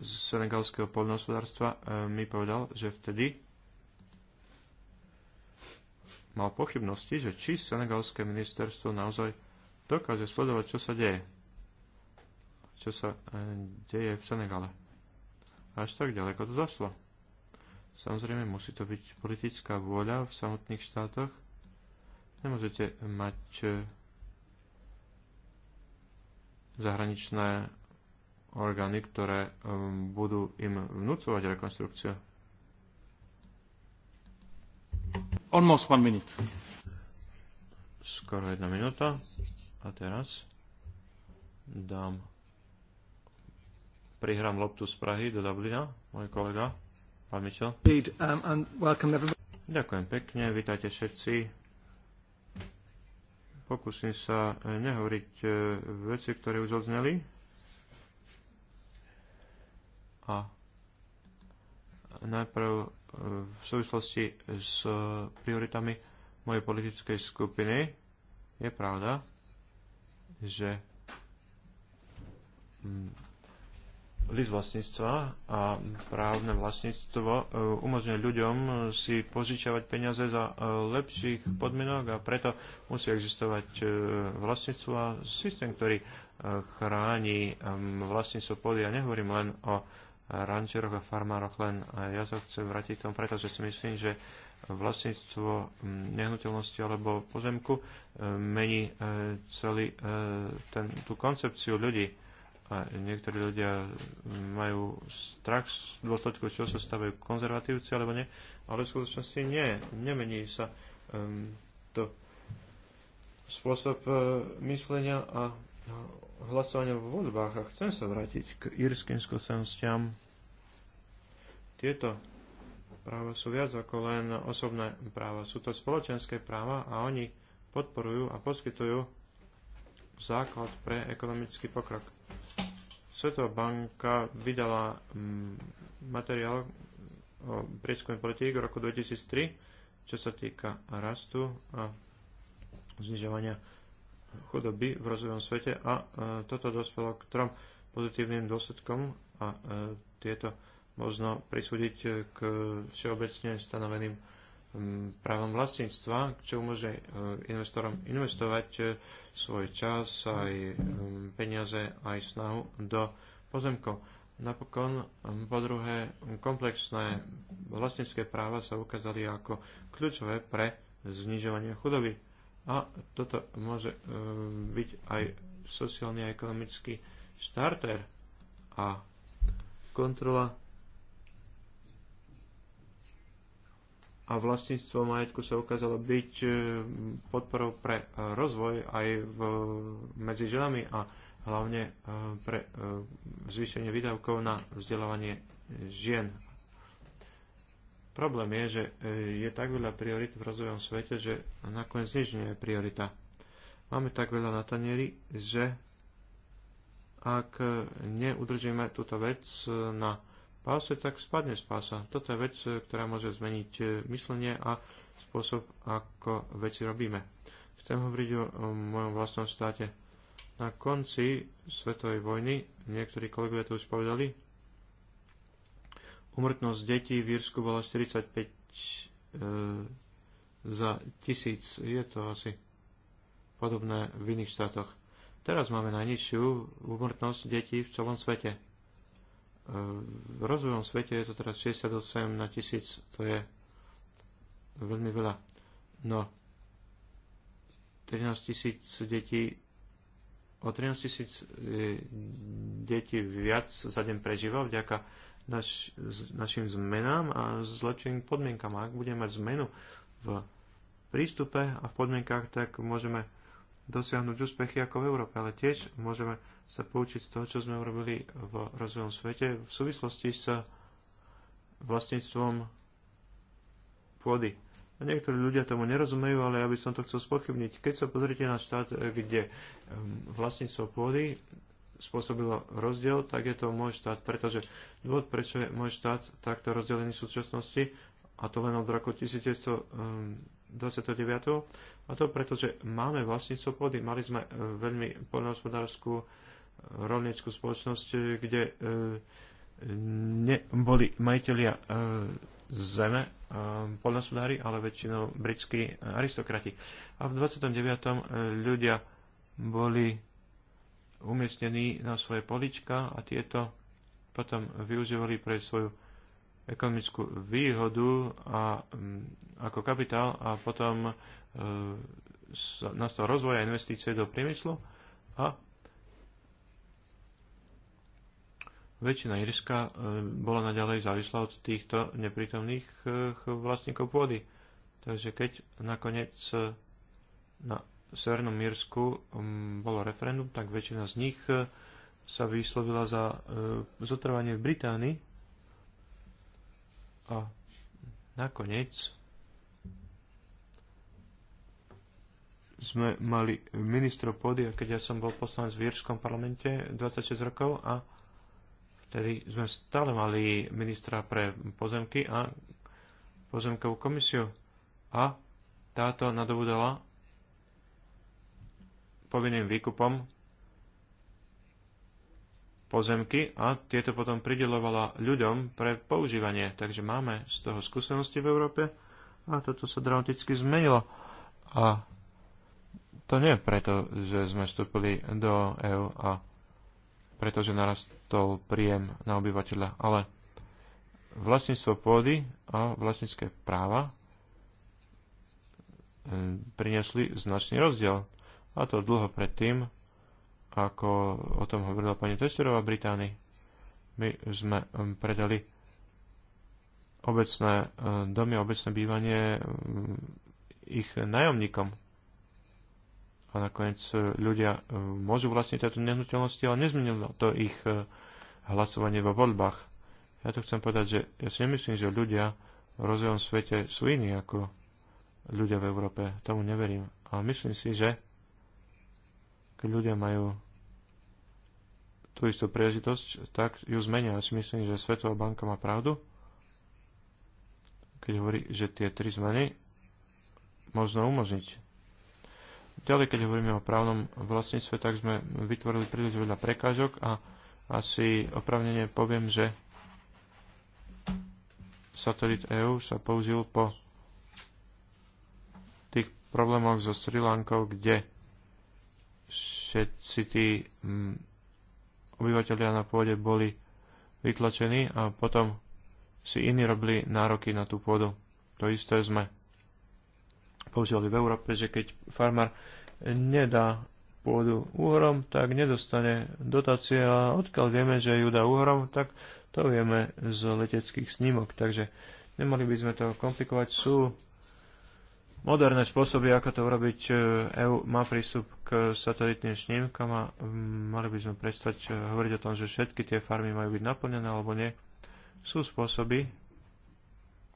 z senegalského poľnohospodárstva eh, mi povedal, že vtedy mal pochybnosti, že či senegalské ministerstvo naozaj dokáže sledovať, čo sa deje. Čo sa eh, deje v Senegale. Až tak ďaleko to zašlo. Samozrejme, musí to byť politická vôľa v samotných štátoch. Nemôžete mať zahraničné orgány, ktoré um, budú im vnúcovať rekonstrukciu. Almost one minute. Skoro jedna minúta. A teraz dám prihrám loptu z Prahy do Dublina, môj kolega, pán Mitchell. Um, Ďakujem pekne, vítajte všetci. Pokúsim sa nehovoriť eh, veci, ktoré už odzneli a najprv e, v súvislosti s prioritami mojej politickej skupiny je pravda, že mm, list vlastníctva a právne vlastníctvo e, umožňuje ľuďom si požičiavať peniaze za e, lepších podmienok a preto musí existovať vlastníctvo a systém, ktorý chráni vlastníctvo pôdy. Ja nehovorím len o rančeroch a farmároch len. A ja sa chcem vrátiť k tomu, pretože si myslím, že vlastníctvo nehnuteľnosti alebo pozemku e, mení e, celý e, ten, tú koncepciu ľudí. A niektorí ľudia majú strach z dôsledku, čo sa stavajú konzervatívci alebo nie, ale v skutočnosti nie, nemení sa um, to spôsob uh, myslenia a hlasovanie v voľbách a chcem sa vrátiť k írskym skúsenostiam. Tieto práva sú viac ako len osobné práva. Sú to spoločenské práva a oni podporujú a poskytujú základ pre ekonomický pokrok. Svetová banka vydala mm, materiál o prieskume politík v roku 2003, čo sa týka rastu a znižovania chudoby v rozvojom svete a e, toto dospelo k trom pozitívnym dôsledkom a e, tieto možno prisúdiť e, k všeobecne stanoveným právom vlastníctva, čo umožňuje investorom investovať svoj čas, aj peniaze, aj snahu do pozemkov. Napokon, po druhé, komplexné vlastnícke práva sa ukázali ako kľúčové pre znižovanie chudoby a toto môže eh, byť aj sociálny a ekonomický starter a kontrola a vlastníctvo majetku sa ukázalo byť eh, podporou pre eh, rozvoj aj v, medzi ženami a hlavne pre zvýšenie výdavkov na vzdelávanie žien Problém je, že e, je tak veľa priorit v rozvojom svete, že nakoniec nič nie je priorita. Máme tak veľa na tanieri, že ak neudržíme túto vec na páse, tak spadne z pása. Toto je vec, ktorá môže zmeniť e, myslenie a spôsob, ako veci robíme. Chcem hovoriť o, o mojom vlastnom štáte. Na konci svetovej vojny, niektorí kolegovia to už povedali, Umrtnosť detí v Írsku bola 45 e, za tisíc. Je to asi podobné v iných štátoch. Teraz máme najnižšiu umrtnosť detí v celom svete. E, v rozvojom svete je to teraz 68 na tisíc. To je veľmi veľa. No, 13 tisíc detí o 13 tisíc e, detí viac za deň prežíva vďaka naš, našim zmenám a zlepšeným podmienkam. ak budeme mať zmenu v prístupe a v podmienkach, tak môžeme dosiahnuť úspechy ako v Európe, ale tiež môžeme sa poučiť z toho, čo sme urobili v rozvojom svete v súvislosti s vlastníctvom pôdy. A niektorí ľudia tomu nerozumejú, ale ja by som to chcel spochybniť. Keď sa pozrite na štát, kde ehm, vlastníctvo pôdy spôsobilo rozdiel, tak je to môj štát, pretože dôvod, prečo je môj štát takto rozdelený v súčasnosti, a to len od roku 1929, ehm, a to preto, že máme vlastníctvo pôdy. Mali sme e, veľmi poľnohospodárskú e, rolnickú spoločnosť, e, kde neboli majiteľia zeme, poľnohospodári, ale väčšinou britskí aristokrati. A v 29. ľudia boli umiestnení na svoje polička a tieto potom využívali pre svoju ekonomickú výhodu a, mm, ako kapitál a potom e, nastal rozvoj a investície do priemyslu a väčšina Irska e, bola naďalej závislá od týchto neprítomných e, vlastníkov pôdy. Takže keď nakoniec e, na Severnom Mírsku um, bolo referendum, tak väčšina z nich uh, sa vyslovila za uh, zotrvanie v Británii. A nakoniec sme mali ministro pôdy, a keď ja som bol poslanec v Írskom parlamente 26 rokov a vtedy sme stále mali ministra pre pozemky a pozemkovú komisiu a táto nadobudala povinným výkupom pozemky a tieto potom pridelovala ľuďom pre používanie. Takže máme z toho skúsenosti v Európe a toto sa dramaticky zmenilo. A to nie preto, že sme vstúpili do EÚ a pretože narastol príjem na obyvateľa, ale vlastníctvo pôdy a vlastnícke práva e, priniesli značný rozdiel a to dlho predtým, ako o tom hovorila pani Testerová v Británii. My sme um, predali obecné um, domy, obecné bývanie um, ich nájomníkom. A nakoniec uh, ľudia môžu vlastniť tieto nehnuteľnosti, ale nezmenilo to ich uh, hlasovanie vo voľbách. Ja to chcem povedať, že ja si nemyslím, že ľudia v rozvojom svete sú iní ako ľudia v Európe. Tomu neverím. A myslím si, že keď ľudia majú tú istú príležitosť, tak ju zmenia. Ja si myslím, že Svetová banka má pravdu, keď hovorí, že tie tri zmeny možno umožniť. Ďalej, keď hovoríme o právnom vlastníctve, tak sme vytvorili príliš veľa prekážok a asi opravnenie poviem, že satelit EU sa použil po tých problémoch so Sri Lankou, kde všetci tí mm, obyvateľia na pôde boli vytlačení a potom si iní robili nároky na tú pôdu. To isté sme používali v Európe, že keď farmár nedá pôdu úhrom, tak nedostane dotácie a odkiaľ vieme, že ju dá úhrom, tak to vieme z leteckých snímok. Takže nemali by sme to komplikovať. Sú moderné spôsoby, ako to urobiť. EU e má prístup k satelitným snímkam a mm, mali by sme prestať e, hovoriť o tom, že všetky tie farmy majú byť naplnené alebo nie. Sú spôsoby,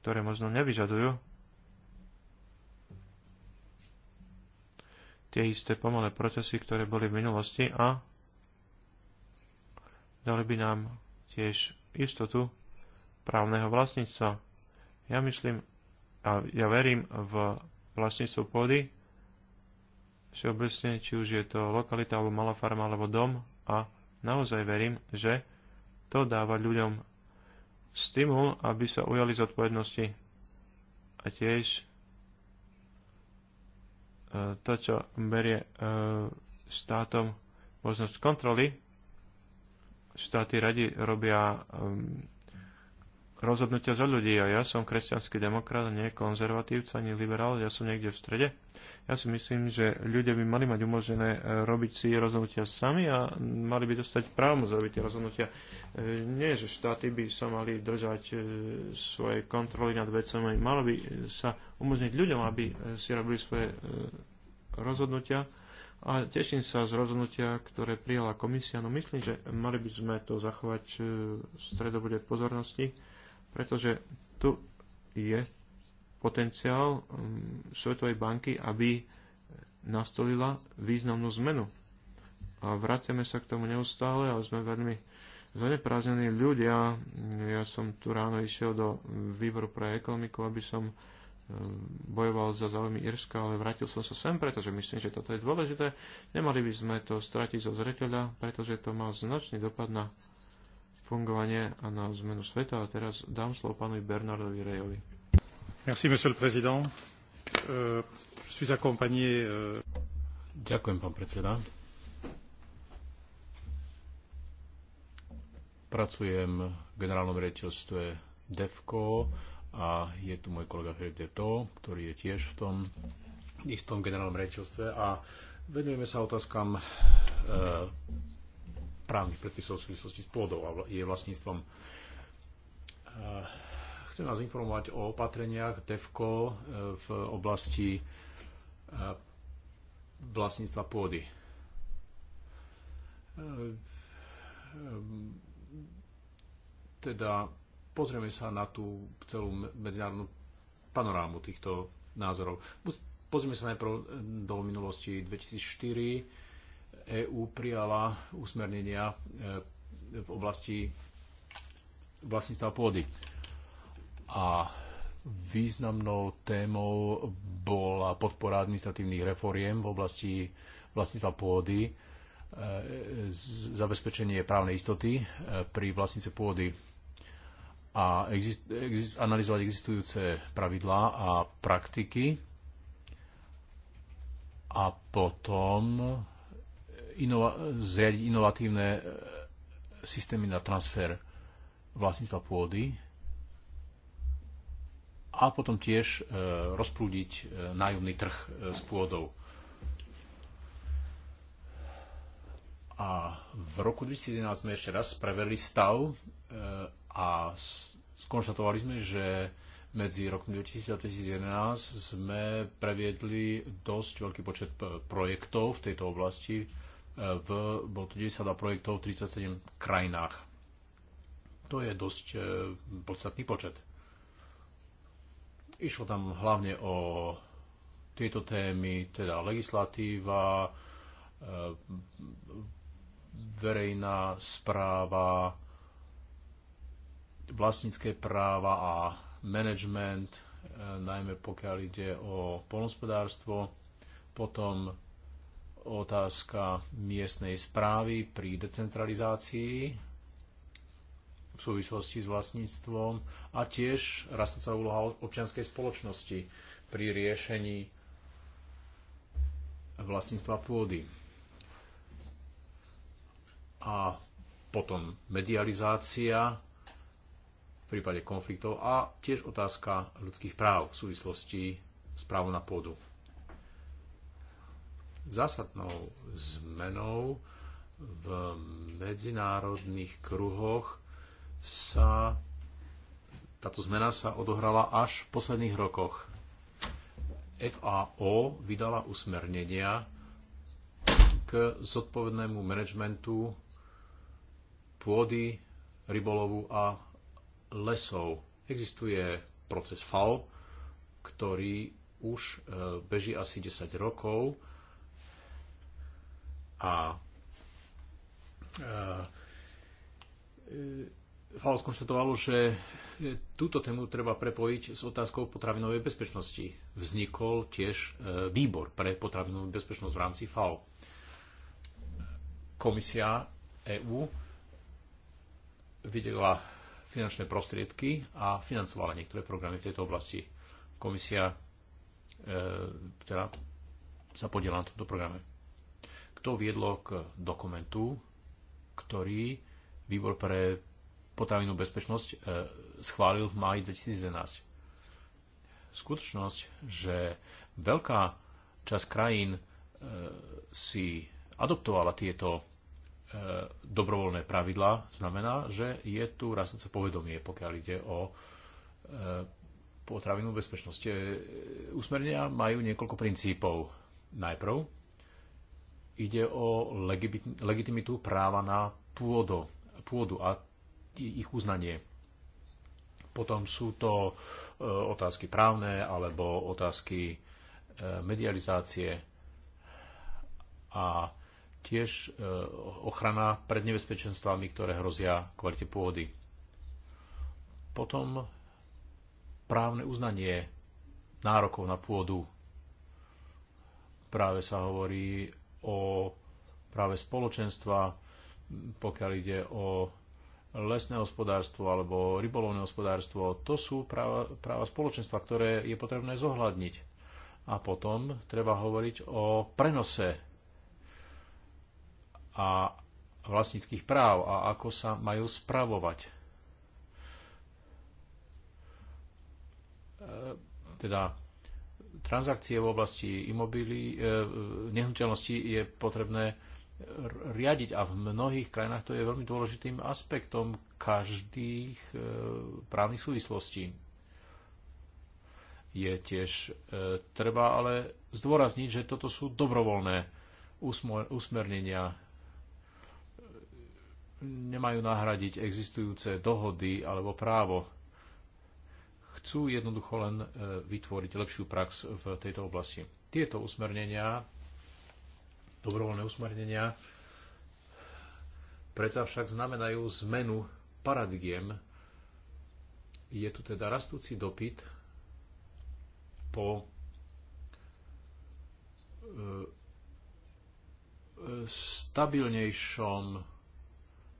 ktoré možno nevyžadujú tie isté pomalé procesy, ktoré boli v minulosti a dali by nám tiež istotu právneho vlastníctva. Ja myslím a ja verím v Vlastne sú pôdy, všeobecne, či už je to lokalita, alebo malá farma, alebo dom a naozaj verím, že to dáva ľuďom stimul, aby sa ujali zodpovednosti a tiež e, to, čo berie e, štátom možnosť kontroly, štáty radi robia e, rozhodnutia za ľudí a ja som kresťanský demokrat, nie konzervatívca, ani liberál, ja som niekde v strede. Ja si myslím, že ľudia by mali mať umožnené e, robiť si rozhodnutia sami a mali by dostať právo zrobiť tie rozhodnutia. E, nie, že štáty by sa mali držať e, svoje kontroly nad vecami, malo by sa umožniť ľuďom, aby si robili svoje rozhodnutia a teším sa z rozhodnutia, ktoré prijala komisia, no myslím, že mali by sme to zachovať v stredobude pozornosti pretože tu je potenciál um, Svetovej banky, aby nastolila významnú zmenu. A vraciame sa k tomu neustále, ale sme veľmi zaneprázdnení ľudia. Ja som tu ráno išiel do výboru pre ekonomiku, aby som um, bojoval za záujmy Irska, ale vrátil som sa sem, pretože myslím, že toto je dôležité. Nemali by sme to stratiť zo zreteľa, pretože to má značný dopad na fungovanie a na zmenu sveta. A teraz dám slovo pánovi Bernardovi Rejovi. Merci, monsieur le président. Uh, je suis accompagné... Uh... Ďakujem, pán predseda. Pracujem v generálnom rejiteľstve DEFCO a je tu môj kolega Filip Deto, ktorý je tiež v tom istom generálnom rejiteľstve a venujeme sa otázkam uh, právnych predpisov v súvislosti s pôdou a je vlastníctvom. Chcem vás informovať o opatreniach DEFCO e, v oblasti e, vlastníctva pôdy. E, teda pozrieme sa na tú celú medzinárodnú panorámu týchto názorov. Pozrieme sa najprv do minulosti 2004 EÚ prijala usmernenia e, v oblasti vlastníctva pôdy. A významnou témou bola podpora administratívnych reforiem v oblasti vlastníctva pôdy, e, zabezpečenie právnej istoty e, pri vlastnice pôdy a exist, exist, analyzovať existujúce pravidlá a praktiky a potom inova- zriadiť inovatívne e, systémy na transfer vlastníctva pôdy a potom tiež e, rozprúdiť e, nájomný trh s pôdou. A v roku 2011 sme ešte raz preverili stav a skonštatovali sme, že medzi rokom 2000 a 2011 sme previedli dosť veľký počet projektov v tejto oblasti, v, bolo to 92 projektov v 37 krajinách. To je dosť e, podstatný počet. Išlo tam hlavne o tieto témy, teda legislatíva, e, verejná správa, vlastnícke práva a management, e, najmä pokiaľ ide o polnospodárstvo, potom otázka miestnej správy pri decentralizácii v súvislosti s vlastníctvom a tiež rastúca úloha občianskej spoločnosti pri riešení vlastníctva pôdy. A potom medializácia v prípade konfliktov a tiež otázka ľudských práv v súvislosti s právom na pôdu zásadnou zmenou v medzinárodných kruhoch sa táto zmena sa odohrala až v posledných rokoch. FAO vydala usmernenia k zodpovednému manažmentu pôdy, rybolovu a lesov. Existuje proces FAO, ktorý už e, beží asi 10 rokov a e, e, FAO skonštatovalo, že e, túto tému treba prepojiť s otázkou potravinovej bezpečnosti. Vznikol tiež výbor pre potravinovú bezpečnosť v rámci FAO. Komisia EÚ videla finančné prostriedky a financovala niektoré programy v tejto oblasti. Komisia e, teda sa podiela na tomto programe to viedlo k dokumentu, ktorý výbor pre potravinnú bezpečnosť e, schválil v máji 2011. Skutočnosť, že veľká časť krajín e, si adoptovala tieto e, dobrovoľné pravidlá, znamená, že je tu rastúce povedomie, pokiaľ ide o potravinnú bezpečnosť. Usmernia majú niekoľko princípov. Najprv ide o legitimitu práva na pôdu, pôdu a ich uznanie. Potom sú to e, otázky právne alebo otázky e, medializácie a tiež e, ochrana pred nebezpečenstvami, ktoré hrozia kvalite pôdy. Potom právne uznanie nárokov na pôdu. Práve sa hovorí o práve spoločenstva, pokiaľ ide o lesné hospodárstvo alebo rybolovné hospodárstvo, to sú práva, práva spoločenstva, ktoré je potrebné zohľadniť. A potom treba hovoriť o prenose a vlastníckých práv a ako sa majú spravovať. E, teda transakcie v oblasti imobili e, nehnuteľnosti je potrebné riadiť a v mnohých krajinách to je veľmi dôležitým aspektom každých e, právnych súvislostí. Je tiež e, treba ale zdôrazniť, že toto sú dobrovoľné usmernenia. Nemajú nahradiť existujúce dohody alebo právo chcú jednoducho len e, vytvoriť lepšiu prax v tejto oblasti. Tieto usmernenia, dobrovoľné usmernenia, predsa však znamenajú zmenu paradigiem. Je tu teda rastúci dopyt po e, e, stabilnejšom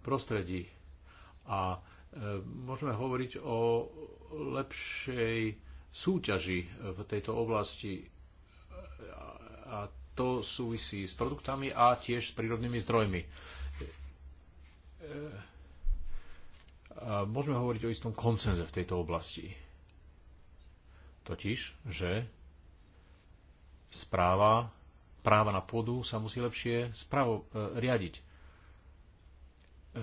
prostredí a E, môžeme hovoriť o lepšej súťaži v tejto oblasti a to súvisí s produktami a tiež s prírodnými zdrojmi. E, a môžeme hovoriť o istom koncenze v tejto oblasti. Totiž, že správa práva na pôdu sa musí lepšie spravo, e, riadiť. E,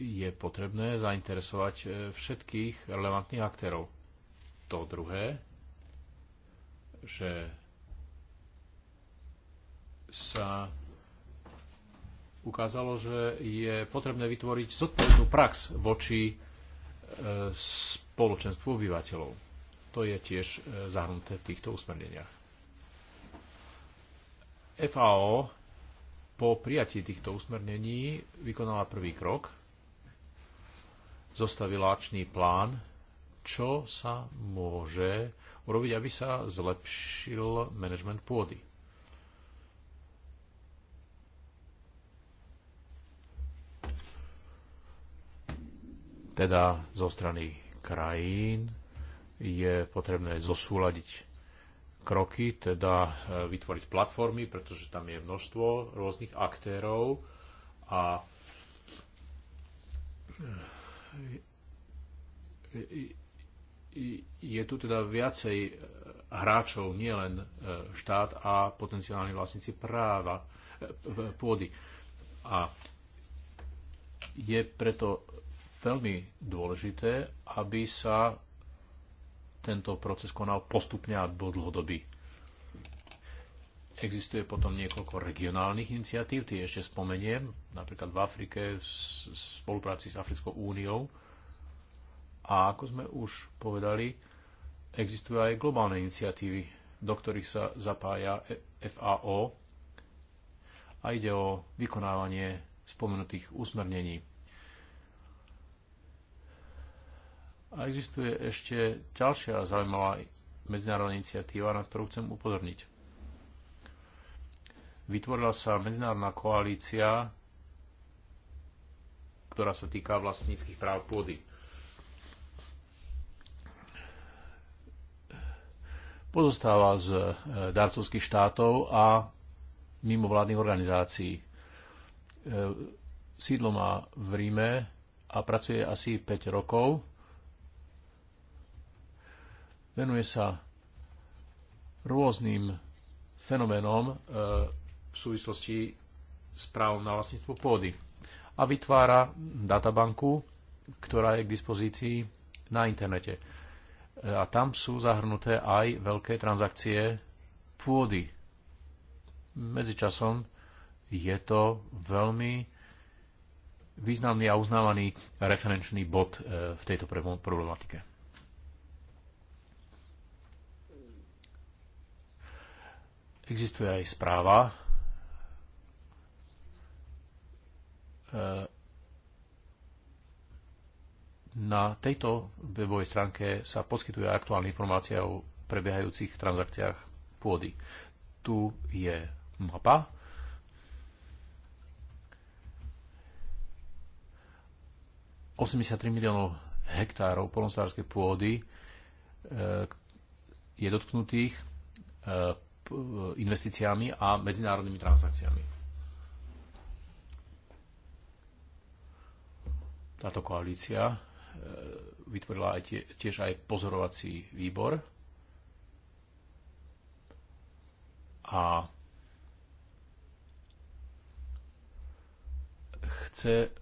je potrebné zainteresovať e, všetkých relevantných aktérov. To druhé, že sa ukázalo, že je potrebné vytvoriť zodpovednú prax voči e, spoločenstvu obyvateľov. To je tiež e, zahrnuté v týchto usmerneniach. FAO po prijatí týchto usmernení vykonala prvý krok zostavila akčný plán, čo sa môže urobiť, aby sa zlepšil manažment pôdy. Teda zo strany krajín je potrebné zosúľadiť kroky, teda e, vytvoriť platformy, pretože tam je množstvo rôznych aktérov a e, je tu teda viacej e, hráčov, nielen e, štát a potenciálni vlastníci práva, e, pôdy. A je preto veľmi dôležité, aby sa tento proces konal postupne a dlhodobý. Existuje potom niekoľko regionálnych iniciatív, tie ešte spomeniem, napríklad v Afrike v spolupráci s Africkou úniou. A ako sme už povedali, existujú aj globálne iniciatívy, do ktorých sa zapája e-, FAO a ide o vykonávanie spomenutých usmernení. A existuje ešte ďalšia zaujímavá medzinárodná iniciatíva, na ktorú chcem upozorniť. Vytvorila sa medzinárodná koalícia, ktorá sa týka vlastníckých práv pôdy. Pozostáva z e, darcovských štátov a mimovládnych organizácií. E, sídlo má v Ríme a pracuje asi 5 rokov. Venuje sa rôznym fenoménom e, v súvislosti s právom na vlastníctvo pôdy a vytvára databanku, ktorá je k dispozícii na internete. A tam sú zahrnuté aj veľké transakcie pôdy. Medzičasom je to veľmi významný a uznávaný referenčný bod e, v tejto problematike. Existuje aj správa E, na tejto webovej stránke sa poskytuje aktuálna informácia o prebiehajúcich transakciách pôdy. Tu je mapa. ...83 miliónov hektárov polnospodárskej pôdy e, je dotknutých e, investíciami a medzinárodnými transakciami. Táto koalícia e, vytvorila aj tie, tiež aj pozorovací výbor a chce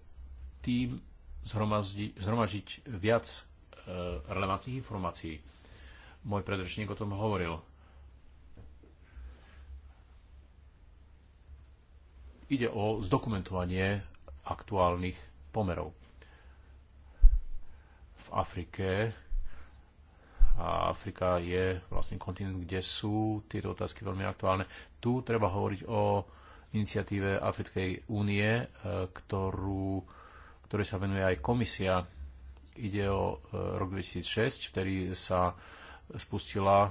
tým zhromažiť viac e, relevantných informácií. Môj predrečník o tom hovoril. Ide o zdokumentovanie aktuálnych pomerov. Afrike. A Afrika je vlastne kontinent, kde sú tieto otázky veľmi aktuálne. Tu treba hovoriť o iniciatíve Africkej únie, e, ktorú, ktorej sa venuje aj komisia. Ide o e, rok 2006, vtedy sa spustila e,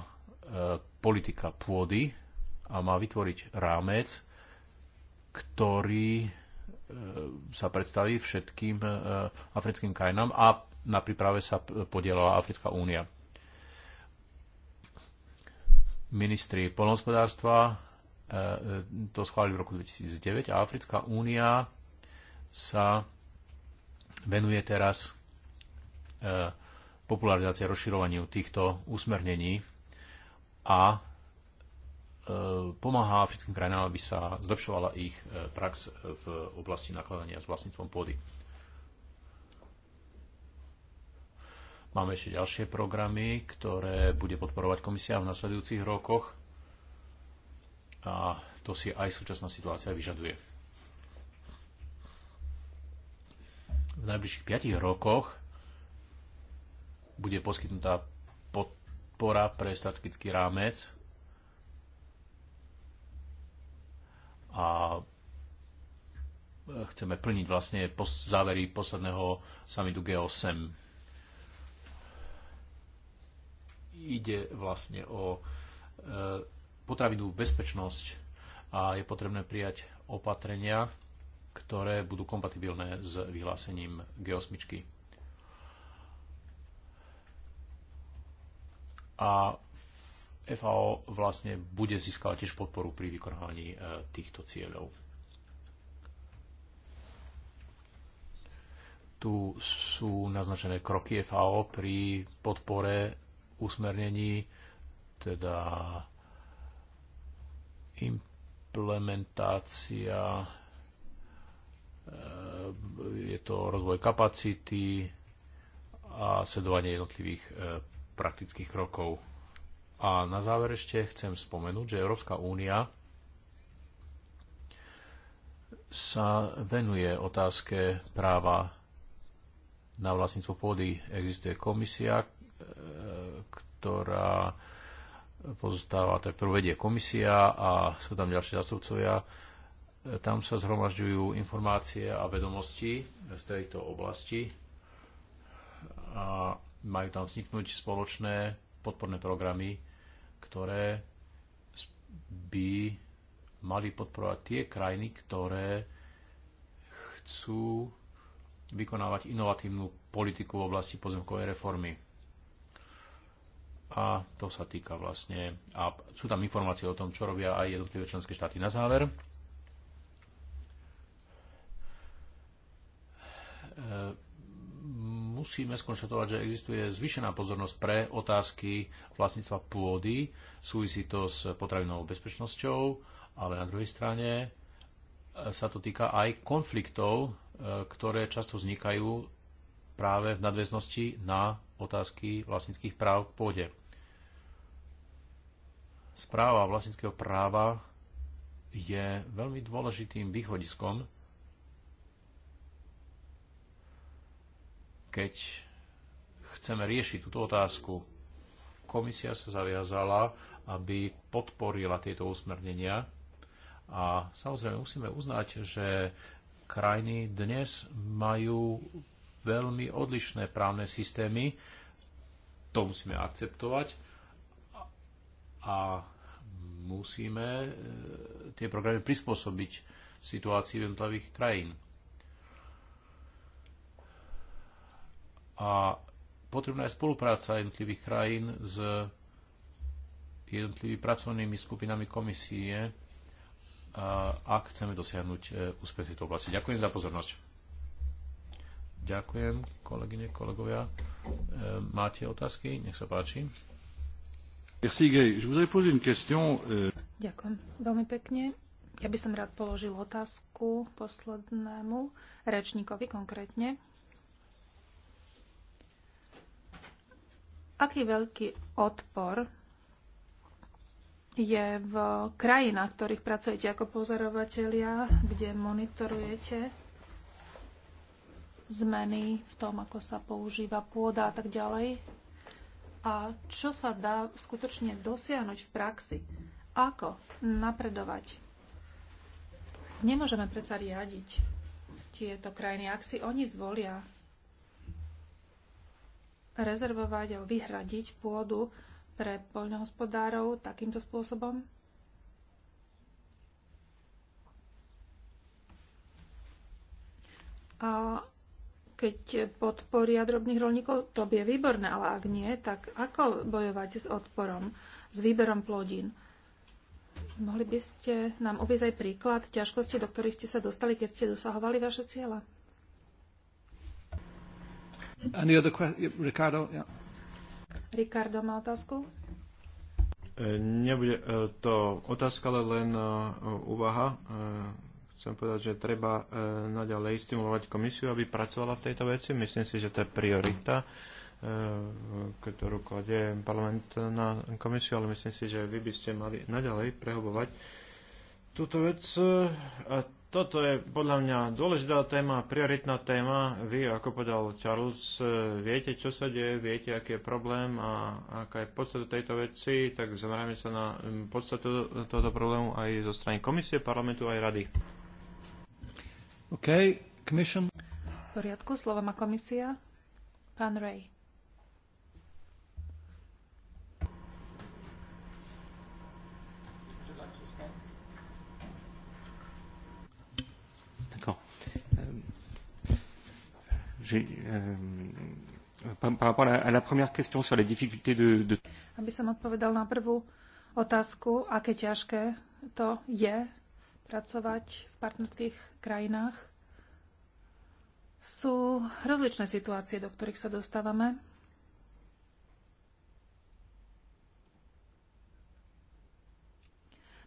politika pôdy a má vytvoriť rámec, ktorý sa predstaví všetkým africkým krajinám a na príprave sa podielala Africká únia. Ministri polnospodárstva e, e, to schválili v roku 2009 a Africká únia sa venuje teraz e, popularizácie rozširovaniu týchto usmernení a pomáha africkým krajinám, aby sa zlepšovala ich prax v oblasti nakladania s vlastníctvom pôdy. Máme ešte ďalšie programy, ktoré bude podporovať komisia v nasledujúcich rokoch a to si aj súčasná situácia vyžaduje. V najbližších 5 rokoch bude poskytnutá podpora pre strategický rámec a chceme plniť vlastne závery posledného samitu G8 ide vlastne o e, potravinú bezpečnosť a je potrebné prijať opatrenia, ktoré budú kompatibilné s vyhlásením G8. A FAO vlastne bude získať tiež podporu pri vykonávaní e, týchto cieľov. Tu sú naznačené kroky FAO pri podpore usmernení, teda implementácia, eh, je to rozvoj kapacity a sledovanie jednotlivých eh, praktických krokov. A na záver ešte chcem spomenúť, že Európska únia sa venuje otázke práva na vlastníctvo pôdy. Existuje komisia, ktorá pozostáva, tak ktorú vedie komisia a sú tam ďalšie zastupcovia, Tam sa zhromažďujú informácie a vedomosti z tejto oblasti a majú tam vzniknúť spoločné podporné programy, ktoré by mali podporovať tie krajiny, ktoré chcú vykonávať inovatívnu politiku v oblasti pozemkovej reformy a to sa týka vlastne, a sú tam informácie o tom, čo robia aj jednotlivé členské štáty. Na záver, e, musíme skonštatovať, že existuje zvyšená pozornosť pre otázky vlastníctva pôdy. Súvisí to s potravinovou bezpečnosťou, ale na druhej strane e, sa to týka aj konfliktov, e, ktoré často vznikajú práve v nadväznosti na otázky vlastnických práv k pôde. Správa vlastnického práva je veľmi dôležitým východiskom, keď chceme riešiť túto otázku. Komisia sa zaviazala, aby podporila tieto usmernenia a samozrejme musíme uznať, že krajiny dnes majú veľmi odlišné právne systémy. To musíme akceptovať a musíme e, tie programy prispôsobiť situácii jednotlivých krajín. A potrebná je spolupráca jednotlivých krajín s jednotlivými pracovnými skupinami komisie, ak chceme dosiahnuť e, úspech tejto oblasti. Ďakujem za pozornosť. Ďakujem, kolegyne, kolegovia. E, máte otázky? Nech sa páči. Euh, Ďakujem veľmi pekne. Ja by som rád položil otázku poslednému rečníkovi konkrétne. Aký veľký odpor je v krajinách, v ktorých pracujete ako pozorovatelia, kde monitorujete zmeny v tom, ako sa používa pôda a tak ďalej. A čo sa dá skutočne dosiahnuť v praxi? Ako napredovať? Nemôžeme predsa riadiť tieto krajiny. Ak si oni zvolia rezervovať alebo vyhradiť pôdu pre poľnohospodárov takýmto spôsobom, a keď podporia drobných rolníkov, to by je výborné, ale ak nie, tak ako bojovať s odporom, s výberom plodín? Mohli by ste nám uvieť aj príklad ťažkosti, do ktorých ste sa dostali, keď ste dosahovali vaše cieľa? Ricardo, yeah. Ricardo má otázku. E, nebude e, to otázka, ale len úvaha e, chcem povedať, že treba e, naďalej stimulovať komisiu, aby pracovala v tejto veci. Myslím si, že to je priorita e, ktorú kladie parlament na komisiu, ale myslím si, že vy by ste mali naďalej prehobovať túto vec. E, a toto je podľa mňa dôležitá téma, prioritná téma. Vy, ako povedal Charles, viete, čo sa deje, viete, aký je problém a aká je podstata tejto veci, tak zamerajme sa na podstatu tohoto problému aj zo strany komisie, parlamentu, aj rady. Okay, commission. V poriadku, slovo má komisia. Pán Ray. Ehm, ehm, Aby som odpovedal na prvú otázku, aké ťažké to je pracovať v partnerských krajinách. Sú rozličné situácie, do ktorých sa dostávame.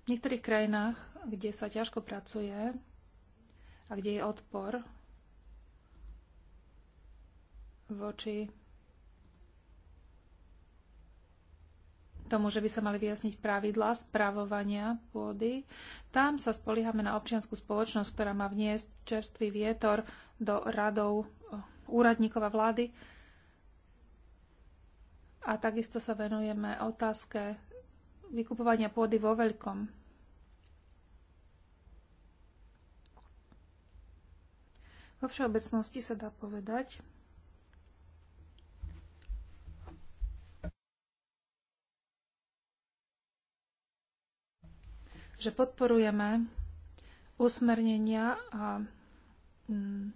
V niektorých krajinách, kde sa ťažko pracuje a kde je odpor voči tomu, že by sa mali vyjasniť pravidlá spravovania pôdy. Tam sa spolíhame na občianskú spoločnosť, ktorá má vniesť čerstvý vietor do radov eh, úradníkov a vlády. A takisto sa venujeme otázke vykupovania pôdy vo veľkom. Vo všeobecnosti sa dá povedať, že podporujeme usmernenia a mm,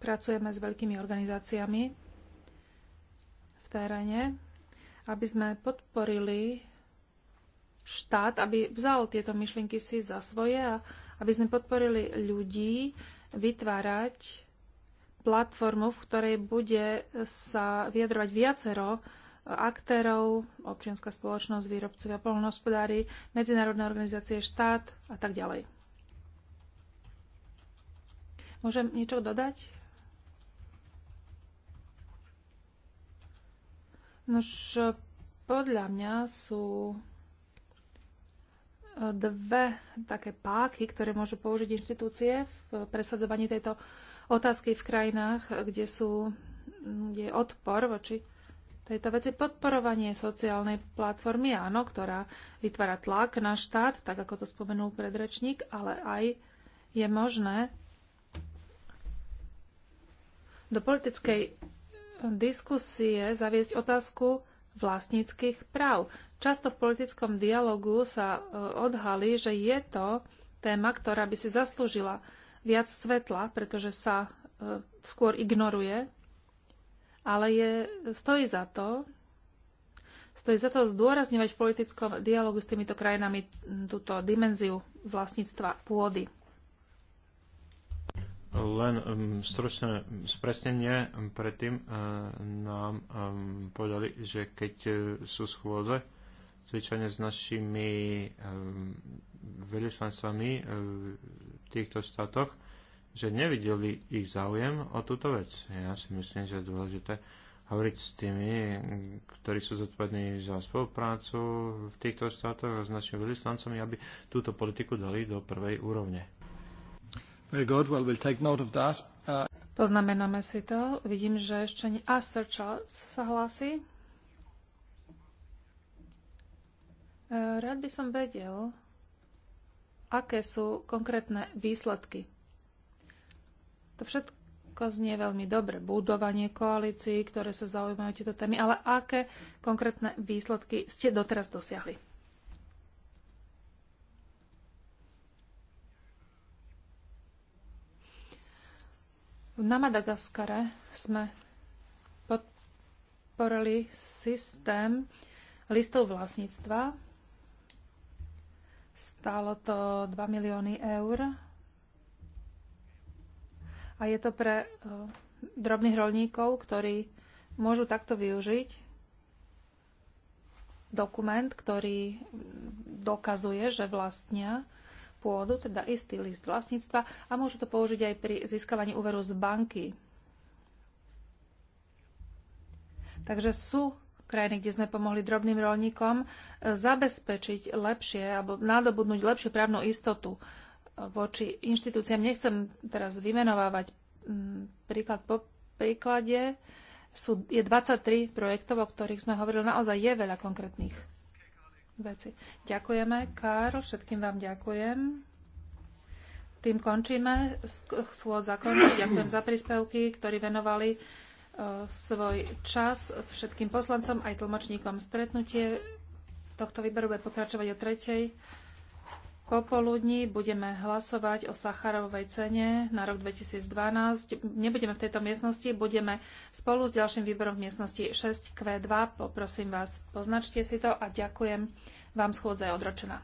pracujeme s veľkými organizáciami v teréne, aby sme podporili štát, aby vzal tieto myšlienky si za svoje a aby sme podporili ľudí vytvárať platformu, v ktorej bude sa vyjadrovať viacero aktérov, občianská spoločnosť, výrobcovia, polnohospodári, medzinárodné organizácie, štát a tak ďalej. Môžem niečo dodať? Nož, podľa mňa sú dve také páky, ktoré môžu použiť inštitúcie v presadzovaní tejto otázky v krajinách, kde, sú, kde je odpor voči tejto veci podporovanie sociálnej platformy, áno, ktorá vytvára tlak na štát, tak ako to spomenul predrečník, ale aj je možné do politickej diskusie zaviesť otázku vlastníckých práv. Často v politickom dialogu sa e, odhalí, že je to téma, ktorá by si zaslúžila viac svetla, pretože sa e, skôr ignoruje ale je, stojí za to, stojí za to zdôrazňovať v politickom dialogu s týmito krajinami túto dimenziu vlastníctva pôdy. Len um, stručné spresnenie predtým uh, nám um, povedali, že keď uh, sú schôdze, zvyčajne s našimi um, veľvyslancami uh, v týchto štátoch, že nevideli ich záujem o túto vec. Ja si myslím, že je dôležité hovoriť s tými, ktorí sú zodpovední za spoluprácu v týchto štátoch a s našimi veľvyslancami, aby túto politiku dali do prvej úrovne. Very good. Well, we'll take note of that. Uh... Poznamenáme si to. Vidím, že ešte nie... A Sir Charles sa hlási. Uh, rád by som vedel, aké sú konkrétne výsledky to všetko znie veľmi dobre. Budovanie koalícií, ktoré sa zaujímajú tieto témy, ale aké konkrétne výsledky ste doteraz dosiahli? Na Madagaskare sme podporili systém listov vlastníctva. Stálo to 2 milióny eur a je to pre eh, drobných rolníkov, ktorí môžu takto využiť dokument, ktorý dokazuje, že vlastnia pôdu, teda istý list vlastníctva a môžu to použiť aj pri získavaní úveru z banky. Takže sú krajiny, kde sme pomohli drobným rolníkom eh, zabezpečiť lepšie alebo nadobudnúť lepšiu právnu istotu voči inštitúciám. Nechcem teraz vymenovávať mm, príklad po príklade. Sú, je 23 projektov, o ktorých sme hovorili. Naozaj je veľa konkrétnych vecí. Ďakujeme, Karl. Všetkým vám ďakujem. Tým končíme. Schôd zakončí. Ďakujem za príspevky, ktorí venovali e, svoj čas všetkým poslancom aj tlmočníkom. Stretnutie tohto výberu bude pokračovať o tretej popoludní budeme hlasovať o Sacharovej cene na rok 2012. Nebudeme v tejto miestnosti, budeme spolu s ďalším výborom v miestnosti 6Q2. Poprosím vás, poznačte si to a ďakujem vám schôdza je odročená.